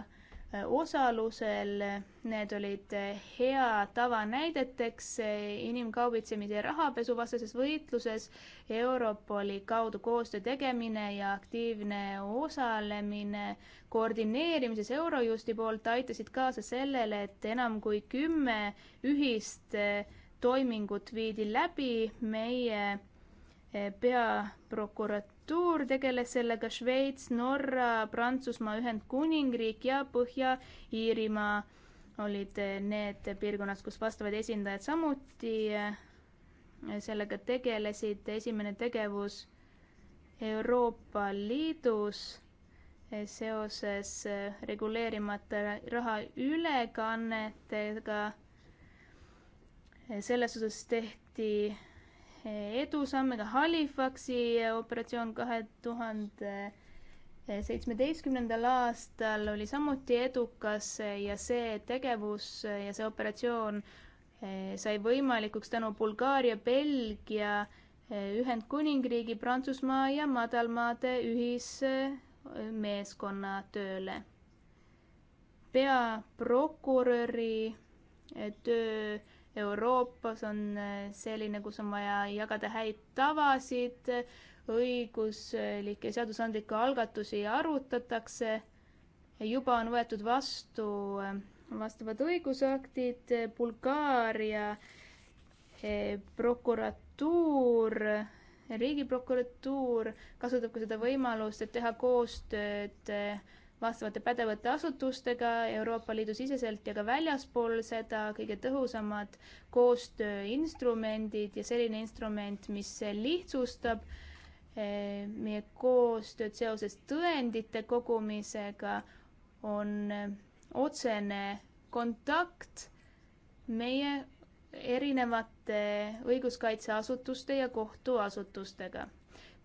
äh, osalusel. Need olid hea tava näideteks inimkaubitsemise ja rahapesuvastases võitluses, Europoli kaudu koostöö tegemine ja aktiivne osalemine koordineerimises Eurojusti poolt aitasid kaasa sellele, et enam kui kümme ühist toimingut viidi läbi meie peaprokuratuur tegeles sellega, Šveits, Norra, Prantsusmaa, Ühendkuningriik ja Põhja-Iirimaa olid eh, need piirkonnad, kus vastavad esindajad samuti eh, sellega tegelesid. esimene tegevus Euroopa Liidus eh, seoses reguleerimata raha ülekannetega. selles osas tehti edusamme, ka Halifaxi operatsioon kahe tuhande seitsmeteistkümnendal aastal oli samuti edukas ja see tegevus ja see operatsioon eh, sai võimalikuks tänu Bulgaaria, Belgia, eh, Ühendkuningriigi, Prantsusmaa ja Madalmaade ühismeeskonna tööle. peaprokuröri töö Euroopas on äh, selline, kus on vaja jagada häid tavasid, õiguslikke ja seadusandlikke algatusi arutatakse. juba on võetud vastu äh, vastavad õigusaktid, äh, Bulgaaria prokuratuur, riigiprokuratuur kasutab ka seda võimalust, et teha koostööd vastavate pädevate asutustega Euroopa Liidu siseselt ja ka väljaspool seda kõige tõhusamad koostööinstrumendid ja selline instrument, mis lihtsustab eh, meie koostööd seoses tõendite kogumisega, on eh, otsene kontakt meie erinevate õiguskaitseasutuste ja kohtuasutustega.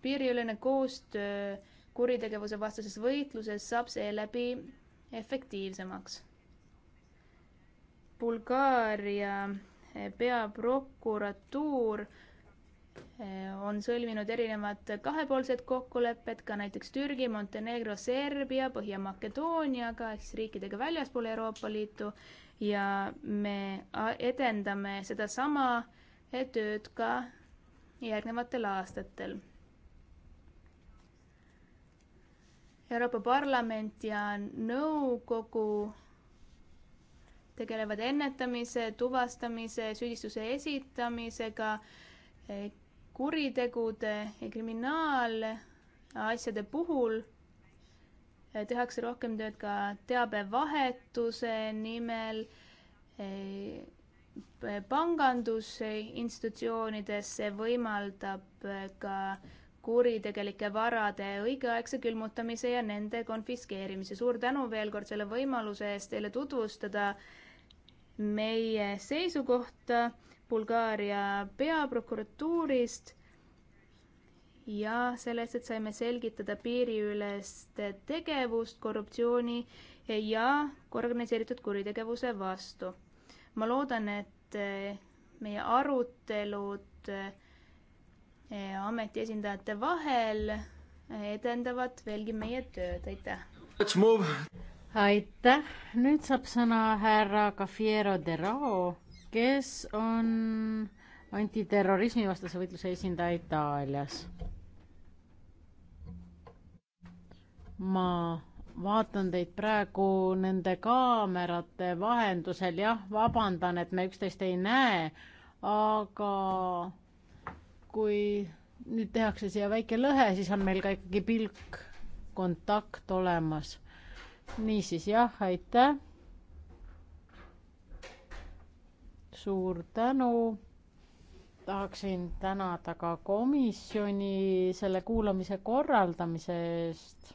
piiriülene koostöö kuritegevuse vastases võitluses saab seeläbi efektiivsemaks. Bulgaaria eh, peaprokuratuur eh, on sõlminud erinevad kahepoolsed kokkulepped ka näiteks Türgi, Montenegro, Serbia, Põhja-Makedooniaga ehk siis riikidega väljaspool Euroopa Liitu ja me edendame sedasama eh, tööd ka järgnevatel aastatel Euroopa Parlament ja nõukogu tegelevad ennetamise, tuvastamise, süüdistuse esitamisega, eh, kuritegude ja kriminaalasjade puhul eh, tehakse rohkem tööd ka teabevahetuse nimel eh, pangandusinstitutsioonides, see võimaldab ka kuritegelike varade õigeaegse külmutamise ja nende konfiskeerimise. suur tänu veel kord selle võimaluse eest teile tutvustada meie seisukohta Bulgaaria peaprokuratuurist ja selle eest, et saime selgitada piiriülest tegevust korruptsiooni ja organiseeritud kuritegevuse vastu. ma loodan, et meie arutelud Eh, ameti esindajate vahel edendavad veelgi meie tööd, aitäh! aitäh, nüüd saab sõna härra Cafiero de Rao, kes on antiterrorismi vastase võitluse esindaja Itaalias. ma vaatan teid praegu nende kaamerate vahendusel, jah, vabandan, et me üksteist ei näe, aga kui nüüd tehakse siia väike lõhe, siis on meil ka ikkagi pilk, kontakt olemas. niisiis jah, aitäh. suur tänu. tahaksin tänada ka komisjoni selle kuulamise korraldamise eest.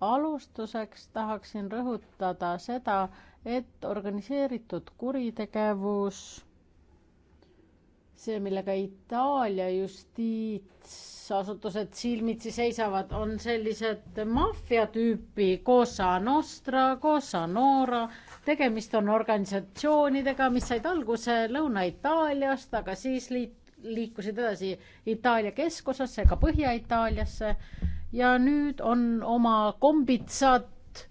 alustuseks tahaksin rõhutada seda, et organiseeritud kuritegevus see, millega Itaalia justiitsasutused silmitsi seisavad, on sellised maffia tüüpi Cosa Nostra, Cosa Nora. tegemist on organisatsioonidega, mis said alguse Lõuna-Itaaliast, aga siis liit-, liikusid edasi Itaalia keskosasse, ka Põhja-Itaaliasse ja nüüd on oma kombitsat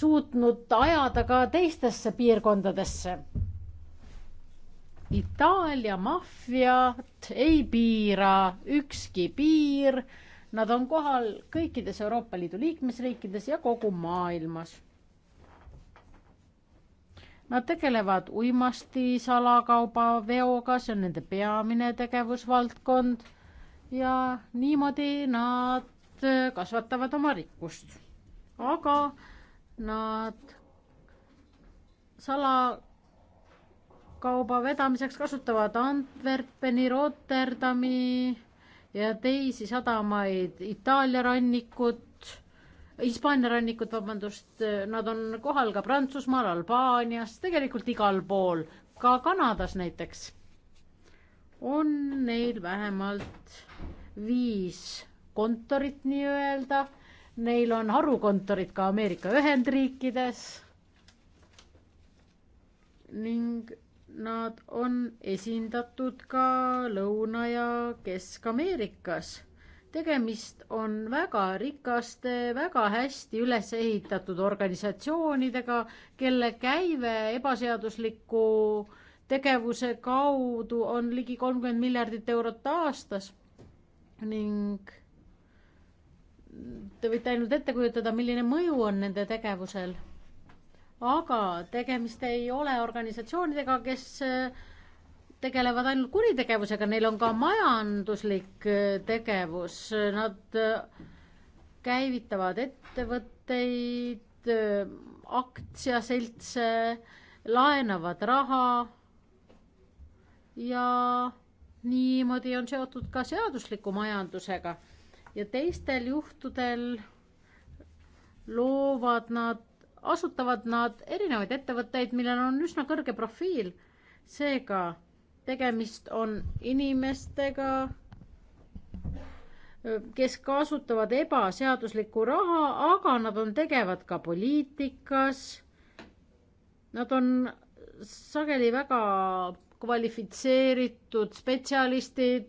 suutnud ajada ka teistesse piirkondadesse Itaalia maffiat ei piira ükski piir. Nad on kohal kõikides Euroopa Liidu liikmesriikides ja kogu maailmas. Nad tegelevad uimasti salakaubaveoga, see on nende peamine tegevusvaldkond ja niimoodi nad kasvatavad oma rikkust. aga nad sala kauba vedamiseks kasutavad Antwerpeni, Rotterdami ja teisi sadamaid, Itaalia rannikut, Hispaania rannikut, vabandust, nad on kohal ka Prantsusmaal, Albaanias, tegelikult igal pool, ka Kanadas näiteks on neil vähemalt viis kontorit nii-öelda. Neil on harukontorid ka Ameerika Ühendriikides ning nad on esindatud ka Lõuna- ja Kesk-Ameerikas. tegemist on väga rikaste, väga hästi üles ehitatud organisatsioonidega, kelle käive ebaseadusliku tegevuse kaudu on ligi kolmkümmend miljardit eurot aastas ning te võite ainult ette kujutada, milline mõju on nende tegevusel aga tegemist ei ole organisatsioonidega, kes äh, tegelevad ainult kuritegevusega, neil on ka majanduslik äh, tegevus, nad äh, käivitavad ettevõtteid, aktsiaseltse, laenavad raha ja niimoodi on seotud ka seadusliku majandusega ja teistel juhtudel loovad nad asutavad nad erinevaid ettevõtteid, millel on üsna kõrge profiil. seega tegemist on inimestega, kes kasutavad ebaseaduslikku raha, aga nad on tegevad ka poliitikas. Nad on sageli väga kvalifitseeritud spetsialistid,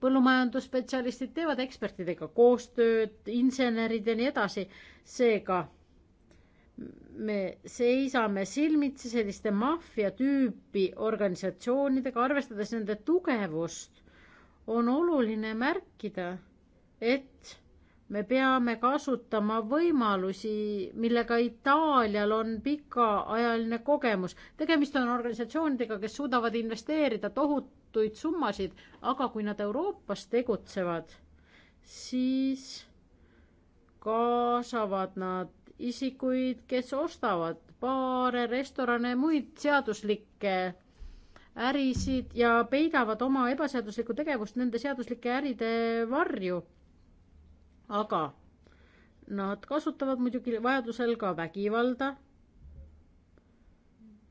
põllumajandusspetsialistid teevad ekspertidega koostööd, insenerid ja nii edasi. seega me seisame silmitsi selliste maffia tüüpi organisatsioonidega, arvestades nende tugevust, on oluline märkida, et me peame kasutama võimalusi, millega Itaalial on pikaajaline kogemus. tegemist on organisatsioonidega, kes suudavad investeerida tohutuid summasid, aga kui nad Euroopas tegutsevad, siis kaasavad nad isikuid, kes ostavad baare, restorane, muid seaduslikke ärisid ja peidavad oma ebaseaduslikku tegevust nende seaduslike äride varju. aga nad kasutavad muidugi vajadusel ka vägivalda.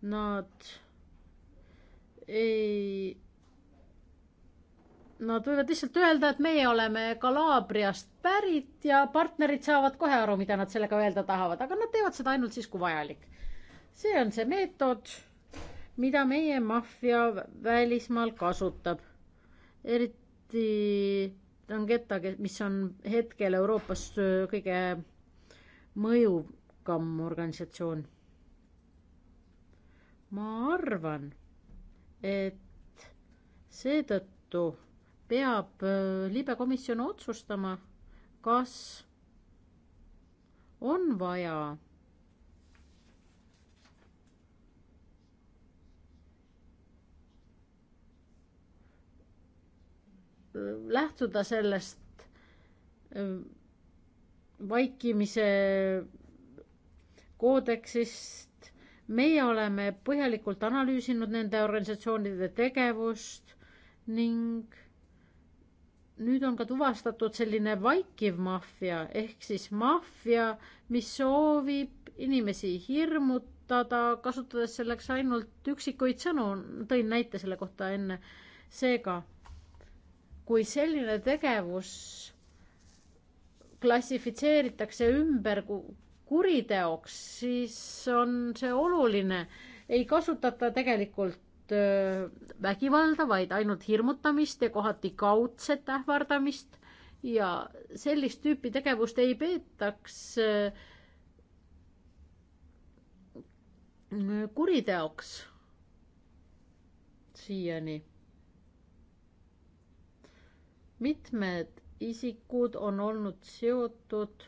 Nad ei Nad võivad lihtsalt öelda, et meie oleme Kalaabriast pärit ja partnerid saavad kohe aru, mida nad sellega öelda tahavad, aga nad teevad seda ainult siis, kui vajalik. see on see meetod, mida meie maffia välismaal kasutab. eriti Tangeta, mis on hetkel Euroopas äh, kõige mõjukam organisatsioon. ma arvan, et seetõttu peab äh, libekomisjon otsustama, kas on vaja lähtuda sellest äh, vaikimise koodeksist. meie oleme põhjalikult analüüsinud nende organisatsioonide tegevust ning nüüd on ka tuvastatud selline vaikiv maffia ehk siis maffia, mis soovib inimesi hirmutada, kasutades selleks ainult üksikuid sõnu, tõin näite selle kohta enne. seega, kui selline tegevus klassifitseeritakse ümber kuriteoks, siis on see oluline, ei kasutata tegelikult vägivalda, vaid ainult hirmutamist ja kohati kaudset ähvardamist ja sellist tüüpi tegevust ei peetaks kuriteoks siiani. mitmed isikud on olnud seotud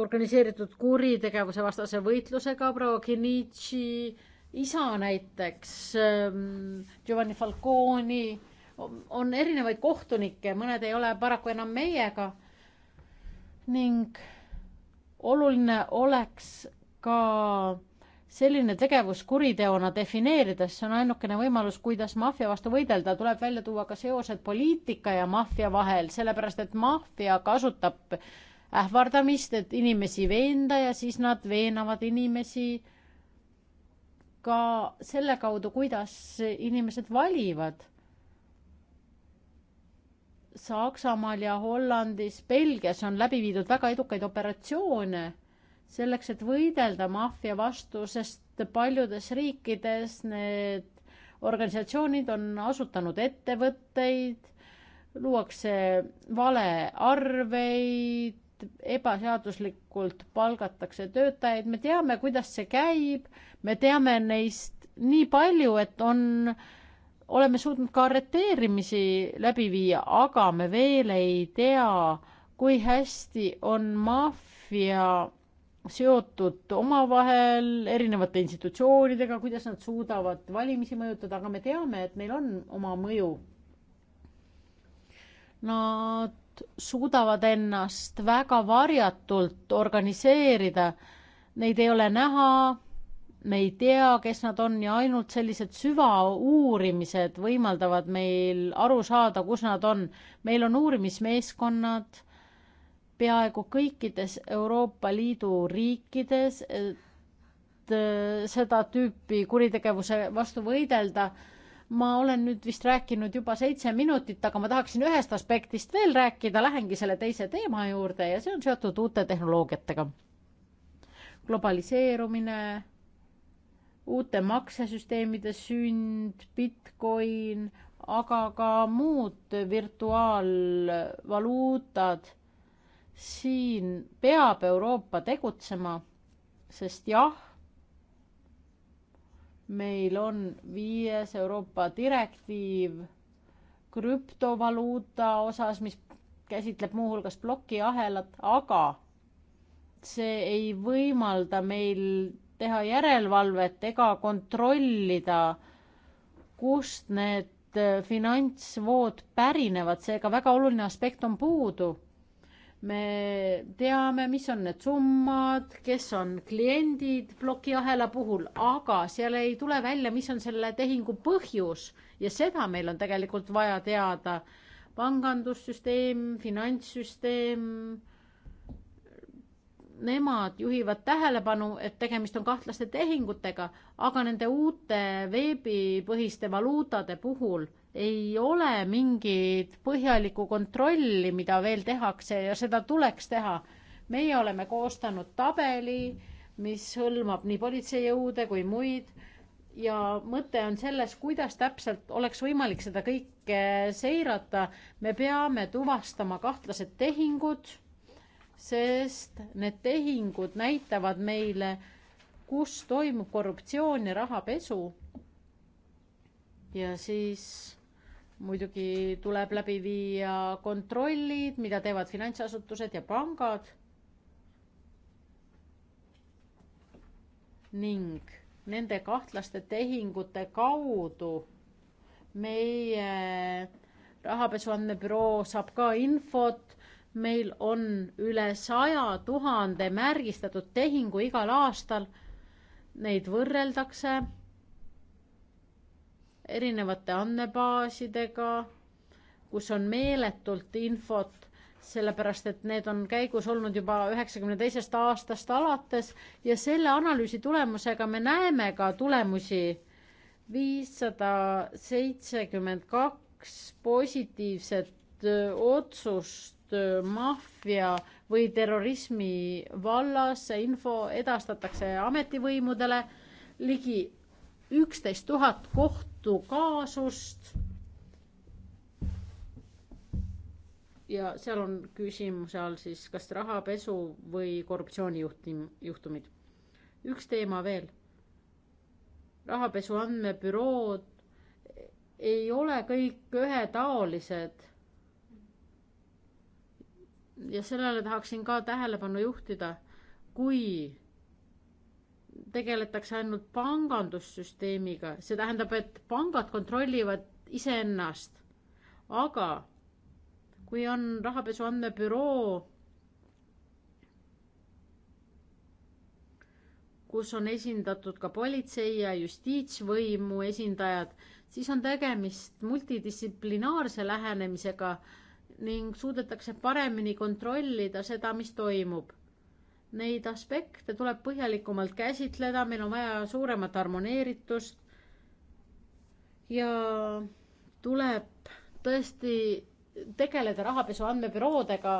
organiseeritud kuritegevuse vastase võitlusega, proua Kenichi isa näiteks, ähm, Giovanni Falconi, on erinevaid kohtunikke, mõned ei ole paraku enam meiega. ning oluline oleks ka selline tegevus kuriteona defineerides, see on ainukene võimalus, kuidas maffia vastu võidelda, tuleb välja tuua ka seosed poliitika ja maffia vahel, sellepärast et maffia kasutab äh, ähvardamist, et inimesi veenda ja siis nad veenavad inimesi ka selle kaudu, kuidas inimesed valivad. Saksamaal ja Hollandis, Belgias on läbi viidud väga edukaid operatsioone selleks, et võidelda maffia vastu, sest paljudes riikides need organisatsioonid on asutanud ettevõtteid, luuakse valearveid, et ebaseaduslikult palgatakse töötajaid, me teame, kuidas see käib, me teame neist nii palju, et on, oleme suutnud ka arreteerimisi läbi viia, aga me veel ei tea, kui hästi on maffia seotud omavahel, erinevate institutsioonidega, kuidas nad suudavad valimisi mõjutada, aga me teame, et neil on oma mõju. Nad suudavad ennast väga varjatult organiseerida. Neid ei ole näha, me ei tea, kes nad on ja ainult sellised süvauurimised võimaldavad meil aru saada, kus nad on. meil on uurimismeeskonnad peaaegu kõikides Euroopa Liidu riikides, et äh, seda tüüpi kuritegevuse vastu võidelda ma olen nüüd vist rääkinud juba seitse minutit, aga ma tahaksin ühest aspektist veel rääkida, lähengi selle teise teema juurde ja see on seotud uute tehnoloogiatega. globaliseerumine, uute maksesüsteemide sünd, Bitcoin, aga ka muud virtuaalvaluutad. siin peab Euroopa tegutsema, sest jah meil on viies Euroopa direktiiv krüptovaluuta osas, mis käsitleb muuhulgas plokiahelat, aga see ei võimalda meil teha järelevalvet ega kontrollida, kust need finantsvood pärinevad, seega väga oluline aspekt on puudu me teame, mis on need summad, kes on kliendid plokiahela puhul, aga seal ei tule välja, mis on selle tehingu põhjus ja seda meil on tegelikult vaja teada. pangandussüsteem, finantssüsteem nemad juhivad tähelepanu, et tegemist on kahtlaste tehingutega, aga nende uute veebipõhiste valuutade puhul ei ole mingit põhjalikku kontrolli, mida veel tehakse ja seda tuleks teha. meie oleme koostanud tabeli, mis hõlmab nii politseijõude kui muid ja mõte on selles, kuidas täpselt oleks võimalik seda kõike seirata. me peame tuvastama kahtlased tehingud sest need tehingud näitavad meile, kus toimub korruptsioon ja rahapesu. ja siis muidugi tuleb läbi viia kontrollid, mida teevad finantsasutused ja pangad. ning nende kahtlaste tehingute kaudu meie rahapesu andmebüroo saab ka infot meil on üle saja tuhande märgistatud tehingu igal aastal. Neid võrreldakse erinevate andmebaasidega, kus on meeletult infot, sellepärast et need on käigus olnud juba üheksakümne teisest aastast alates ja selle analüüsi tulemusega me näeme ka tulemusi. viissada seitsekümmend kaks positiivset otsust koostöö maffia või terrorismi vallas, see info edastatakse ametivõimudele, ligi üksteist tuhat kohtukaasust. ja seal on küsimuse all siis kas rahapesu või korruptsioonijuhtim-, juhtumid. üks teema veel. rahapesu andmebürood ei ole kõik ühetaolised ja sellele tahaksin ka tähelepanu juhtida, kui tegeletakse ainult pangandussüsteemiga, see tähendab, et pangad kontrollivad iseennast, aga kui on rahapesu andmebüroo, kus on esindatud ka politsei ja justiitsvõimu esindajad, siis on tegemist multidistsiplinaarse lähenemisega ning suudetakse paremini kontrollida seda, mis toimub. Neid aspekte tuleb põhjalikumalt käsitleda, meil on vaja suuremat harmoneeritust ja tuleb tõesti tegeleda rahapesu andmebüroodega,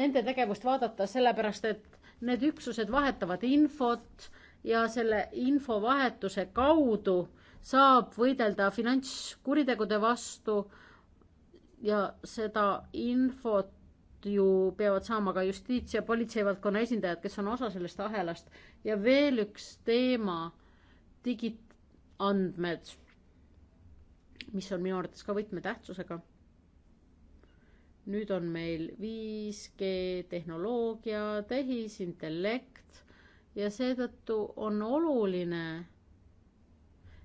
nende tegevust vaadata, sellepärast et need üksused vahetavad infot ja selle infovahetuse kaudu saab võidelda finantskuritegude vastu ja seda infot ju peavad saama ka justiits- ja politseivaldkonna esindajad, kes on osa sellest ahelast. ja veel üks teema, digiandmed, mis on minu arvates ka võtmetähtsusega. nüüd on meil 5G tehnoloogia, tehisintellekt ja seetõttu on oluline,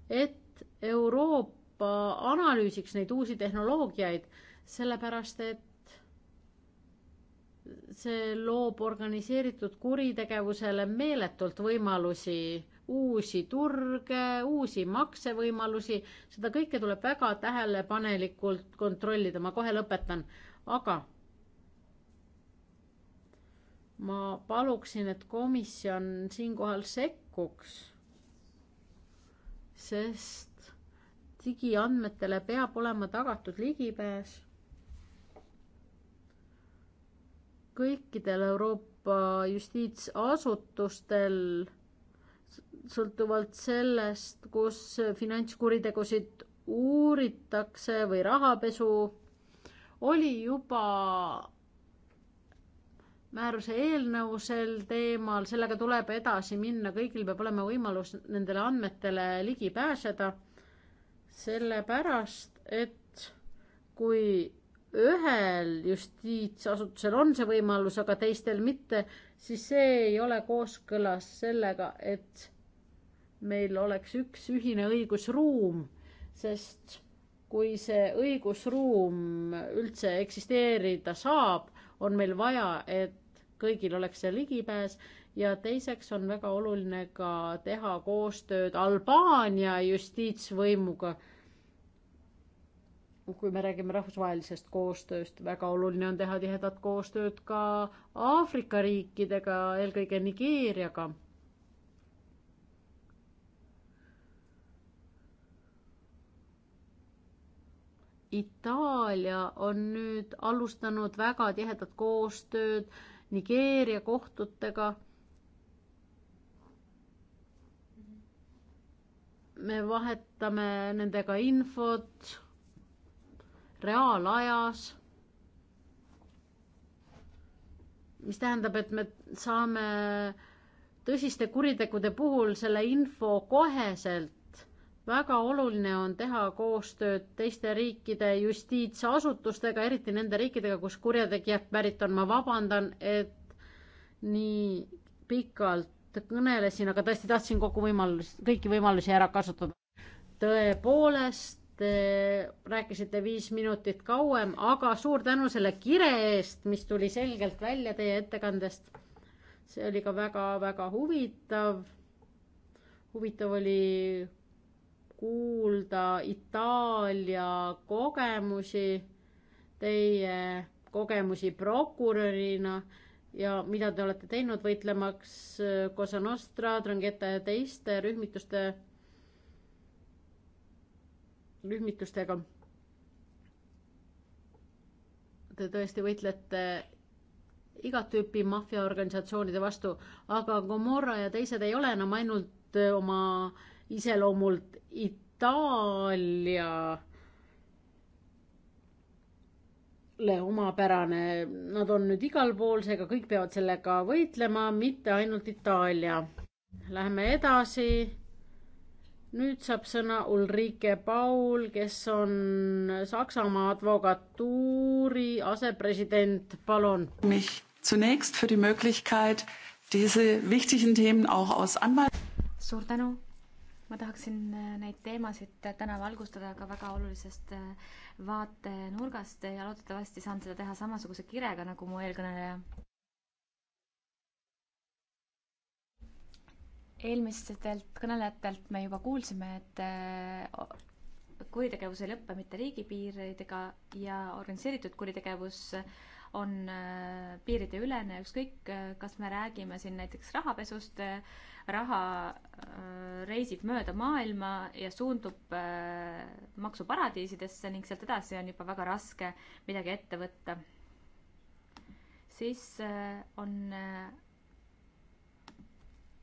et Euroopa analüüsiks neid uusi tehnoloogiaid sellepärast et see loob organiseeritud kuritegevusele meeletult võimalusi, uusi turge, uusi maksevõimalusi, seda kõike tuleb väga tähelepanelikult kontrollida, ma kohe lõpetan, aga ma paluksin, et komisjon siinkohal sekkuks, sest digiandmetele peab olema tagatud ligipääs kõikidel Euroopa justiitsasutustel sõltuvalt sellest, kus finantskuritegusid uuritakse või rahapesu, oli juba määruse eelnõu sel teemal, sellega tuleb edasi minna, kõigil peab olema võimalus nendele andmetele ligi pääseda, sellepärast et kui ühel justiitsasutusel on see võimalus, aga teistel mitte, siis see ei ole kooskõlas sellega, et meil oleks üks ühine õigusruum, sest kui see õigusruum üldse eksisteerida saab, on meil vaja, et kõigil oleks see ligipääs ja teiseks on väga oluline ka teha koostööd Albaania justiitsvõimuga kui me räägime rahvusvahelisest koostööst, väga oluline on teha tihedat koostööd ka Aafrika riikidega, eelkõige Nigeeriaga. Itaalia on nüüd alustanud väga tihedat koostööd Nigeeria kohtutega me vahetame nendega infot reaalajas. mis tähendab, et me saame tõsiste kuritegude puhul selle info koheselt. väga oluline on teha koostööd teiste riikide justiitsasutustega, eriti nende riikidega, kus kurjategijad pärit on. ma vabandan, et nii pikalt kõnelesin, aga tõesti tahtsin kogu võimalus, kõiki võimalusi ära kasutada. tõepoolest, te rääkisite viis minutit kauem, aga suur tänu selle kire eest, mis tuli selgelt välja teie ettekandest. see oli ka väga-väga huvitav. huvitav oli kuulda Itaalia kogemusi, teie kogemusi prokurörina ja mida te olete teinud võitlemaks Cosa Nostra, Drangheta ja teiste rühmituste rühmitustega. Te tõesti võitlete igat tüüpi maffiaorganisatsioonide vastu, aga Gomorra ja teised ei ole enam ainult oma iseloomult Itaalia omapärane, nad on nüüd igal pool, seega kõik peavad sellega võitlema, mitte ainult Itaalia. Läheme edasi nüüd saab sõna Ulrike Paul, kes on Saksamaa advokatuuri asepresident, palun. Zunächst für die Möglichkeit, diese wichtigen Themen auch aus Anwalt-. suur tänu ma tahaksin äh, neid teemasid täna valgustada ka väga olulisest äh, vaatenurgast ja loodetavasti saan seda teha samasuguse kirega nagu mu eelkõneleja. eelmistelt kõnelejatelt me juba kuulsime, et äh, kuritegevus ei lõpe mitte riigipiiridega ja organiseeritud kuritegevus on äh, piirideülene, ükskõik, äh, kas me räägime siin näiteks rahapesust, raha reisib mööda maailma ja suundub maksuparadiisidesse ning sealt edasi on juba väga raske midagi ette võtta. siis on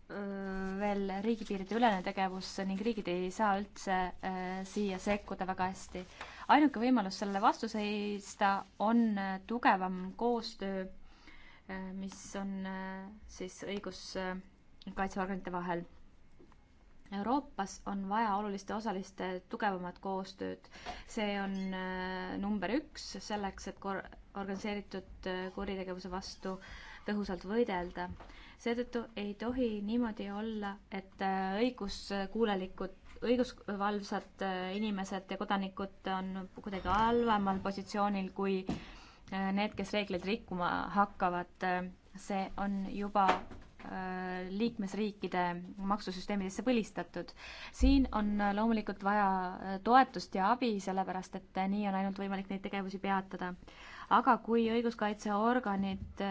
veel riigipiiride ülene tegevus ning riigid ei saa üldse äh, siia sekkuda väga hästi. ainuke võimalus sellele vastu seista on äh, tugevam koostöö äh,, mis on siis õiguskaitseorganite vahel. Euroopas on vaja oluliste osaliste tugevamat koostööd. see on number üks selleks, et kor-, organiseeritud kuritegevuse vastu tõhusalt võidelda seetõttu ei tohi niimoodi olla, et äh, õiguskuulelikud õigusvalvsad äh, inimesed ja kodanikud on kuidagi halvemal positsioonil kui äh, need, kes reegleid rikkuma hakkavad. see on juba liikmesriikide maksusüsteemidesse põlistatud. siin on loomulikult vaja toetust ja abi, sellepärast et nii on ainult võimalik neid tegevusi peatada. aga kui õiguskaitseorganid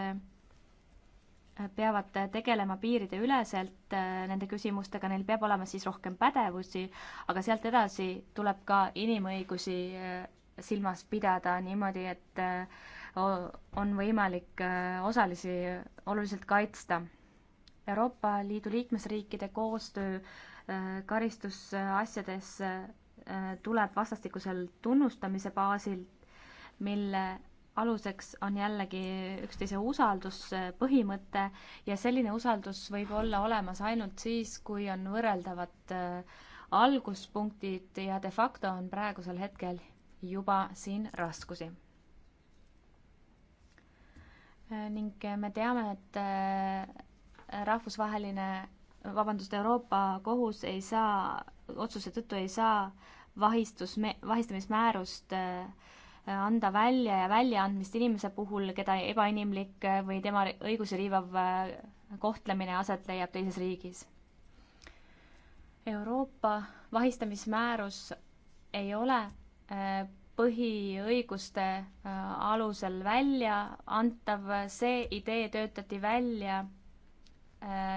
peavad tegelema piirideüleselt äh, nende küsimustega, neil peab olema siis rohkem pädevusi, aga sealt edasi tuleb ka inimõigusi äh, silmas pidada niimoodi, et äh, on võimalik osalisi oluliselt kaitsta. Euroopa Liidu liikmesriikide koostöö karistusasjades tuleb vastastikusel tunnustamise baasil, mille aluseks on jällegi üksteise usalduspõhimõte ja selline usaldus võib olla olemas ainult siis, kui on võrreldavad äh, alguspunktid ja de facto on praegusel hetkel juba siin raskusi. Äh, ning me teame, et äh, rahvusvaheline, vabandust, Euroopa kohus ei saa, otsuse tõttu ei saa vahistus, vahistamismäärust äh, anda välja ja väljaandmist inimese puhul, keda ebainimlik või tema õigusi riivav äh, kohtlemine aset leiab teises riigis. Euroopa vahistamismäärus ei ole äh, põhiõiguste äh, alusel välja antav, see idee töötati välja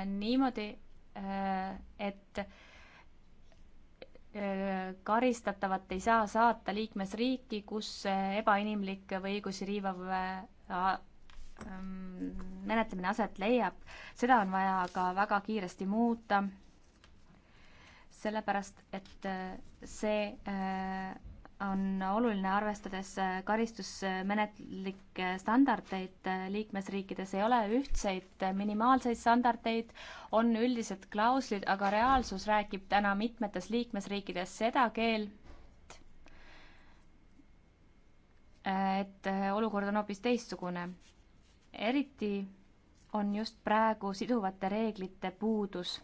niimoodi, et karistatavat ei saa saata liikmesriiki, kus ebainimlik või õigusi riivav äh, ähm, menetlemine aset leiab. seda on vaja aga väga kiiresti muuta, sellepärast et äh, see äh, on oluline, arvestades äh, karistusmenetlikke standardeid äh, liikmesriikides, ei ole ühtseid äh, minimaalseid standardeid, on üldised klauslid, aga reaalsus räägib täna mitmetes liikmesriikides seda keelt, et olukord on hoopis teistsugune. eriti on just praegu siduvate reeglite puudus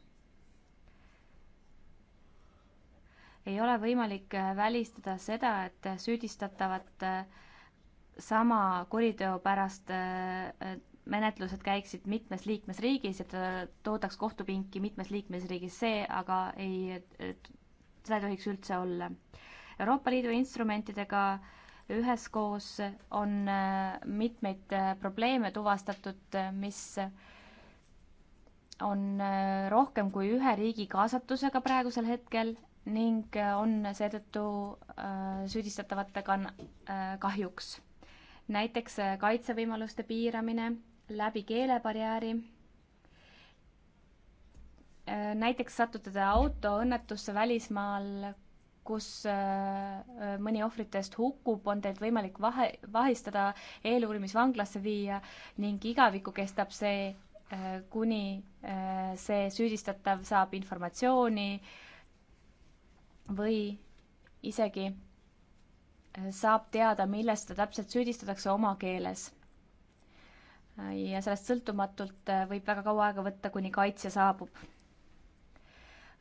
ei ole võimalik äh, välistada seda, et süüdistatavat äh, sama kuriteo pärast äh, menetlused käiksid mitmes liikmesriigis, et toodaks kohtupinki mitmes liikmesriigis, see aga ei, seda ei tohiks üldse olla. Euroopa Liidu instrumentidega üheskoos on mitmeid probleeme tuvastatud, mis on rohkem kui ühe riigi kaasatusega praegusel hetkel, ning äh, on seetõttu äh, süüdistatavate kann-, äh, kahjuks. näiteks kaitsevõimaluste piiramine läbi keelebarjääri, näiteks sattutada autoõnnetusse välismaal, kus mõni ohvritest hukkub, on teilt võimalik vahe, vahistada, eeluurimisvanglasse viia ning igavikku kestab see, kuni see süüdistatav saab informatsiooni äh, või isegi äh, saab teada, milles ta täpselt süüdistatakse oma keeles. ja sellest sõltumatult äh, võib väga kaua aega võtta, kuni kaitsja saabub.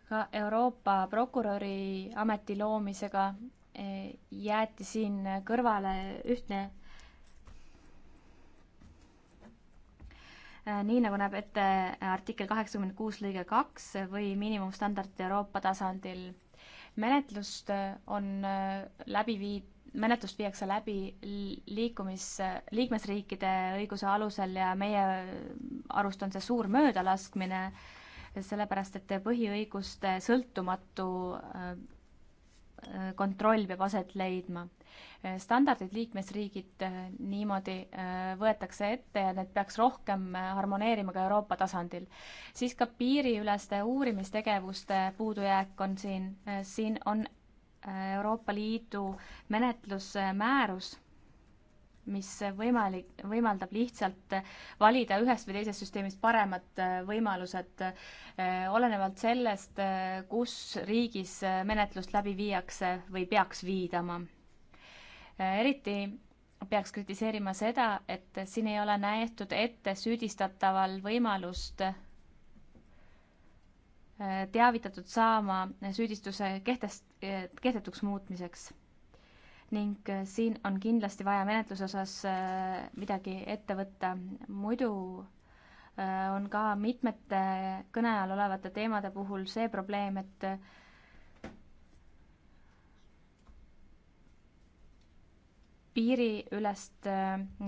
ka Euroopa prokuröri ameti loomisega äh, jäeti siin kõrvale ühtne nii nagu näeb ette artikkel kaheksakümmend kuus lõige kaks või miinimumstandard Euroopa tasandil menetlust äh, on äh, läbi viid-, menetlust viiakse läbi liikumis, liikmesriikide õiguse alusel ja meie arust on see suur möödalaskmine, sellepärast et põhiõiguste sõltumatu äh, Äh, kontroll peab aset leidma. Äh, standardid liikmesriigid äh, niimoodi võetakse ette ja need peaks rohkem harmoneerima ka Euroopa tasandil. siis ka piiriüleste uurimistegevuste puudujääk on siin, siin on Euroopa Liidu menetlusmäärus mis võimalik, võimaldab lihtsalt valida ühest või teisest süsteemist paremad äh, võimalused, äh, olenevalt sellest, äh, kus riigis menetlust läbi viiakse või peaks viidama. eriti peaks kritiseerima seda, et siin ei ole nähtud ette süüdistataval võimalust teavitatud saama süüdistuse kehtest-, kehtetuks muutmiseks ning äh, siin on kindlasti vaja menetluse osas äh, midagi ette võtta, muidu äh, on ka mitmete kõne all olevate teemade puhul see probleem, et piiriülest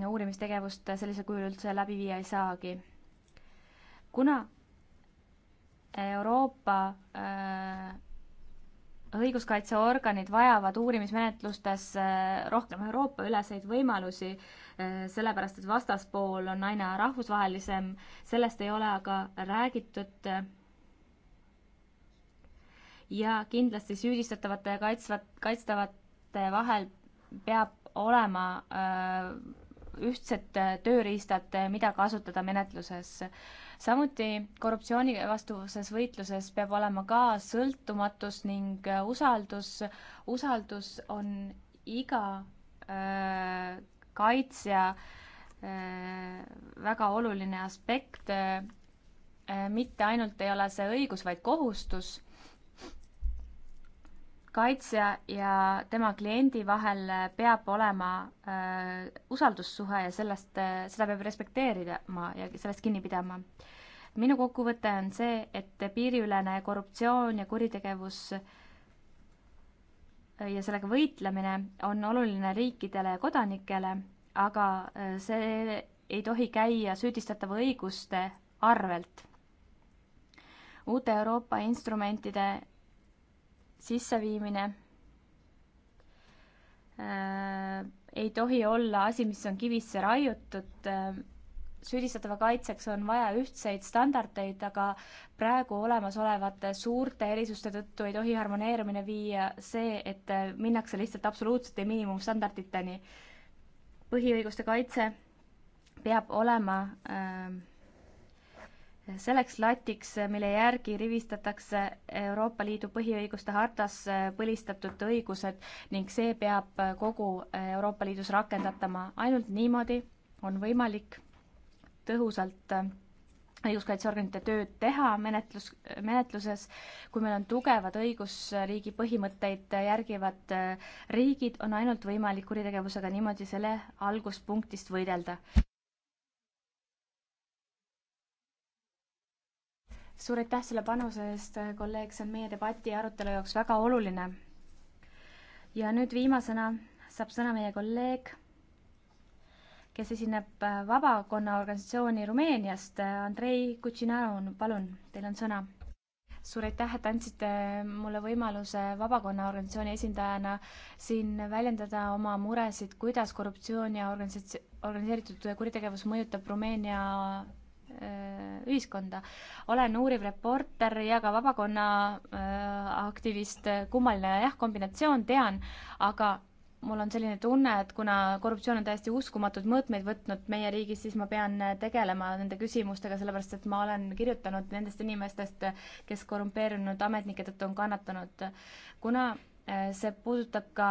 uurimistegevust sellisel kujul üldse läbi viia ei saagi. kuna Euroopa õiguskaitseorganid vajavad uurimismenetlustes äh, rohkem Euroopa üleseid võimalusi, äh, sellepärast et vastaspool on aina rahvusvahelisem, sellest ei ole aga räägitud. ja kindlasti süüdistatavate ja kaitsvat, kaitstavate vahel peab olema äh, ühtsed tööriistad, mida kasutada menetluses samuti korruptsioonivastuses võitluses peab olema ka sõltumatus ning äh, usaldus. usaldus on iga äh, kaitsja äh, väga oluline aspekt äh,. mitte ainult ei ole see õigus, vaid kohustus kaitsja ja tema kliendi vahel peab olema äh, usaldussuhe ja sellest, äh, seda peab respekteerima ja sellest kinni pidama. minu kokkuvõte on see, et piiriülene korruptsioon ja kuritegevus äh, ja sellega võitlemine on oluline riikidele ja kodanikele, aga äh, see ei tohi käia süüdistatava õiguste arvelt. uute Euroopa instrumentide sisseviimine äh, ei tohi olla asi, mis on kivisse raiutud. Äh, süüdistatava kaitseks on vaja ühtseid standardeid, aga praegu olemasolevate suurte erisuste tõttu ei tohi harmoneerumine viia see, et äh, minnakse lihtsalt absoluutsete miinimumstandarditeni. põhiõiguste kaitse peab olema äh, selleks latiks, mille järgi rivistatakse Euroopa Liidu põhiõiguste hartas põlistatud õigused ning see peab kogu Euroopa Liidus rakendatama. ainult niimoodi on võimalik tõhusalt õiguskaitseorganite tööd teha menetlus, menetluses, kui meil on tugevad õigusriigi põhimõtteid järgivad riigid, on ainult võimalik kuritegevusega niimoodi selle alguspunktist võidelda. suur aitäh selle panuse eest, kolleeg, see on meie debati ja arutelu jaoks väga oluline. ja nüüd viimasena saab sõna meie kolleeg, kes esineb vabakonna organisatsiooni Rumeeniast, Andrei Kutšinaru, palun, teil on sõna. suur aitäh, et andsite mulle võimaluse vabakonna organisatsiooni esindajana siin väljendada oma muresid, kuidas korruptsioon ja organisats-, organiseeritud kuritegevus mõjutab Rumeenia Äh, ühiskonda. olen uuriv reporter ja ka vabakonna äh, aktivist, kummaline jah, kombinatsioon, tean, aga mul on selline tunne, et kuna korruptsioon on täiesti uskumatud mõõtmeid võtnud meie riigis, siis ma pean äh, tegelema nende küsimustega, sellepärast et ma olen kirjutanud nendest inimestest, kes korrumpeerunud ametnike tõttu on kannatanud. kuna see puudutab ka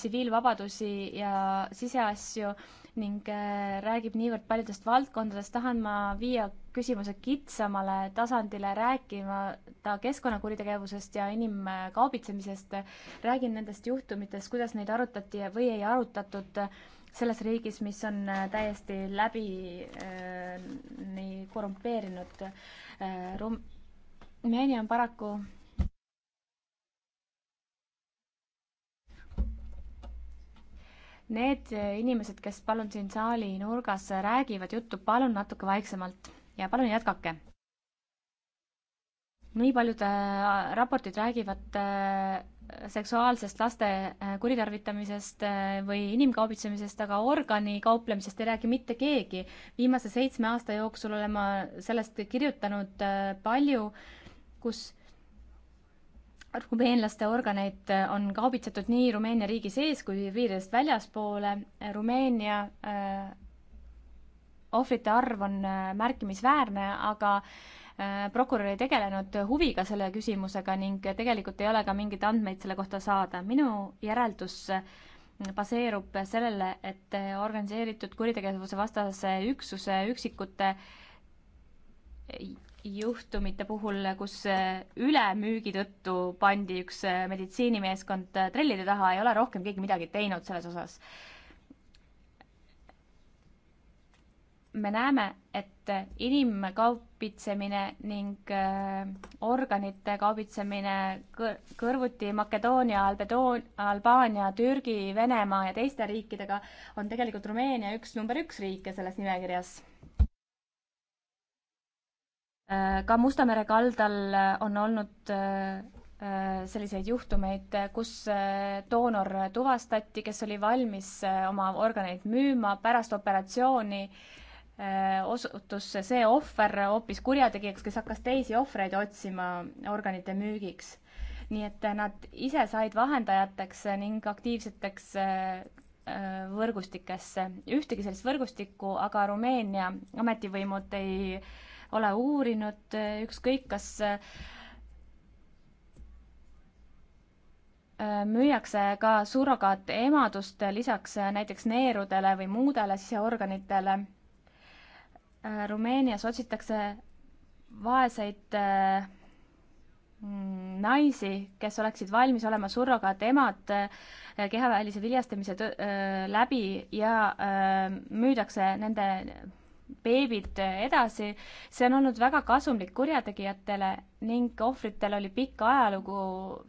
tsiviilvabadusi ja siseasju äh,, ning äh, räägib niivõrd paljudest valdkondadest, tahan ma viia küsimuse kitsamale tasandile, rääkimata keskkonnakuritegevusest ja inimkaubitsemisest. räägin nendest juhtumitest, kuidas neid arutati või ei arutatud selles riigis, mis on äh, täiesti läbi äh, nii korrumpeerinud äh, rum-, Meenia on paraku Need äh, inimesed, kes palun siin saali nurgas äh, räägivad juttu, palun natuke vaiksemalt ja palun jätkake. nii paljud äh, raportid räägivad seksuaalsest laste kuritarvitamisest või inimkaubitsemisest, aga organi kauplemisest ei räägi mitte keegi. viimase seitsme aasta jooksul olen ma sellest kirjutanud palju, kus rumeenlaste organeid äh, on kaubitsetud nii Rumeenia riigi sees kui piiridest väljaspoole. Rumeenia äh, ohvrite arv on äh, märkimisväärne, aga äh, prokurör ei tegelenud huviga selle küsimusega ning tegelikult ei ole ka mingeid andmeid selle kohta saada. minu järeldus äh, baseerub sellele, et organiseeritud kuritegevuse vastase üksuse üksikute juhtumite puhul, kus eh, ülemüügi tõttu pandi üks eh, meditsiinimeeskond eh, trellide taha, ei ole rohkem keegi midagi teinud selles osas. me näeme, et inimkaubitsemine ning organite kaubitsemine kõrvuti Makedoonia, Albedoon, Albaania, Türgi, Venemaa ja teiste riikidega on tegelikult Rumeenia üks number üks riike selles nimekirjas Äh, ka Musta mere kaldal äh, on olnud äh, selliseid juhtumeid, kus doonor tuvastati, kes oli valmis oma organeid müüma pärast operatsiooni, osutus see ohver hoopis kurjategijaks, kes hakkas teisi ohvreid otsima organite müügiks. nii et nad ise said vahendajateks ning aktiivseteks võrgustikesse. ühtegi sellist võrgustikku aga Rumeenia ametivõimud ei äh, ole uurinud, ükskõik kas äh, müüakse ka surrogaatemadust lisaks näiteks neerudele või muudele siseorganitele. Äh, Rumeenias otsitakse vaeseid äh, naisi, kes oleksid valmis olema surrogaatemad kehavälise viljastamise läbi ja müüdakse nende beebid edasi. see on olnud väga kasumlik kurjategijatele ning ohvritel oli pikk ajalugu,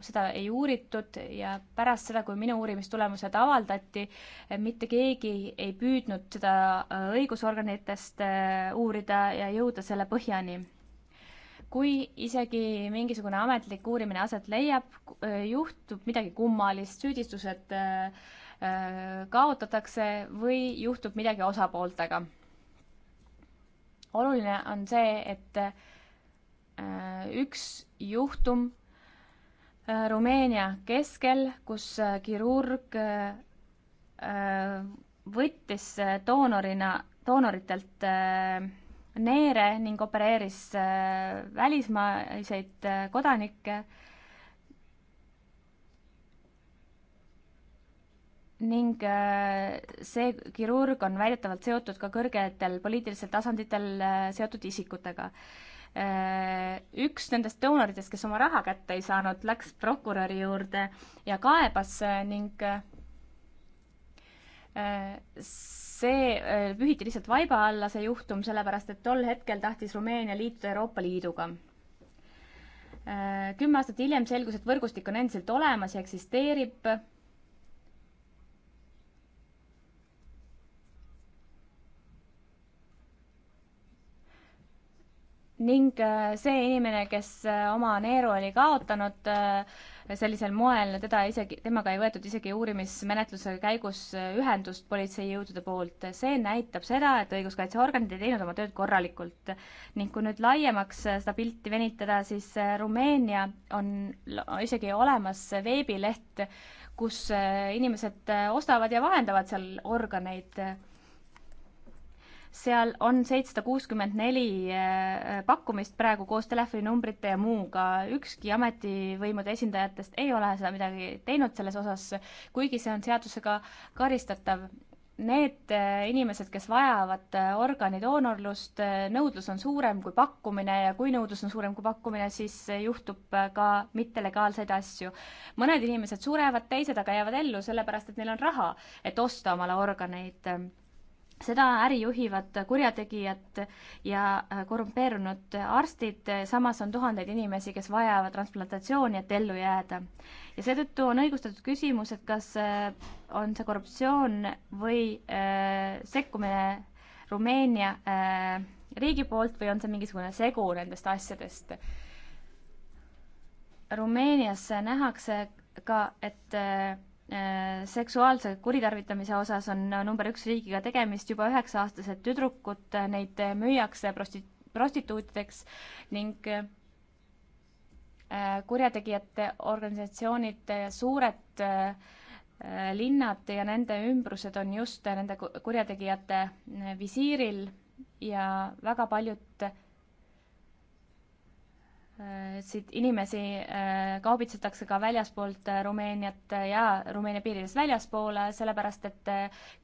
seda ei uuritud ja pärast seda, kui minu uurimistulemused avaldati, mitte keegi ei püüdnud seda äh, õigusorganitest äh, uurida ja jõuda selle põhjani kui isegi mingisugune ametlik uurimine aset leiab, äh, juhtub midagi kummalist, süüdistused kaotatakse või juhtub midagi osapooltega oluline on see, et äh, üks juhtum äh, Rumeenia keskel, kus äh, kirurg võttis doonorina, doonoritelt neere ning opereeris välismaiseid kodanikke ning äh, see kirurg on väidetavalt seotud ka kõrgetel poliitilistel tasanditel äh, seotud isikutega. Äh, üks nendest doonoritest, kes oma raha kätte ei saanud, läks prokuröri juurde ja kaebas ning see pühiti lihtsalt vaiba alla, see juhtum, sellepärast et tol hetkel tahtis Rumeenia liituda Euroopa Liiduga kümme aastat hiljem selgus, et võrgustik on endiselt olemas ja eksisteerib ning äh, see inimene, kes äh, oma neeru oli kaotanud äh, sellisel moel, teda isegi, temaga ei võetud isegi uurimismenetluse käigus ühendust politseijõudude poolt, see näitab seda, et õiguskaitseorganid ei teinud oma tööd korralikult. ning kui nüüd laiemaks seda pilti venitada, siis Rumeenia on isegi olemas veebileht, kus inimesed ostavad ja vahendavad seal organeid seal on seitsesada kuuskümmend neli äh, pakkumist praegu koos telefoninumbrite ja muuga. ükski ametivõimude esindajatest ei ole seda midagi teinud selles osas, kuigi see on seadusega karistatav. Need äh, inimesed, kes vajavad äh, organidoonorlust, nõudlus on suurem kui pakkumine ja kui nõudlus on suurem kui pakkumine, siis juhtub ka mittelegaalseid asju. mõned inimesed surevad, teised aga jäävad ellu sellepärast, et neil on raha, et osta omale organeid seda äri juhivad kurjategijad ja äh, korrumpeerunud arstid, samas on tuhandeid inimesi, kes vajavad transplantatsiooni, et ellu jääda. ja seetõttu on õigustatud küsimus, et kas äh, on see korruptsioon või äh, sekkumine Rumeenia äh, riigi poolt või on see mingisugune segu nendest asjadest. Rumeenias nähakse ka, et äh, Äh, seksuaalse kuritarvitamise osas on äh, number üks riigiga tegemist juba üheksa-aastased tüdrukud, äh, neid müüakse prosti-, prostituutideks ning kurjategijate organisatsioonid, suured linnad ja nende ümbrused on just nende kurjategijate visiiril ja väga paljud Äh, siit inimesi äh, kaubitsetakse ka väljaspoolt äh, Rumeeniat ja Rumeenia piirides väljaspoole, sellepärast et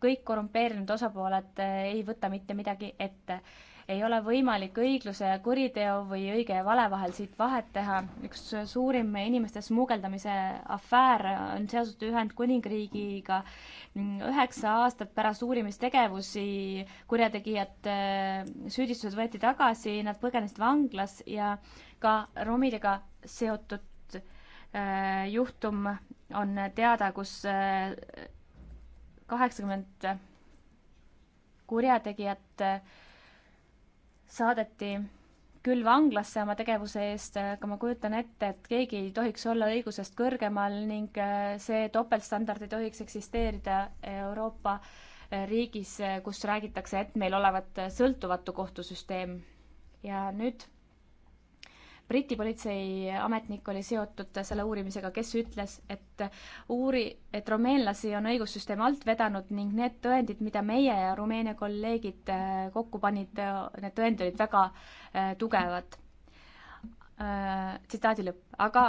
kõik korrumpeerunud osapooled ei võta mitte midagi ette ei ole võimalik õigluse ja kuriteo või õige ja vale vahel siit vahet teha. üks suurim inimeste smugeldamise afäär on seotud Ühendkuningriigiga. üheksa aastat pärast uurimistegevusi kurjategijad, äh, süüdistused võeti tagasi, nad põgenesid vanglas ja ka romidega seotud äh, juhtum on teada, kus äh, kaheksakümmend äh, kurjategijat äh, saadeti küll vanglasse oma tegevuse eest, aga ma kujutan ette, et keegi ei tohiks olla õigusest kõrgemal ning äh, see topeltstandard ei tohiks eksisteerida Euroopa äh, riigis, äh, kus räägitakse, et meil olevat sõltumatu kohtusüsteem. ja nüüd Briti politseiametnik oli seotud selle uurimisega, kes ütles, et uuri-, et rumeenlasi on õigussüsteem alt vedanud ning need tõendid, mida meie ja Rumeenia kolleegid äh, kokku panid, need tõendid olid väga äh, tugevad äh, tsitaadi lõpp, aga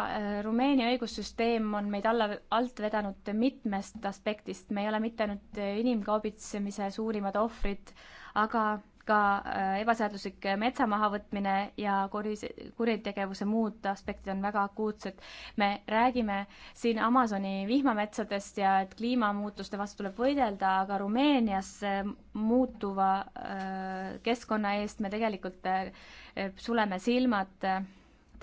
Rumeenia õigussüsteem on meid alla, alt vedanud mitmest aspektist, me ei ole mitte ainult inimkaubitsemise suurimad ohvrid, aga ka äh, ebaseaduslik metsa mahavõtmine ja kuris, kuritegevuse muud aspektid on väga akuutsed. me räägime siin Amazoni vihmametsadest ja et kliimamuutuste vastu tuleb võidelda, aga Rumeenias äh, muutuva äh, keskkonna eest me tegelikult suleme silmad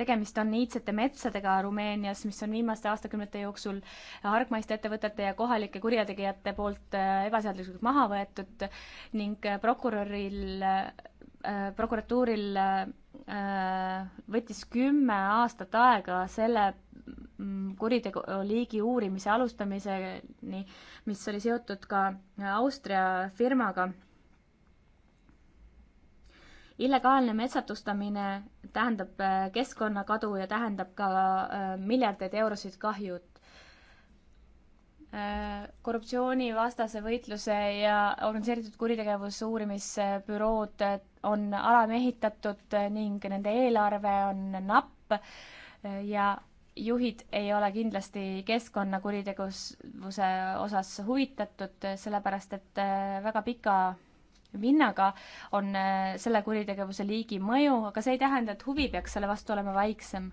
tegemist on iidsete metsadega Rumeenias, mis on viimaste aastakümnete jooksul hargmaiste ettevõtete ja kohalike kurjategijate poolt äh, ebaseaduslikult maha võetud ning äh, prokuröril, äh, prokuratuuril võttis kümme aastat aega selle mm, kuritegu liigi uurimise alustamiseni, mis oli seotud ka Austria firmaga illegaalne metsatustamine tähendab äh, keskkonnakadu ja tähendab ka äh, miljardeid eurosid kahjut. Äh, korruptsioonivastase võitluse ja organiseeritud kuritegevuse uurimisbürood on alamehitatud ning nende eelarve on napp ja juhid ei ole kindlasti keskkonnakuritegusse osas huvitatud, sellepärast et väga pika vinnaga on äh, selle kuritegevuse liigi mõju, aga see ei tähenda, et huvi peaks selle vastu olema väiksem.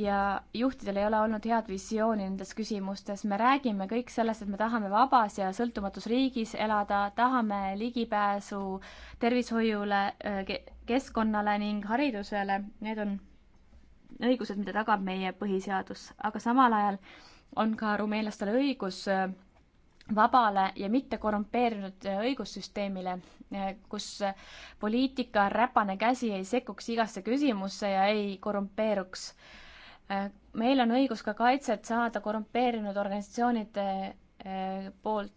ja juhtidel ei ole olnud head visiooni nendes küsimustes, me räägime kõik sellest, et me tahame vabas ja sõltumatus riigis elada, tahame ligipääsu tervishoiule, äh, keskkonnale ning haridusele, need on õigused, mida tagab meie põhiseadus, aga samal ajal on ka rumeenlastele õigus äh, vabale ja mitte korrumpeerunud äh, õigussüsteemile, äh, kus äh, poliitika räpane käsi ei sekkuks igasse küsimusse ja ei korrumpeeruks. meil on õigus ka kaitset saada korrumpeerunud organisatsioonide poolt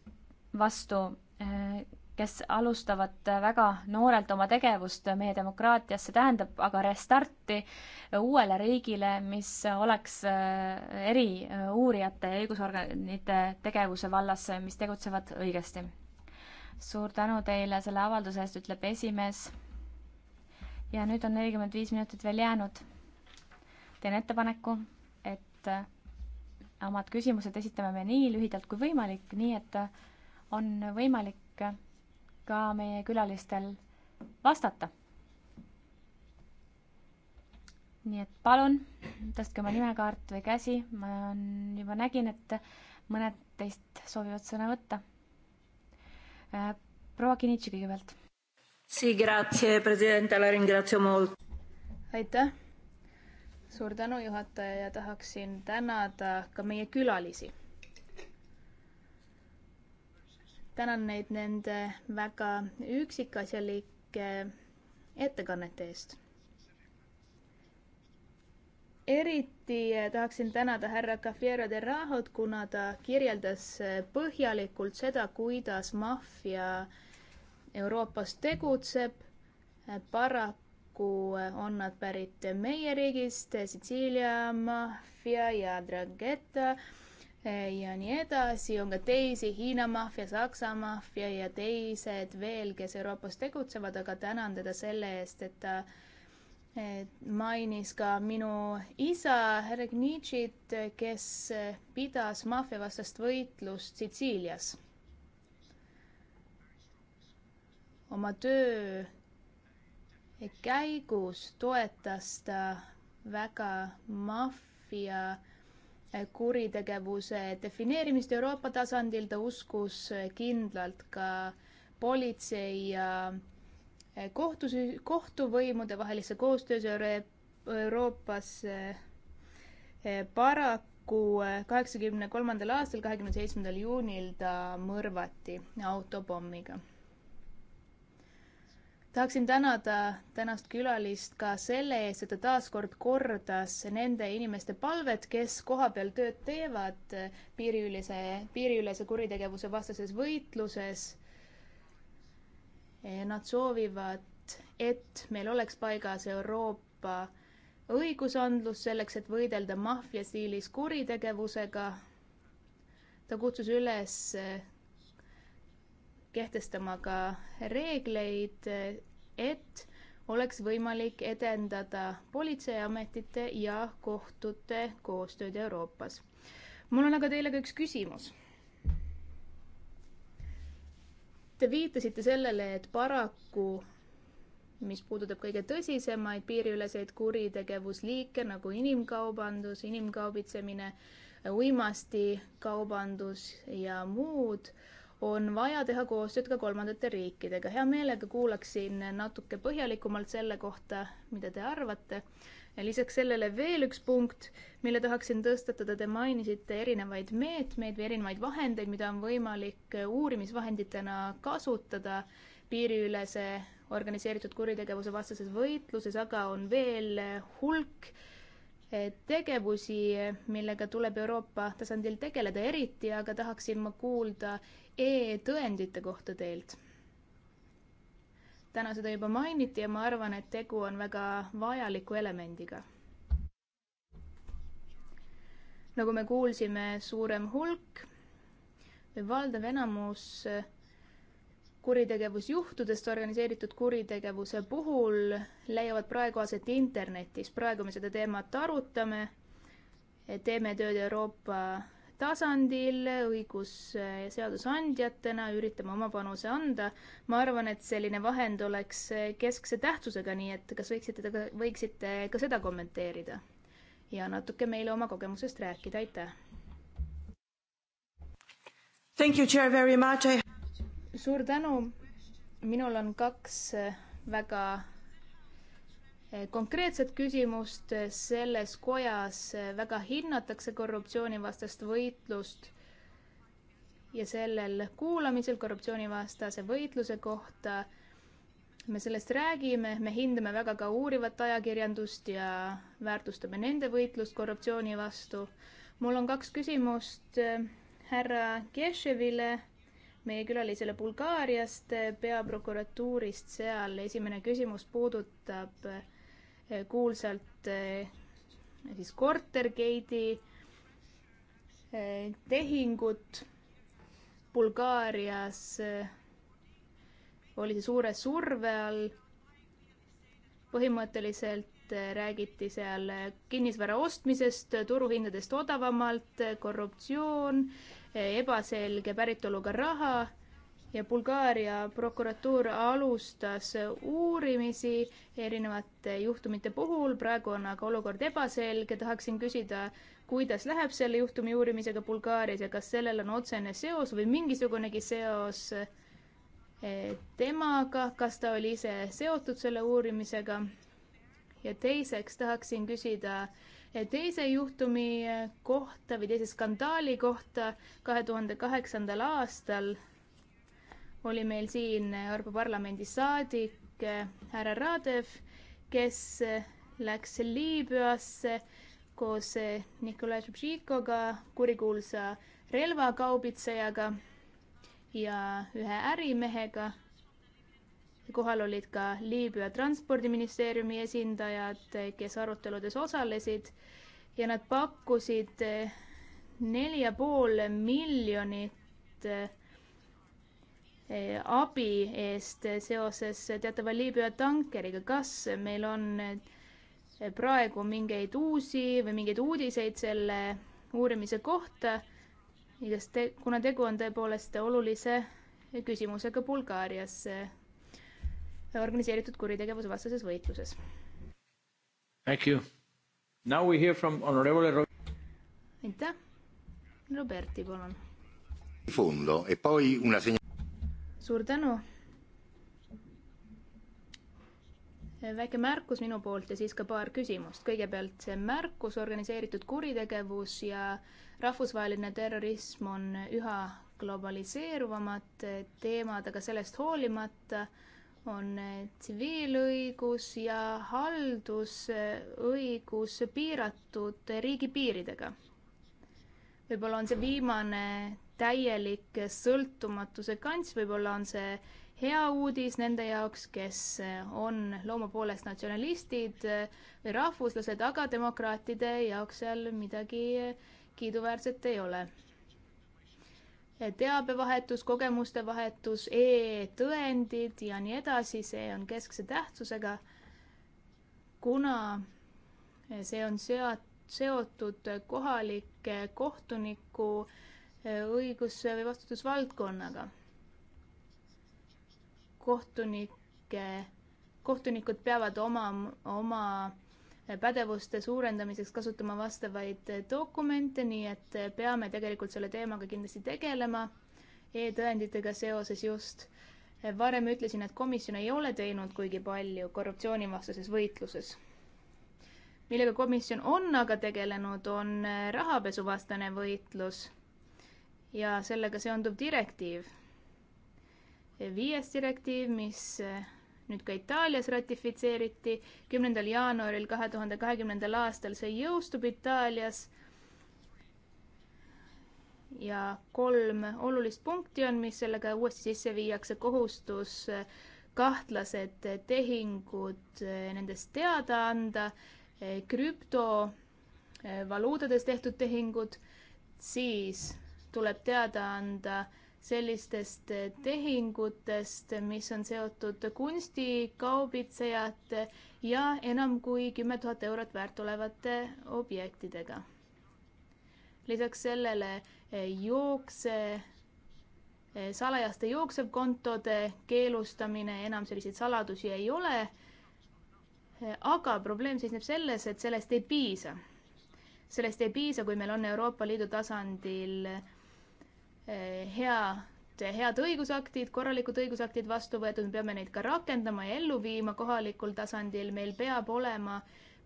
vastu kes alustavad väga noorelt oma tegevust meie demokraatias, see tähendab aga restarti uuele riigile, mis oleks äh, eri äh, uurijate ja õigusorganite tegevuse vallas, äh, mis tegutsevad õigesti. suur tänu teile selle avalduse eest, ütleb esimees. ja nüüd on nelikümmend viis minutit veel jäänud. teen ettepaneku, et omad küsimused esitame me nii lühidalt kui võimalik, nii et on võimalik ka meie külalistel vastata. nii et palun tõstke oma nimekaart või käsi, ma on, juba nägin, et mõned teist soovivad sõna võtta. Äh, proua Kinitši kõigepealt. aitäh, suur tänu, juhataja, ja tahaksin tänada ka meie külalisi tänan neid nende väga üksikasjalike ettekannete eest. eriti tahaksin tänada härra Cafiero de Rahot, kuna ta kirjeldas põhjalikult seda, kuidas maffia Euroopas tegutseb. paraku on nad pärit meie riigist, Sitsiilia maffia ja Drangheta ja nii edasi, on ka teisi, Hiina maffia, Saksa maffia ja teised veel, kes Euroopas tegutsevad, aga tänan teda selle eest, et ta mainis ka minu isa, härra Gnitšit, kes pidas maffiavastast võitlust Sitsiilias. oma töö käigus toetas ta väga maffia kuritegevuse defineerimist Euroopa tasandil, ta uskus kindlalt ka politsei ja eh, kohtus, kohtuvõimude vahelisse koostöös Euroopas eh, eh, paraku kaheksakümne kolmandal aastal, kahekümne seitsmendal juunil ta mõrvati autopommiga tahaksin tänada tänast külalist ka selle eest, et ta taaskord kordas nende inimeste palvet, kes kohapeal tööd teevad piiriülise, piiriülese kuritegevuse vastases võitluses. Eh, nad soovivad, et meil oleks paigas Euroopa õigusandlus selleks, et võidelda maffia stiilis kuritegevusega. ta kutsus üles eh, kehtestama ka reegleid, et oleks võimalik edendada politseiametite ja kohtute koostööd Euroopas. mul on aga teile ka üks küsimus. Te viitasite sellele, et paraku mis puudutab kõige tõsisemaid piiriüleseid kuritegevusliike nagu inimkaubandus, inimkaubitsemine, uimastikaubandus ja muud äh, on vaja teha koostööd ka kolmandate riikidega. hea meelega kuulaksin natuke põhjalikumalt selle kohta, mida te arvate. lisaks sellele veel üks punkt, mille tahaksin tõstatada, te mainisite erinevaid meetmeid või erinevaid vahendeid, mida on võimalik uurimisvahenditena kasutada piiriülese organiseeritud kuritegevuse vastases võitluses, aga on veel hulk tegevusi, millega tuleb Euroopa tasandil tegeleda eriti, aga tahaksin ma kuulda e-tõendite kohta teilt. täna seda juba mainiti ja ma arvan, et tegu on väga vajaliku elemendiga. nagu me kuulsime, suurem hulk või valdav enamus kuritegevusjuhtudest organiseeritud kuritegevuse puhul leiavad praegu aset internetis. praegu me seda teemat arutame, teeme tööd Euroopa tasandil õigusseadusandjatena, üritame oma panuse anda. ma arvan, et selline vahend oleks keskse tähtsusega, nii et kas võiksite, võiksite ka seda kommenteerida ja natuke meile oma kogemusest rääkida, aitäh! Thank you, Chair, very much I suur tänu. minul on kaks eh, väga eh, konkreetset küsimust. Eh, selles kojas väga hinnatakse korruptsioonivastast võitlust ja sellel kuulamisel korruptsioonivastase võitluse kohta me sellest räägime, me hindame väga ka uurivat ajakirjandust ja väärtustame nende võitlust korruptsiooni vastu. mul on kaks küsimust härra Keševile meie külalisele Bulgaariast, eh, peaprokuratuurist seal. esimene küsimus puudutab eh, kuulsalt eh, siis Kortergeidi tehingut Bulgaarias oli see suure surve all. põhimõtteliselt räägiti seal kinnisvara ostmisest, turuhindadest odavamalt, korruptsioon ebaselge päritoluga raha ja Bulgaaria prokuratuur alustas uurimisi erinevate juhtumite puhul, praegu on aga olukord ebaselge, tahaksin küsida, kuidas läheb selle juhtumi uurimisega Bulgaarias ja kas sellel on otsene seos või mingisugunegi seos eh, temaga, kas ta oli ise seotud selle uurimisega? ja teiseks tahaksin küsida äh, teise juhtumi kohta või teise skandaali kohta kahe tuhande kaheksandal aastal oli meil siin Euroopa Parlamendi saadik eh, härra Radev, kes eh, läks Liibüasse koos eh, Nikolai Šepšikoga, kurikuulsa relvakaubitsejaga ja ühe ärimehega kohal olid ka Liibüa transpordiministeeriumi esindajad, kes aruteludes osalesid ja nad pakkusid eh, neli ja pool miljonit eh, abi eest seoses teatava Liibüa tankeriga. kas meil on eh, praegu mingeid uusi või mingeid uudiseid selle uurimise kohta? kas te, kuna tegu on tõepoolest olulise küsimusega Bulgaarias organiseeritud kuritegevuse vastases võitluses. Thank you. Now we hear from honorable Ro-. aitäh. Roberti, palun. Fondo e poi una segna-. suur tänu. väike märkus minu poolt ja siis ka paar küsimust. kõigepealt see märkus, organiseeritud kuritegevus ja rahvusvaheline terrorism on üha globaliseeruvamad teemad, aga sellest hoolimata äh, on eh, tsiviilõigus ja haldusõigus piiratud eh, riigipiiridega. võib-olla on see viimane täielik sõltumatuse kants, võib-olla on see hea uudis nende jaoks, kes eh, on looma poolest natsionalistid või rahvuslased, aga demokraatide jaoks seal midagi kiiduväärset ei ole teabevahetus, kogemuste vahetus e, e-tõendid ja nii edasi, see on keskse tähtsusega, kuna see on seat-, seotud kohalike kohtuniku e, õigus- või vastutusvaldkonnaga. kohtunike, kohtunikud peavad oma, oma pädevuste suurendamiseks kasutama vastavaid dokumente, nii et peame tegelikult selle teemaga kindlasti tegelema e-tõenditega seoses just. varem ütlesin, et komisjon ei ole teinud kuigi palju korruptsioonivastases võitluses. millega komisjon on aga tegelenud, on rahapesuvastane võitlus ja sellega seonduv direktiiv. viies direktiiv, mis nüüd ka Itaalias ratifitseeriti. kümnendal jaanuaril kahe tuhande kahekümnendal aastal see jõustub Itaalias. ja kolm olulist punkti on, mis sellega uuesti sisse viiakse, kohustus kahtlased tehingud eh, nendest teada anda, eh, krüptovaluutades tehtud tehingud, siis tuleb teada anda äh, sellistest tehingutest, mis on seotud kunstikaubitsejate ja enam kui kümme tuhat eurot väärt olevate objektidega. lisaks sellele eh, jookse, eh, salajaste jooksevkontode keelustamine, enam selliseid saladusi ei ole. Eh, aga probleem seisneb selles, et sellest ei piisa sellest ei piisa, kui meil on Euroopa Liidu tasandil Eh, head, head õigusaktid, korralikud õigusaktid vastu võetud, me peame neid ka rakendama ja ellu viima kohalikul tasandil, meil peab olema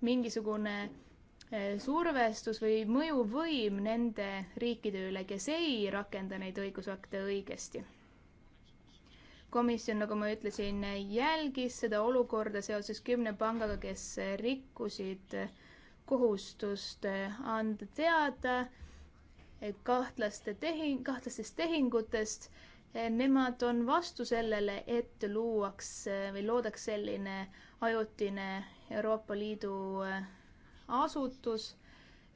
mingisugune eh, survestus või mõjuvõim nende riikide üle, kes ei rakenda neid õigusakte õigesti. komisjon, nagu ma ütlesin, jälgis seda olukorda seoses kümne pangaga, kes rikkusid kohustust eh, anda teada kahtlaste tehing, kahtlastest tehingutest. Eh, nemad on vastu sellele, et luuaks või loodaks selline ajutine Euroopa Liidu eh, asutus,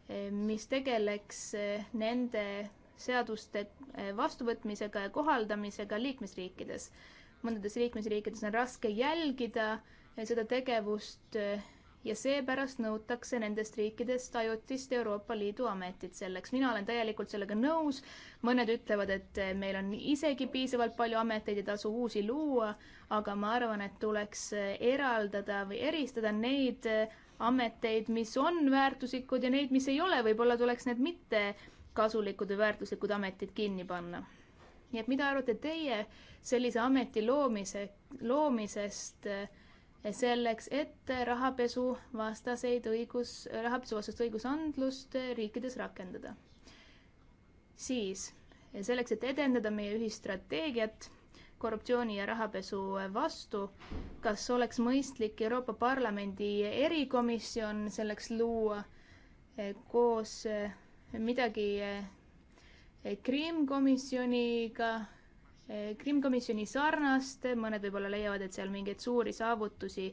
eh, mis tegeleks nende seaduste vastuvõtmisega ja kohaldamisega liikmesriikides. mõndades liikmesriikides on raske jälgida seda tegevust ja seepärast nõutakse nendest riikidest ajutist Euroopa Liidu ametit selleks. mina olen täielikult sellega nõus, mõned ütlevad, et meil on isegi piisavalt palju ameteid ja tasu uusi luua, aga ma arvan, et tuleks eraldada või eristada neid ameteid, mis on väärtuslikud ja neid, mis ei ole, võib-olla tuleks need mitte kasulikud või väärtuslikud ametid kinni panna. nii et mida arvate teie sellise ameti loomise, loomisest äh, selleks, et rahapesuvastaseid õigus, rahapesuvastast õigusandlust riikides rakendada. siis selleks, et edendada meie ühistrateegiat korruptsiooni ja rahapesu vastu, kas oleks mõistlik Euroopa Parlamendi erikomisjon selleks luua eh, koos eh, midagi eh, Krimm komisjoniga Krimm komisjoni sarnast, mõned võib-olla leiavad, et seal mingeid suuri saavutusi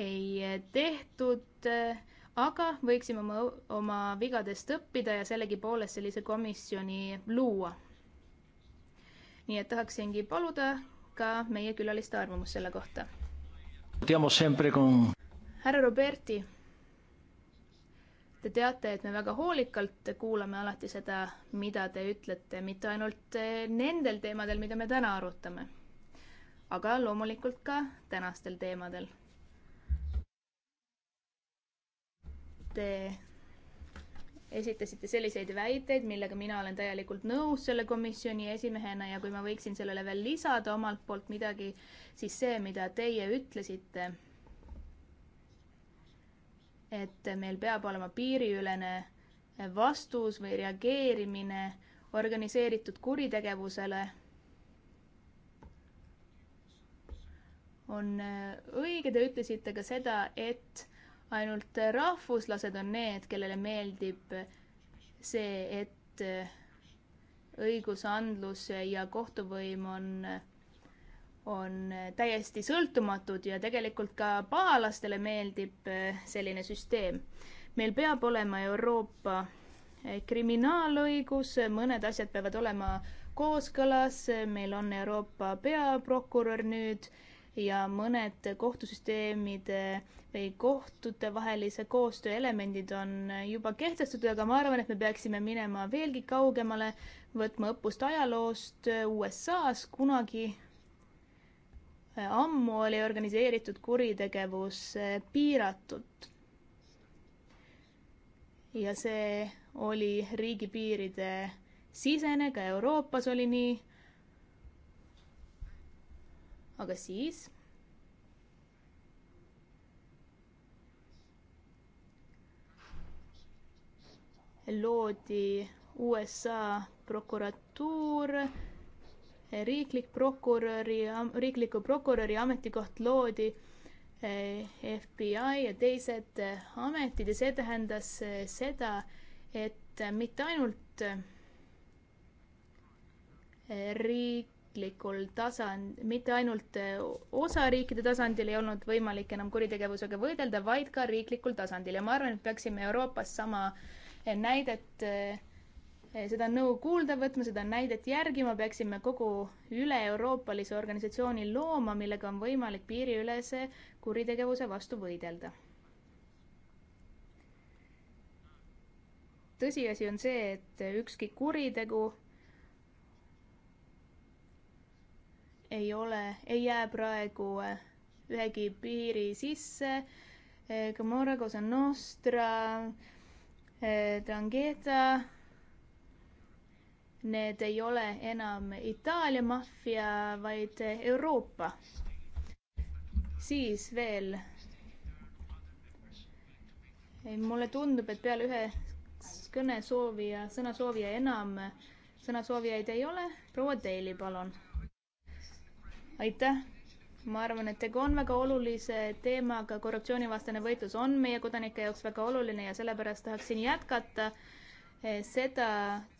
ei tehtud, aga võiksime oma, oma vigadest õppida ja sellegipoolest sellise komisjoni luua. nii et tahaksingi paluda ka meie külaliste arvamust selle kohta. härra Roberti Te teate, et me väga hoolikalt kuulame alati seda, mida te ütlete, mitte ainult eh, nendel teemadel, mida me täna arutame, aga loomulikult ka tänastel teemadel. Te esitasite selliseid väiteid, millega mina olen täielikult nõus selle komisjoni esimehena ja kui ma võiksin sellele veel lisada omalt poolt midagi, siis see, mida teie ütlesite et meil peab olema piiriülene vastus või reageerimine organiseeritud kuritegevusele on äh, õige, te ütlesite ka seda, et ainult rahvuslased on need, kellele meeldib see, et äh, õigusandlus ja kohtuvõim on äh, on äh, täiesti sõltumatud ja tegelikult ka pahalastele meeldib äh, selline süsteem. meil peab olema Euroopa äh, kriminaalõigus, mõned asjad peavad olema kooskõlas, meil on Euroopa peaprokurör nüüd ja mõned kohtusüsteemide või kohtute vahelise koostöö elemendid on juba kehtestatud, aga ma arvan, et me peaksime minema veelgi kaugemale, võtma õppust ajaloost USA-s kunagi ammu oli organiseeritud kuritegevus eh, piiratud. ja see oli riigipiiride sisene, ka Euroopas oli nii. aga siis loodi USA prokuratuur riiklik prokuröri, riikliku prokuröri ametikoht loodi eh, FBI ja teised eh, ametid ja see tähendas eh, seda, et mitte ainult riiklikul tasand, mitte ainult osariikide tasandil ei olnud võimalik enam kuritegevusega võidelda, vaid ka riiklikul tasandil ja ma arvan, et peaksime Euroopas sama näidet Eh, seda nõu kuulda võtma, seda näidet järgima, peaksime kogu üle-euroopalise organisatsiooni looma, millega on võimalik piiriülese kuritegevuse vastu võidelda. tõsiasi on see, et ükski kuritegu ei ole, ei jää praegu eh, ühegi piiri sisse. Camorra, eh, Cosa Nostra, Drangheta Need ei ole enam Itaalia maffia, vaid Euroopa. siis veel. mulle tundub, et peale ühe kõnesoovija, sõnasoovija enam sõnasoovijaid ei ole. proua Daly, palun. aitäh ma arvan, et tegu on väga olulise teemaga, korruptsioonivastane võitlus on meie kodanike jaoks väga oluline ja sellepärast tahaksin jätkata Eh, seda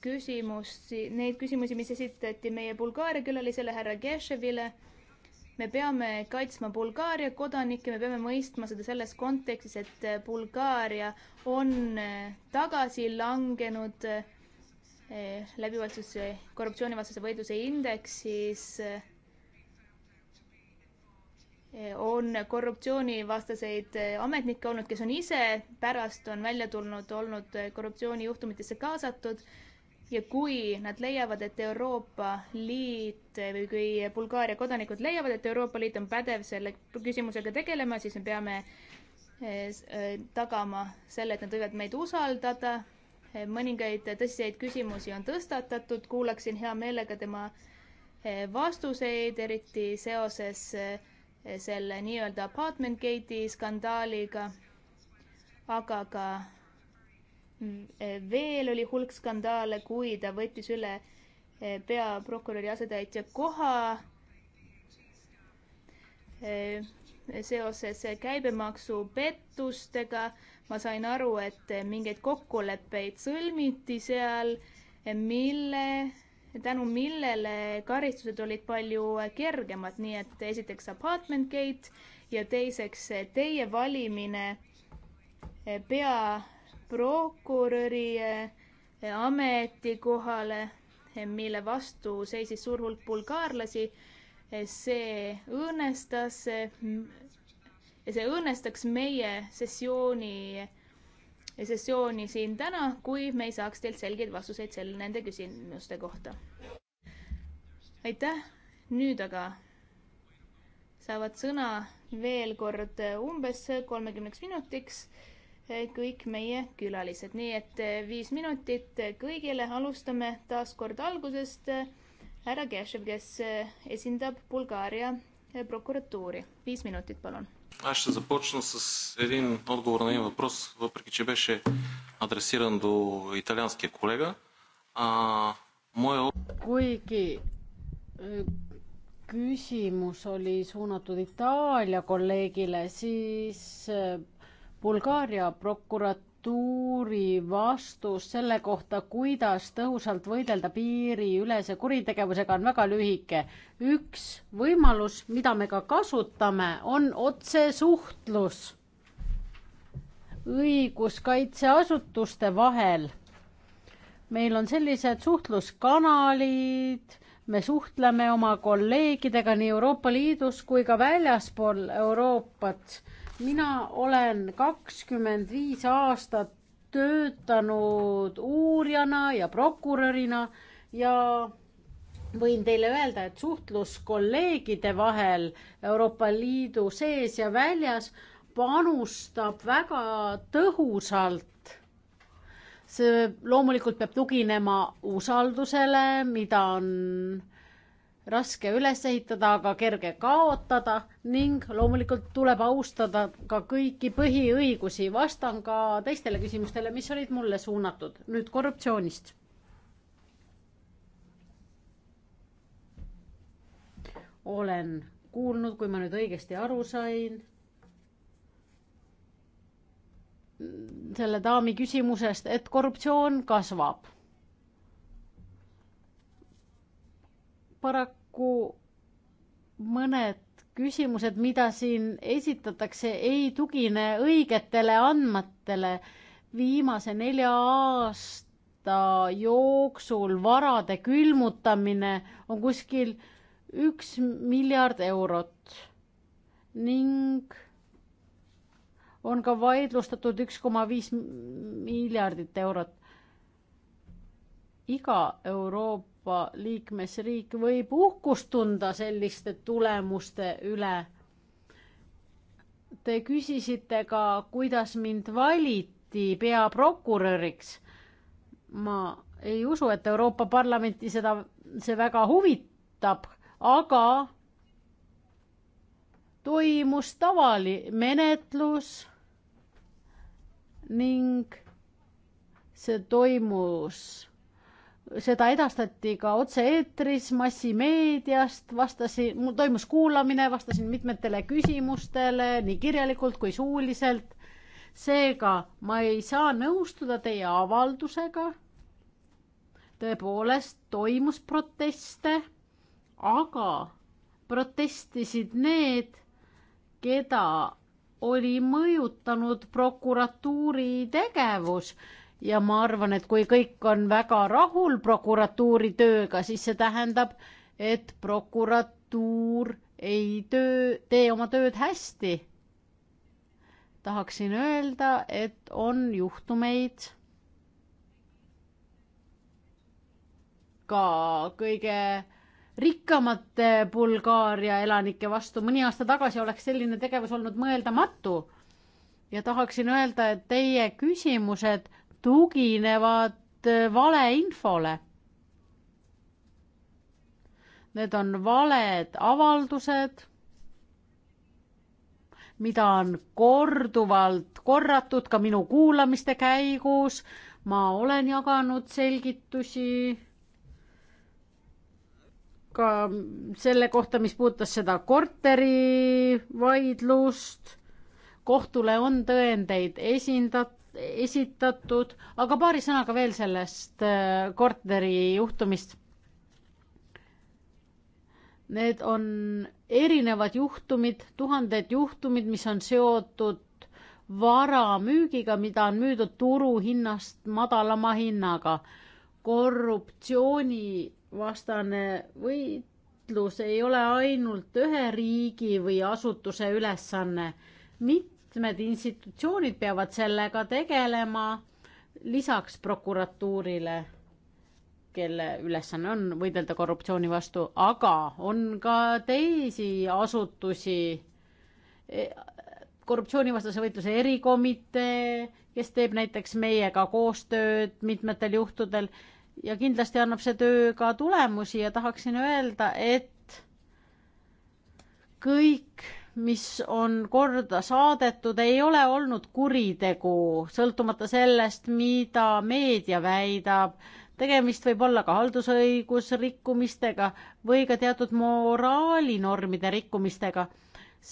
küsimusi, neid küsimusi, mis esitati meie Bulgaaria külalisele härra Geševile. me peame kaitsma Bulgaaria kodanikke, me peame mõistma seda selles kontekstis, et Bulgaaria on eh, tagasi langenud eh, läbivalitsuse, korruptsioonivastase võitluse indeksis on korruptsioonivastaseid eh, ametnikke olnud, kes on ise pärast on välja tulnud, olnud eh, korruptsioonijuhtumitesse kaasatud ja kui nad leiavad, et Euroopa Liit eh, või kui Bulgaaria kodanikud leiavad, et Euroopa Liit on pädev selle küsimusega tegelema, siis me peame tagama selle, et nad võivad meid usaldada. mõningaid tõsiseid küsimusi on tõstatatud, kuulaksin hea meelega tema vastuseid, eriti seoses äh, selle nii-öelda apartment gate'i skandaaliga, aga ka mm, veel oli hulk skandaale, kui ta võttis üle eh, peaprokuröri asetäitja koha eh, seoses käibemaksupettustega. ma sain aru, et mingeid kokkuleppeid sõlmiti seal, mille tänu millele karistused olid palju äh, kergemad, nii et esiteks apartment gate ja teiseks äh, teie valimine äh, peaprokuröri ametikohale, mille vastu seisis suur hulk bulgaarlasi. see õõnestas, see õõnestaks meie sessiooni sessiooni siin täna, kui me ei saaks teilt selgeid vastuseid sel-, nende küsimuste kohta. aitäh, nüüd aga saavad sõna veel kord umbes kolmekümneks minutiks kõik meie külalised, nii et viis minutit kõigile, alustame taas kord algusest. härra Kešev, kes esindab Bulgaaria prokuratuuri, viis minutit, palun Аз ще започна с един отговор на един въпрос, въпреки че беше адресиран до италианския колега. А, moja... kuigi küsimus oli suunatud Itaalia kolleegile, siis Bulgaaria prokurat-, prokuratuuri vastus selle kohta, kuidas tõhusalt võidelda piiriülese kuritegevusega, on väga lühike. üks võimalus, mida me ka kasutame, on otsesuhtlus õiguskaitseasutuste vahel. meil on sellised suhtluskanalid me suhtleme oma kolleegidega nii Euroopa Liidus kui ka väljaspool Euroopat mina olen kakskümmend viis aastat töötanud uurijana ja prokurörina ja võin teile öelda, et suhtlus kolleegide vahel Euroopa Liidu sees ja väljas panustab väga tõhusalt. see loomulikult peab tuginema usaldusele, mida on äh, raske üles ehitada, aga kerge kaotada ning loomulikult tuleb austada ka kõiki põhiõigusi. vastan ka teistele küsimustele, mis olid mulle suunatud. nüüd korruptsioonist. olen kuulnud, kui ma nüüd õigesti aru sain, selle daami küsimusest, et korruptsioon kasvab paraku paraku nagu mõned küsimused, mida siin esitatakse, ei tugine õigetele andmetele. viimase nelja aasta jooksul varade külmutamine on kuskil üks miljard eurot ning on ka vaidlustatud üks koma viis miljardit eurot. iga Euroopa Euroopa liikmesriik võib uhkust tunda selliste tulemuste üle. Te küsisite ka, kuidas mind valiti peaprokuröriks. ma ei usu, et Euroopa Parlamenti seda, see väga huvitab, aga toimus tavali-, menetlus ning see toimus seda edastati ka otse-eetris, massimeediast, vastasin, mul toimus kuulamine, vastasin mitmetele küsimustele nii kirjalikult kui suuliselt. seega ma ei saa nõustuda teie avaldusega. tõepoolest toimus proteste, aga protestisid need, keda oli mõjutanud prokuratuuri tegevus ja ma arvan, et kui kõik on väga rahul prokuratuuri tööga, siis see tähendab, et prokuratuur ei töö, tee oma tööd hästi. tahaksin öelda, et on juhtumeid ka kõige rikkamate Bulgaaria elanike vastu, mõni aasta tagasi oleks selline tegevus olnud mõeldamatu. ja tahaksin öelda, et teie küsimused tuginevad äh, valeinfole. Need on valed avaldused, mida on korduvalt korratud ka minu kuulamiste käigus. ma olen jaganud selgitusi ka selle kohta, mis puudutas seda korterivaidlust. kohtule on tõendeid esindatud esitatud, aga paari sõnaga veel sellest äh, korteri juhtumist. Need on erinevad juhtumid, tuhanded juhtumid, mis on seotud vara müügiga, mida on müüdud turuhinnast madalama hinnaga. korruptsioonivastane võitlus ei ole ainult ühe riigi või asutuse ülesanne. mit-, mitmed institutsioonid peavad sellega tegelema, lisaks prokuratuurile, kelle ülesanne on võidelda korruptsiooni vastu, aga on ka teisi asutusi, e, korruptsioonivastase võitluse erikomitee, kes teeb näiteks meiega koostööd mitmetel juhtudel ja kindlasti annab see töö ka tulemusi ja tahaksin öelda, et kõik mis on korda saadetud, ei ole olnud kuritegu, sõltumata sellest, mida meedia väidab. tegemist võib olla ka haldusõigusrikkumistega või ka teatud moraalinormide rikkumistega.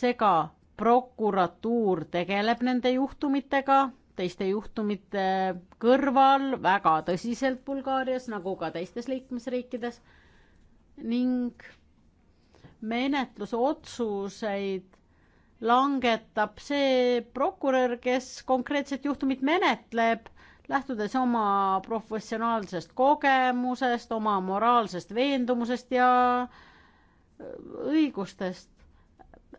seega prokuratuur tegeleb nende juhtumitega, teiste juhtumite kõrval väga tõsiselt Bulgaarias, nagu ka teistes liikmesriikides ning menetlusotsuseid langetab see prokurör, kes konkreetset juhtumit menetleb, lähtudes oma professionaalsest kogemusest, oma moraalsest veendumusest ja äh, õigustest.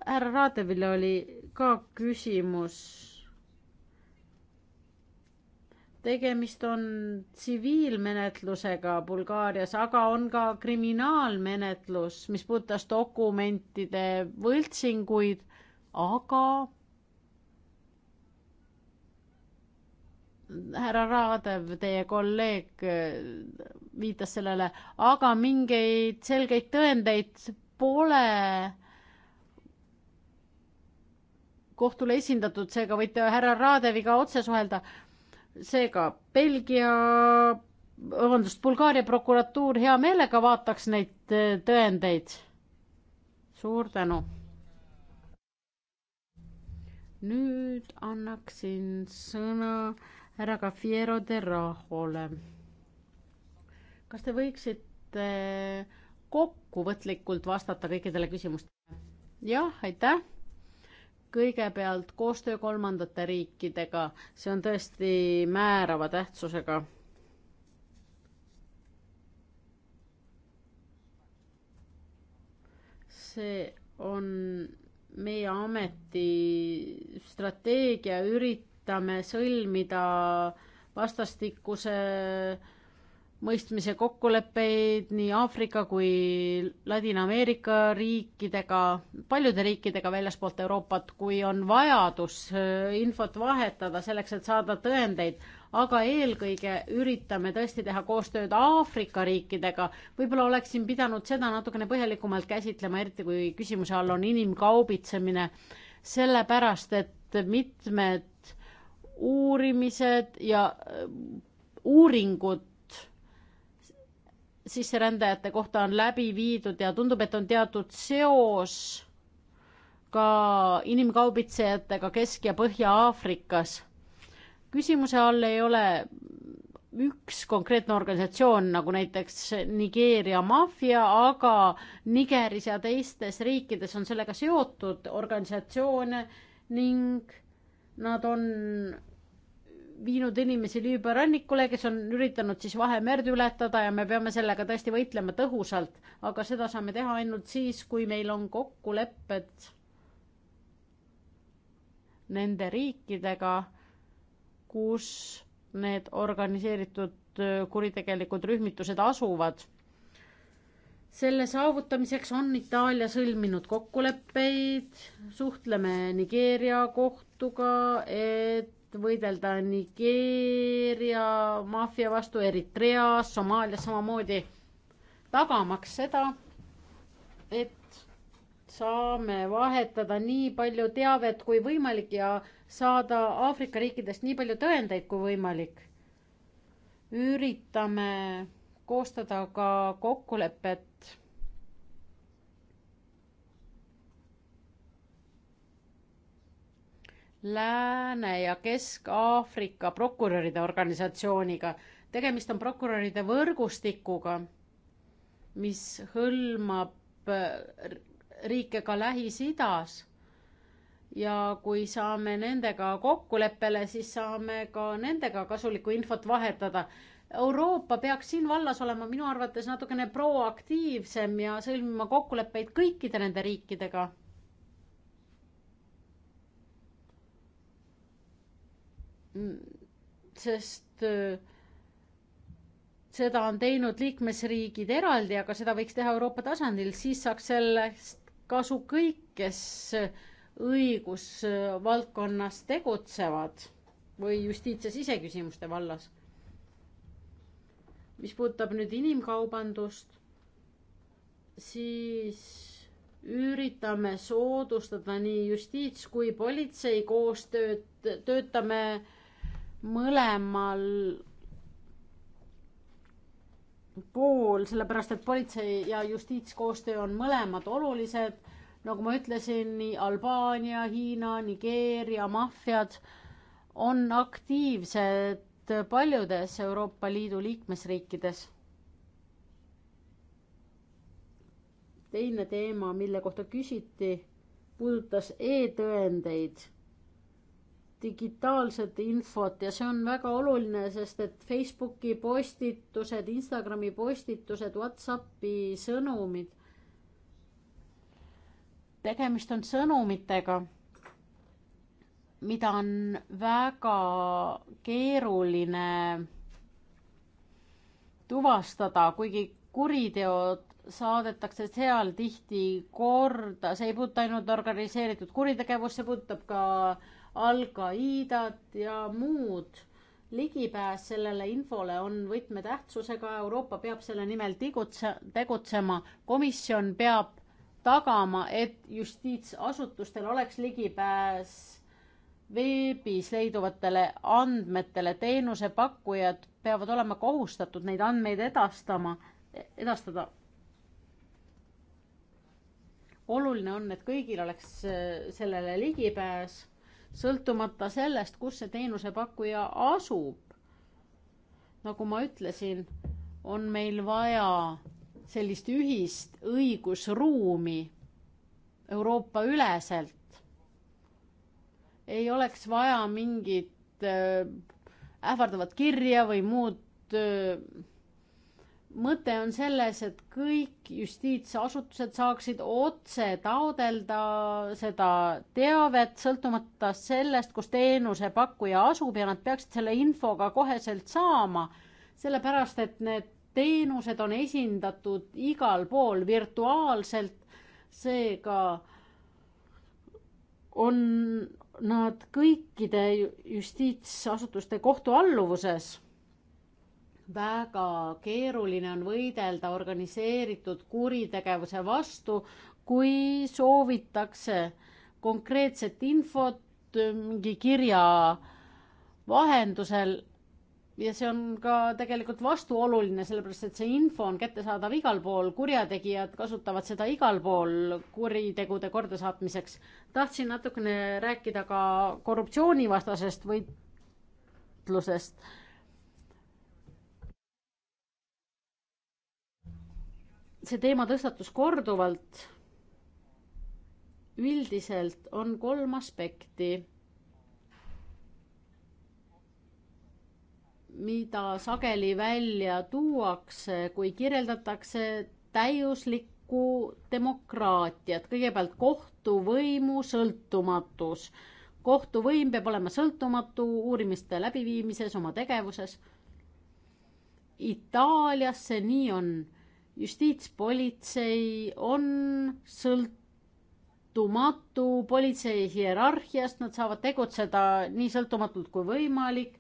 härra Raadevil oli ka küsimus tegemist on tsiviilmenetlusega Bulgaarias, aga on ka kriminaalmenetlus, mis puudutas dokumentide võltsinguid, aga härra Raadev, teie kolleeg viitas sellele, aga mingeid selgeid tõendeid pole kohtule esindatud, seega võite härra Raadeviga otse suhelda seega Belgia, vabandust, Bulgaaria prokuratuur hea meelega vaataks neid äh, tõendeid. suur tänu. nüüd annaksin sõna härra Cafiero de Rahole. kas te võiksite kokkuvõtlikult vastata kõikidele küsimustele? jah, aitäh kõigepealt koostöö kolmandate riikidega, see on tõesti määrava tähtsusega. see on meie ameti strateegia, üritame sõlmida vastastikuse äh, mõistmise kokkuleppeid nii Aafrika kui Ladina-Ameerika riikidega, paljude riikidega väljaspoolt Euroopat, kui on vajadus äh, infot vahetada selleks, et saada tõendeid, aga eelkõige üritame tõesti teha koostööd Aafrika riikidega. võib-olla oleksin pidanud seda natukene põhjalikumalt käsitlema, eriti kui küsimuse all on inimkaubitsemine, sellepärast et mitmed uurimised ja äh, uuringud sisserändajate kohta on läbi viidud ja tundub, et on teatud seos ka inimkaubitsejatega Kesk- ja Põhja-Aafrikas. küsimuse all ei ole üks konkreetne organisatsioon, nagu näiteks Nigeeria maffia, aga Nigeris ja teistes riikides on sellega seotud organisatsioone ning nad on viinud inimesi Liibüa rannikule, kes on üritanud siis Vahemerd ületada ja me peame sellega tõesti võitlema tõhusalt, aga seda saame teha ainult siis, kui meil on kokkulepped nende riikidega, kus need organiseeritud kuritegelikud rühmitused asuvad. selle saavutamiseks on Itaalia sõlminud kokkuleppeid, suhtleme Nigeeria kohtuga, et et võidelda Nigeeria maffia vastu, Eritreas, Somaalias samamoodi, tagamaks seda, et saame vahetada nii palju teavet kui võimalik ja saada Aafrika riikidest nii palju tõendeid kui võimalik. üritame koostada ka kokkulepet Lääne- ja Kesk-Aafrika prokuröride organisatsiooniga. tegemist on prokuröride võrgustikuga, mis hõlmab äh, riike ka Lähis-Idas. ja kui saame nendega kokkuleppele, siis saame ka nendega kasulikku infot vahetada. Euroopa peaks siin vallas olema minu arvates natukene proaktiivsem ja sõlmima kokkuleppeid kõikide nende riikidega sest äh, seda on teinud liikmesriigid eraldi, aga seda võiks teha Euroopa tasandil, siis saaks sellest kasu kõik, kes õigusvaldkonnas tegutsevad või justiits- ja siseküsimuste vallas. mis puudutab nüüd inimkaubandust, siis üritame soodustada nii justiits- kui politsei koostööd, töötame mõlemal pool, sellepärast et politsei ja justiitskoostöö on mõlemad olulised. nagu ma ütlesin, nii Albaania, Hiina, Nigeeria maffiad on aktiivsed paljudes Euroopa Liidu liikmesriikides. teine teema, mille kohta küsiti, puudutas e-tõendeid digitaalset infot ja see on väga oluline, sest et Facebooki postitused, Instagrami postitused, Whatsappi sõnumid. tegemist on sõnumitega, mida on väga keeruline tuvastada, kuigi kuriteod saadetakse seal tihti korda, see ei puuduta ainult organiseeritud kuritegevust, see puudutab ka Al-Qaidat ja muud. ligipääs sellele infole on võtmetähtsusega, Euroopa peab selle nimel tegutse, tegutsema, komisjon peab tagama, et justiitsasutustel oleks ligipääs veebis leiduvatele andmetele, teenusepakkujad peavad olema kohustatud neid andmeid edastama, edastada. oluline on, et kõigil oleks äh, sellele ligipääs sõltumata sellest, kus see teenusepakkuja asub. nagu ma ütlesin, on meil vaja sellist ühist õigusruumi Euroopa üleselt. ei oleks vaja mingit äh, ähvardavat kirja või muud öö, äh, mõte on selles, et kõik justiitsasutused saaksid otse taodelda seda teavet, sõltumata sellest, kus teenusepakkuja asub ja nad peaksid selle infoga koheselt saama, sellepärast et need teenused on esindatud igal pool virtuaalselt, seega on nad kõikide justiitsasutuste kohtualluvuses väga keeruline on võidelda organiseeritud kuritegevuse vastu, kui soovitakse konkreetset infot mingi kirja vahendusel ja see on ka tegelikult vastuoluline, sellepärast et see info on kättesaadav igal pool, kurjategijad kasutavad seda igal pool kuritegude kordasaatmiseks. tahtsin natukene rääkida ka korruptsioonivastasest võitlusest see teema tõstatus korduvalt. üldiselt on kolm aspekti, mida sageli välja tuuakse, kui kirjeldatakse täiuslikku demokraatiat. kõigepealt kohtuvõimu sõltumatus. kohtuvõim peab olema sõltumatu uurimiste läbiviimises, oma tegevuses. Itaalias see nii on justiitspolitsei on sõltumatu politsei hierarhiast, nad saavad tegutseda nii sõltumatult kui võimalik,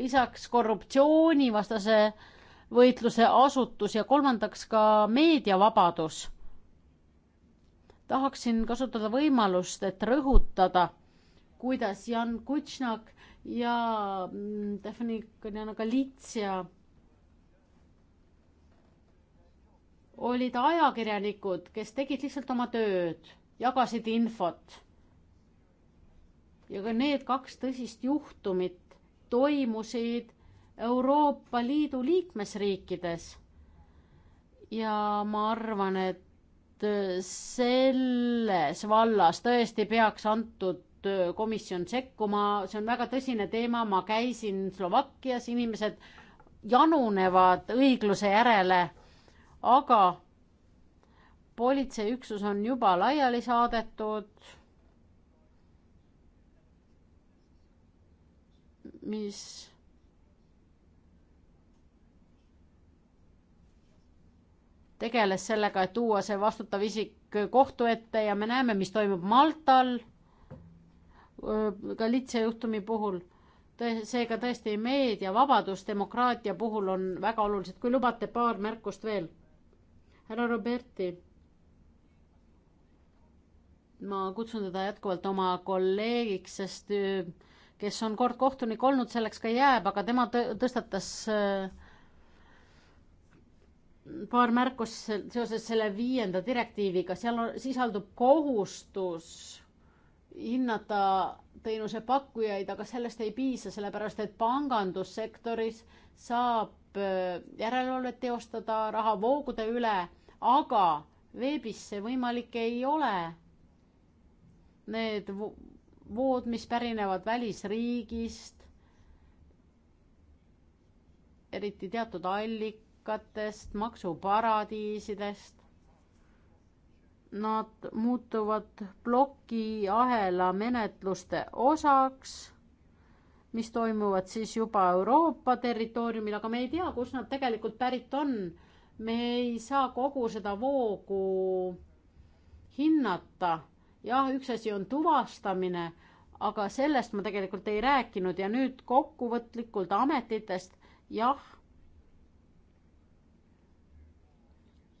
lisaks korruptsioonivastase võitluse asutus ja kolmandaks ka meediavabadus. tahaksin kasutada võimalust, et rõhutada, kuidas Jan Kutšnak ja mm, Stephanie Kanjanagalitsia olid ajakirjanikud, kes tegid lihtsalt oma tööd, jagasid infot. ja ka need kaks tõsist juhtumit toimusid Euroopa Liidu liikmesriikides. ja ma arvan, et selles vallas tõesti peaks antud komisjon sekkuma, see on väga tõsine teema, ma käisin Slovakkias, inimesed janunevad õigluse järele aga politseiüksus on juba laiali saadetud, mis tegeles sellega, et tuua see vastutav isik kohtu ette ja me näeme, mis toimub Maltal Galitsia juhtumi puhul. seega tõesti meediavabadus demokraatia puhul on väga olulised. kui lubate, paar märkust veel härra Roberti, ma kutsun teda jätkuvalt oma kolleegiks, sest äh, kes on kord kohtunik olnud, selleks ka jääb, aga tema tõstatas äh, paar märkust seoses selle viienda direktiiviga, seal on, sisaldub kohustus hinnata teenusepakkujaid, aga sellest ei piisa, sellepärast et pangandussektoris saab võib äh, järelevalvet teostada rahavoogude üle, aga veebis see võimalik ei ole. Need vood, mis pärinevad välisriigist, eriti teatud allikatest, maksuparadiisidest, nad muutuvad plokiahela menetluste osaks mis toimuvad siis juba Euroopa territooriumil, aga me ei tea, kust nad tegelikult pärit on. me ei saa kogu seda voogu hinnata. jah, üks asi on tuvastamine, aga sellest ma tegelikult ei rääkinud ja nüüd kokkuvõtlikult ametitest, jah.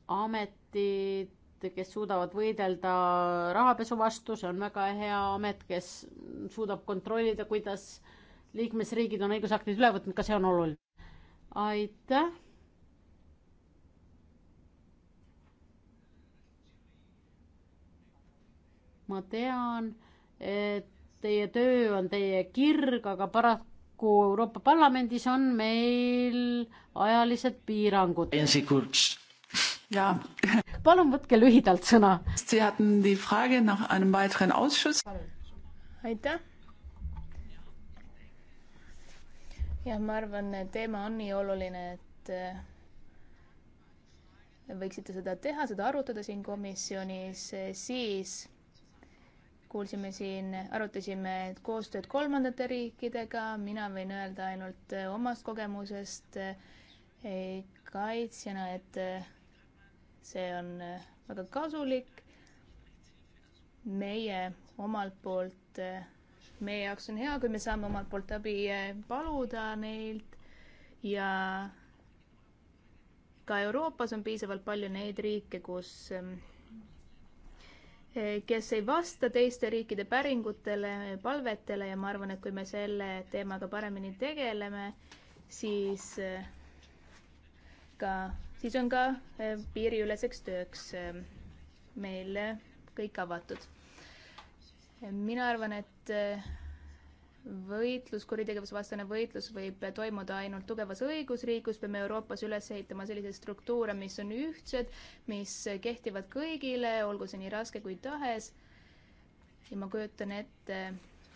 ametid kes suudavad võidelda rahapesu vastu, see on väga hea amet, kes suudab kontrollida, kuidas liikmesriigid on õigusaktid üle võtnud, ka see on oluline. aitäh. ma tean, et teie töö on teie kirg, aga paraku Euroopa Parlamendis on meil ajalised piirangud. jaa. palun võtke lühidalt sõna. aitäh jah, ma arvan, teema on nii oluline, et äh, võiksite seda teha, seda arutada siin komisjonis, siis kuulsime siin, arutasime koostööd kolmandate riikidega, mina võin öelda ainult äh, omast kogemusest äh, kaitsjana, et see on väga kasulik. meie omalt poolt meie jaoks on hea, kui me saame omalt poolt abi eh, paluda neilt ja ka Euroopas on piisavalt palju neid riike, kus, ehm, eh, kes ei vasta teiste riikide päringutele, palvetele ja ma arvan, et kui me selle teemaga paremini tegeleme, siis eh, ka, siis on ka piiriüleseks tööks meil kõik avatud mina arvan, et eh, võitlus, kuritegevusvastane võitlus võib toimuda ainult tugevas õigusriigus, peame Euroopas üles ehitama selliseid struktuure, mis on ühtsed, mis kehtivad kõigile, olgu see nii raske kui tahes. ja ma kujutan ette,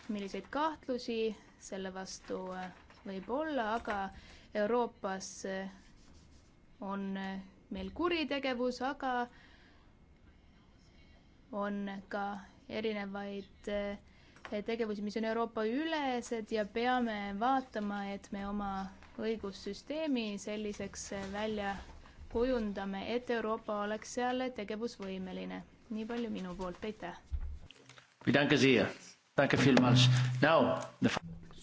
milliseid kahtlusi selle vastu eh, võib olla, aga Euroopas eh, on meil kuritegevus, aga on ka erinevaid eh, tegevusi, mis on Euroopa ülesed ja peame vaatama, et me oma õigussüsteemi selliseks eh, välja kujundame, et Euroopa oleks seal tegevusvõimeline. nii palju minu poolt, aitäh.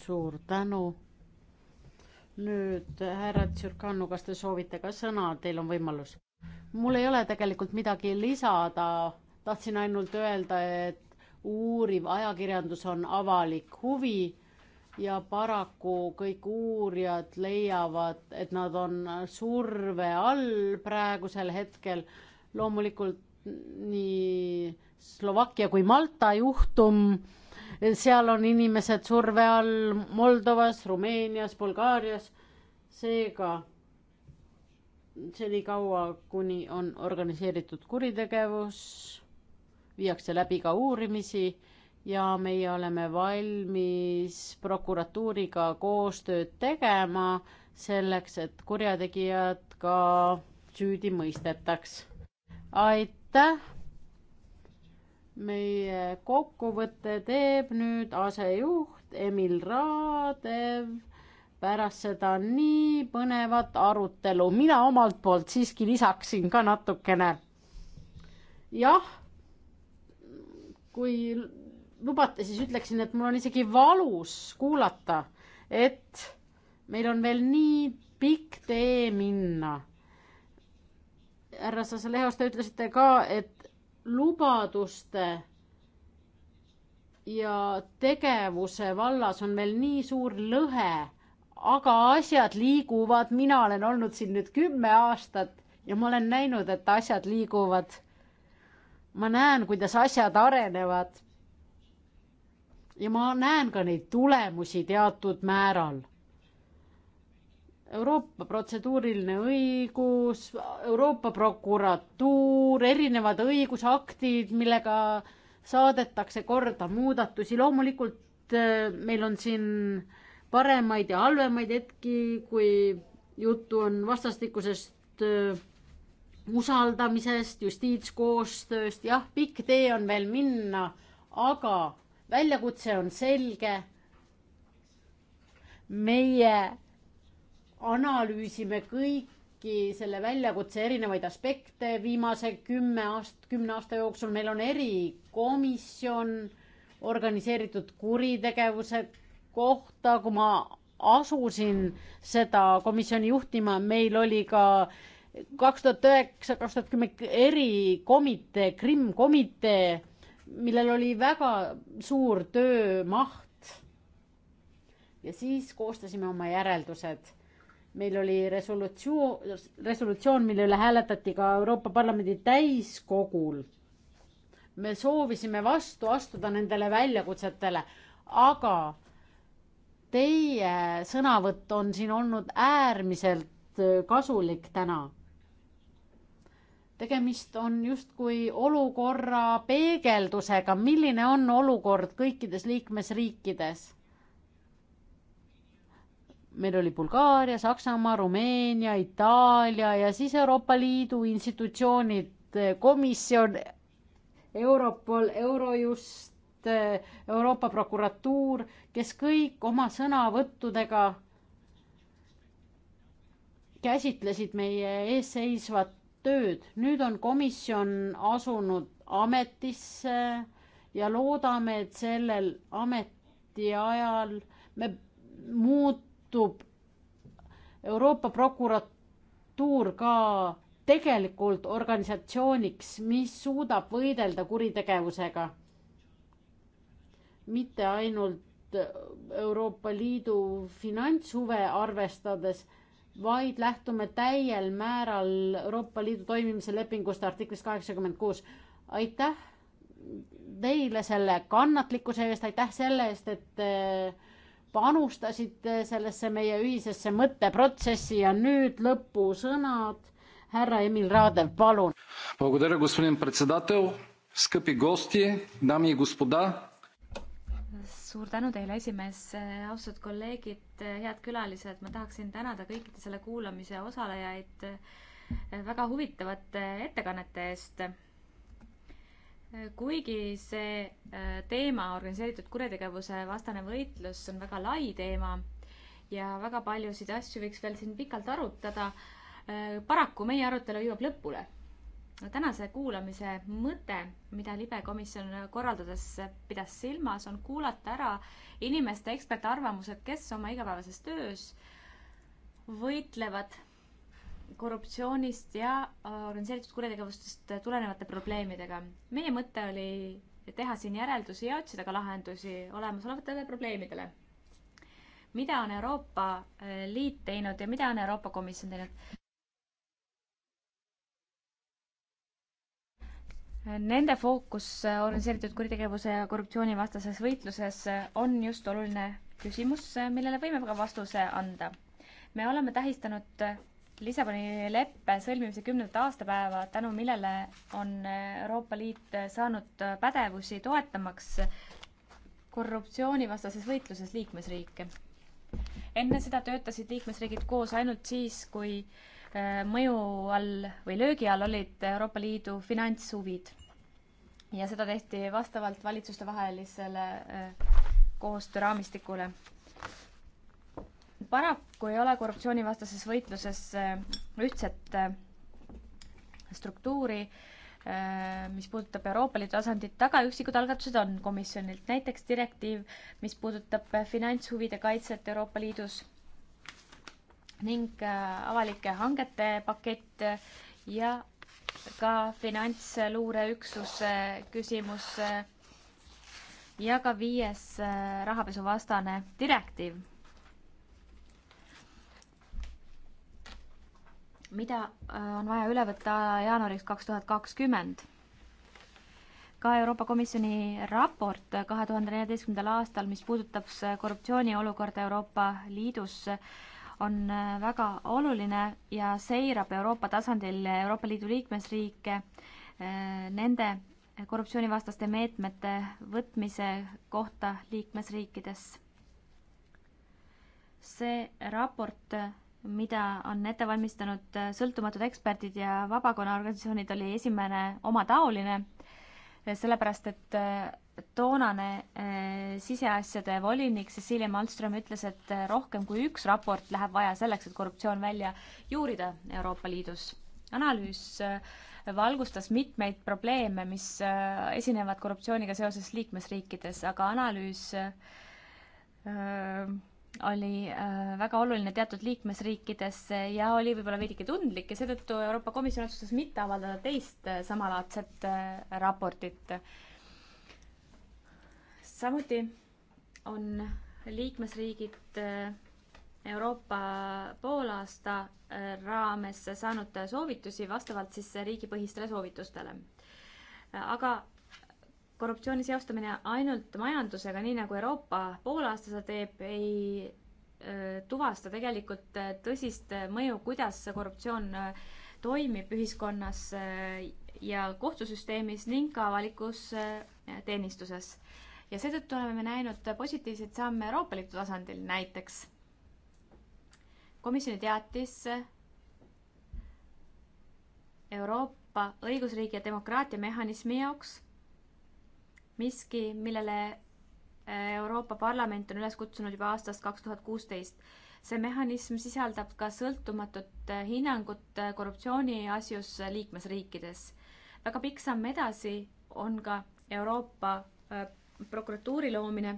suur tänu. nüüd härra Tsurkanu, kas te soovite ka sõna, teil on võimalus? mul ei ole tegelikult midagi lisada tahtsin ainult öelda, et uuriv ajakirjandus on avalik huvi ja paraku kõik uurijad leiavad, et nad on surve all praegusel hetkel. loomulikult nii Slovakkia kui Malta juhtum, seal on inimesed surve all Moldovas, Rumeenias, Bulgaarias, seega senikaua, kuni on organiseeritud kuritegevus viiakse läbi ka uurimisi ja meie oleme valmis prokuratuuriga koostööd tegema selleks, et kurjategijad ka süüdi mõistetaks. aitäh! meie kokkuvõtte teeb nüüd asejuht Emil Raadev pärast seda nii põnevat arutelu. mina omalt poolt siiski lisaksin ka natukene. jah kui lubate, siis ütleksin, et mul on isegi valus kuulata, et meil on veel nii pikk tee minna. härra Sasalehos, te ütlesite ka, et lubaduste ja tegevuse vallas on meil nii suur lõhe, aga asjad liiguvad, mina olen olnud siin nüüd kümme aastat ja ma olen näinud, et asjad liiguvad ma näen, kuidas asjad arenevad. ja ma näen ka neid tulemusi teatud määral. Euroopa protseduuriline õigus, Euroopa prokuratuur, erinevad õigusaktid, millega saadetakse korda muudatusi, loomulikult äh, meil on siin paremaid ja halvemaid hetki, kui juttu on vastastikusest äh, usaldamisest, justiitskoostööst, jah, pikk tee on veel minna, aga väljakutse on selge. meie analüüsime kõiki selle väljakutse erinevaid aspekte viimase kümme aast-, kümne aasta jooksul, meil on erikomisjon organiseeritud kuritegevuse kohta, kui ma asusin seda komisjoni juhtima, meil oli ka äh, kaks tuhat üheksa, kaks tuhat kümme erikomitee, Krimm komitee, millel oli väga suur töömaht. ja siis koostasime oma järeldused. meil oli resolutsioon, resolutsioon, mille üle hääletati ka Euroopa Parlamendi täiskogul. me soovisime vastu astuda nendele väljakutsetele, aga teie sõnavõtt on siin olnud äärmiselt kasulik täna tegemist on justkui olukorra peegeldusega, milline on olukord kõikides liikmesriikides. meil oli Bulgaaria, Saksamaa, Rumeenia, Itaalia ja siis Euroopa Liidu institutsioonid, komisjon, Europol, Eurojust, Euroopa prokuratuur, kes kõik oma sõnavõttudega käsitlesid meie ees seisvat tööd. nüüd on komisjon asunud ametisse ja loodame, et sellel ametiajal me, muutub Euroopa prokuratuur ka tegelikult organisatsiooniks, mis suudab võidelda kuritegevusega. mitte ainult Euroopa Liidu finantshuve arvestades vaid lähtume täiel määral Euroopa Liidu toimimise lepingust artiklist kaheksakümmend kuus. aitäh teile selle kannatlikkuse eest, aitäh selle eest, et äh, panustasite sellesse meie ühisesse mõtteprotsessi ja nüüd lõpusõnad. härra Emil Raadev, palun suur tänu teile, esimees, austatud kolleegid, head külalised, ma tahaksin tänada kõikide selle kuulamise osalejaid väga huvitavate ettekannete eest. kuigi see äh, teema, organiseeritud kuritegevuse vastane võitlus, on väga lai teema ja väga paljusid asju võiks veel siin pikalt arutada, äh, paraku meie arutelu jõuab lõpule tänase kuulamise mõte, mida libekomisjon korraldades pidas silmas, on kuulata ära inimeste ekspertarvamused, kes oma igapäevases töös võitlevad korruptsioonist ja äh, organiseeritud kuritegevustest tulenevate probleemidega. meie mõte oli teha siin järeldusi ja otsida ka lahendusi olemasolevatele probleemidele. mida on Euroopa äh, Liit teinud ja mida on Euroopa Komisjon teinud? Nende fookus organiseeritud kuritegevuse ja korruptsioonivastases võitluses on just oluline küsimus, millele võime ka vastuse anda. me oleme tähistanud Lissaboni leppe sõlmimise kümnendat aastapäeva, tänu millele on Euroopa Liit saanud pädevusi toetamaks korruptsioonivastases võitluses liikmesriike. enne seda töötasid liikmesriigid koos ainult siis, kui äh, mõju all või löögi all olid Euroopa Liidu finantshuvid ja seda tehti vastavalt valitsustevahelisele äh, koostööraamistikule. paraku ei ole korruptsioonivastases võitluses äh, ühtset äh, struktuuri, mis puudutab Euroopa Liidu tasandit, aga üksikud algatused on komisjonilt, näiteks direktiiv, mis puudutab finantshuvide kaitset Euroopa Liidus ning avalike hangete pakett ja ka finantsluureüksuse küsimus äh, ja ka viies äh, rahapesuvastane direktiiv. mida äh, on vaja üle võtta jaanuariks kaks tuhat kakskümmend ka Euroopa Komisjoni raport kahe tuhande neljateistkümnendal aastal, mis puudutab korruptsiooni olukorda Euroopa Liidus, on äh, väga oluline ja seirab Euroopa tasandil Euroopa Liidu liikmesriike äh, nende korruptsioonivastaste meetmete võtmise kohta liikmesriikides. see raport, mida on ette valmistanud äh, sõltumatud eksperdid ja vabakonnaorganisatsioonid, oli esimene omataoline, sellepärast et toonane eh, siseasjade volinik Cecilia Malmström ütles, et eh, rohkem kui üks raport läheb vaja selleks, et korruptsioon välja juurida Euroopa Liidus. analüüs eh, valgustas mitmeid probleeme, mis esinevad korruptsiooniga seoses liikmesriikides, aga analüüs oli väga oluline teatud liikmesriikides ja oli võib-olla veidike tundlik ja seetõttu Euroopa Komisjon otsustas mitte avaldada teist samalaadset raportit samuti on liikmesriigid eh, Euroopa poolaasta eh, raames saanud soovitusi vastavalt siis riigipõhistele soovitustele. Eh, aga korruptsiooni seostamine ainult majandusega, nii nagu Euroopa poolaasta seda teeb, ei tuvasta tegelikult tõsist mõju, kuidas korruptsioon toimib ühiskonnas ja kohtusüsteemis ning ka avalikus teenistuses ja seetõttu oleme me näinud positiivseid samme Euroopa Liidu tasandil, näiteks komisjoni teatis Euroopa õigusriigi ja demokraatia mehhanismi jaoks, miski, millele äh, Euroopa Parlament on üles kutsunud juba aastast kaks tuhat kuusteist. see mehhanism sisaldab ka sõltumatut äh, hinnangut äh, korruptsiooniasjus liikmesriikides. väga pikk samm edasi on ka Euroopa prokuratuuri loomine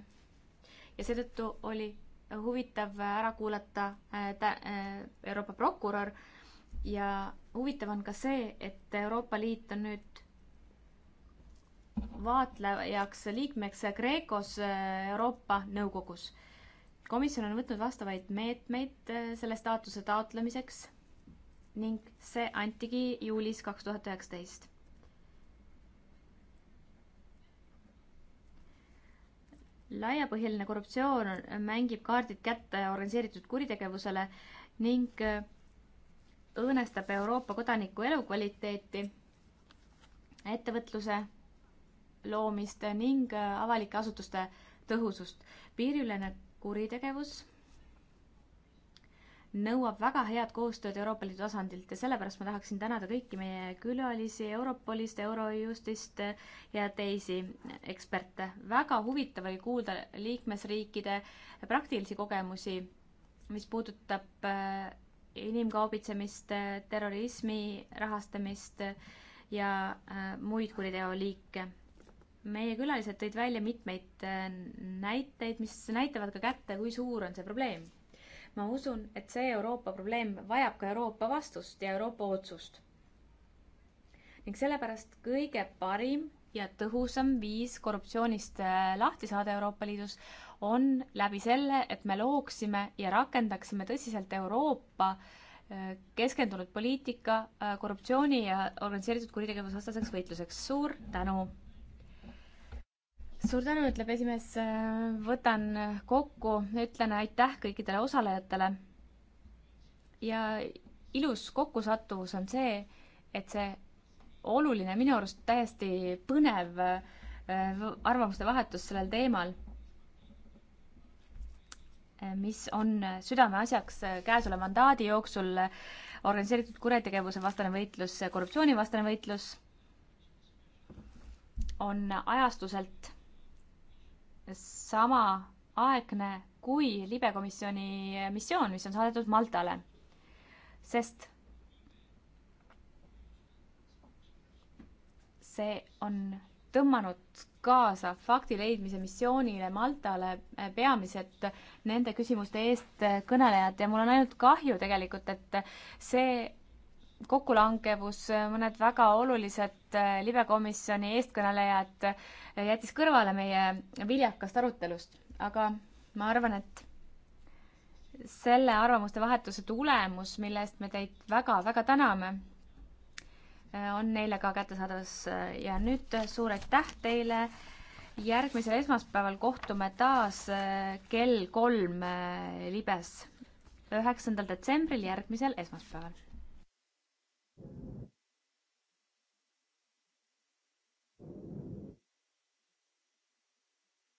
ja seetõttu oli huvitav ära kuulata äh, äh, Euroopa prokurör ja huvitav on ka see, et Euroopa Liit on nüüd vaatlejaks liikmeks Kreekos äh, Euroopa Nõukogus. komisjon on võtnud vastavaid meetmeid selle staatuse taotlemiseks ning see antigi juulis kaks tuhat üheksateist laiapõhjaline korruptsioon mängib kaardid kätte organiseeritud kuritegevusele ning äh, õõnestab Euroopa kodaniku elukvaliteeti, ettevõtluse loomist ning äh, avalike asutuste tõhusust. piiriülene kuritegevus nõuab väga head koostööd Euroopa Liidu tasandilt ja sellepärast ma tahaksin tänada kõiki meie külalisi Europolist, Eurojustist ja teisi eksperte. väga huvitav oli kuulda liikmesriikide praktilisi kogemusi, mis puudutab äh, inimkaubitsemist, äh, terrorismi rahastamist ja äh, muid kuriteoliike meie külalised tõid välja mitmeid näiteid, mis näitavad ka kätte, kui suur on see probleem ma usun, et see Euroopa probleem vajab ka Euroopa vastust ja Euroopa otsust. ning sellepärast kõige parim ja tõhusam viis korruptsioonist äh, lahti saada Euroopa Liidus on läbi selle, et me looksime ja rakendaksime tõsiselt Euroopa äh, keskendunud poliitika äh, korruptsiooni ja organiseeritud kuritegevuse vastaseks võitluseks. suur tänu! suur tänu, ütleb esimees, võtan kokku, ütlen aitäh kõikidele osalejatele. ja ilus kokkusattuvus on see, et see oluline, minu arust täiesti põnev äh, arvamuste vahetus sellel teemal, äh, mis on südameasjaks käesoleva mandaadi jooksul organiseeritud kuritegevuse vastane võitlus, korruptsioonivastane võitlus, on ajastuselt samaaegne kui libekomisjoni missioon, mis on saadetud Maltale. sest see on tõmmanud kaasa fakti leidmise missioonile Maltale peamiselt nende küsimuste eest kõnelejad ja mul on ainult kahju tegelikult, et see kokkulangevus, mõned väga olulised eh, libekomisjoni eestkõnelejad eh, jättis kõrvale meie viljakast arutelust, aga ma arvan, et selle arvamuste vahetuse tulemus, mille eest me teid väga-väga täname, eh, on neile ka kättesaadavas ja nüüd suur aitäh teile. järgmisel esmaspäeval kohtume taas kell kolm libes, üheksandal detsembril järgmisel esmaspäeval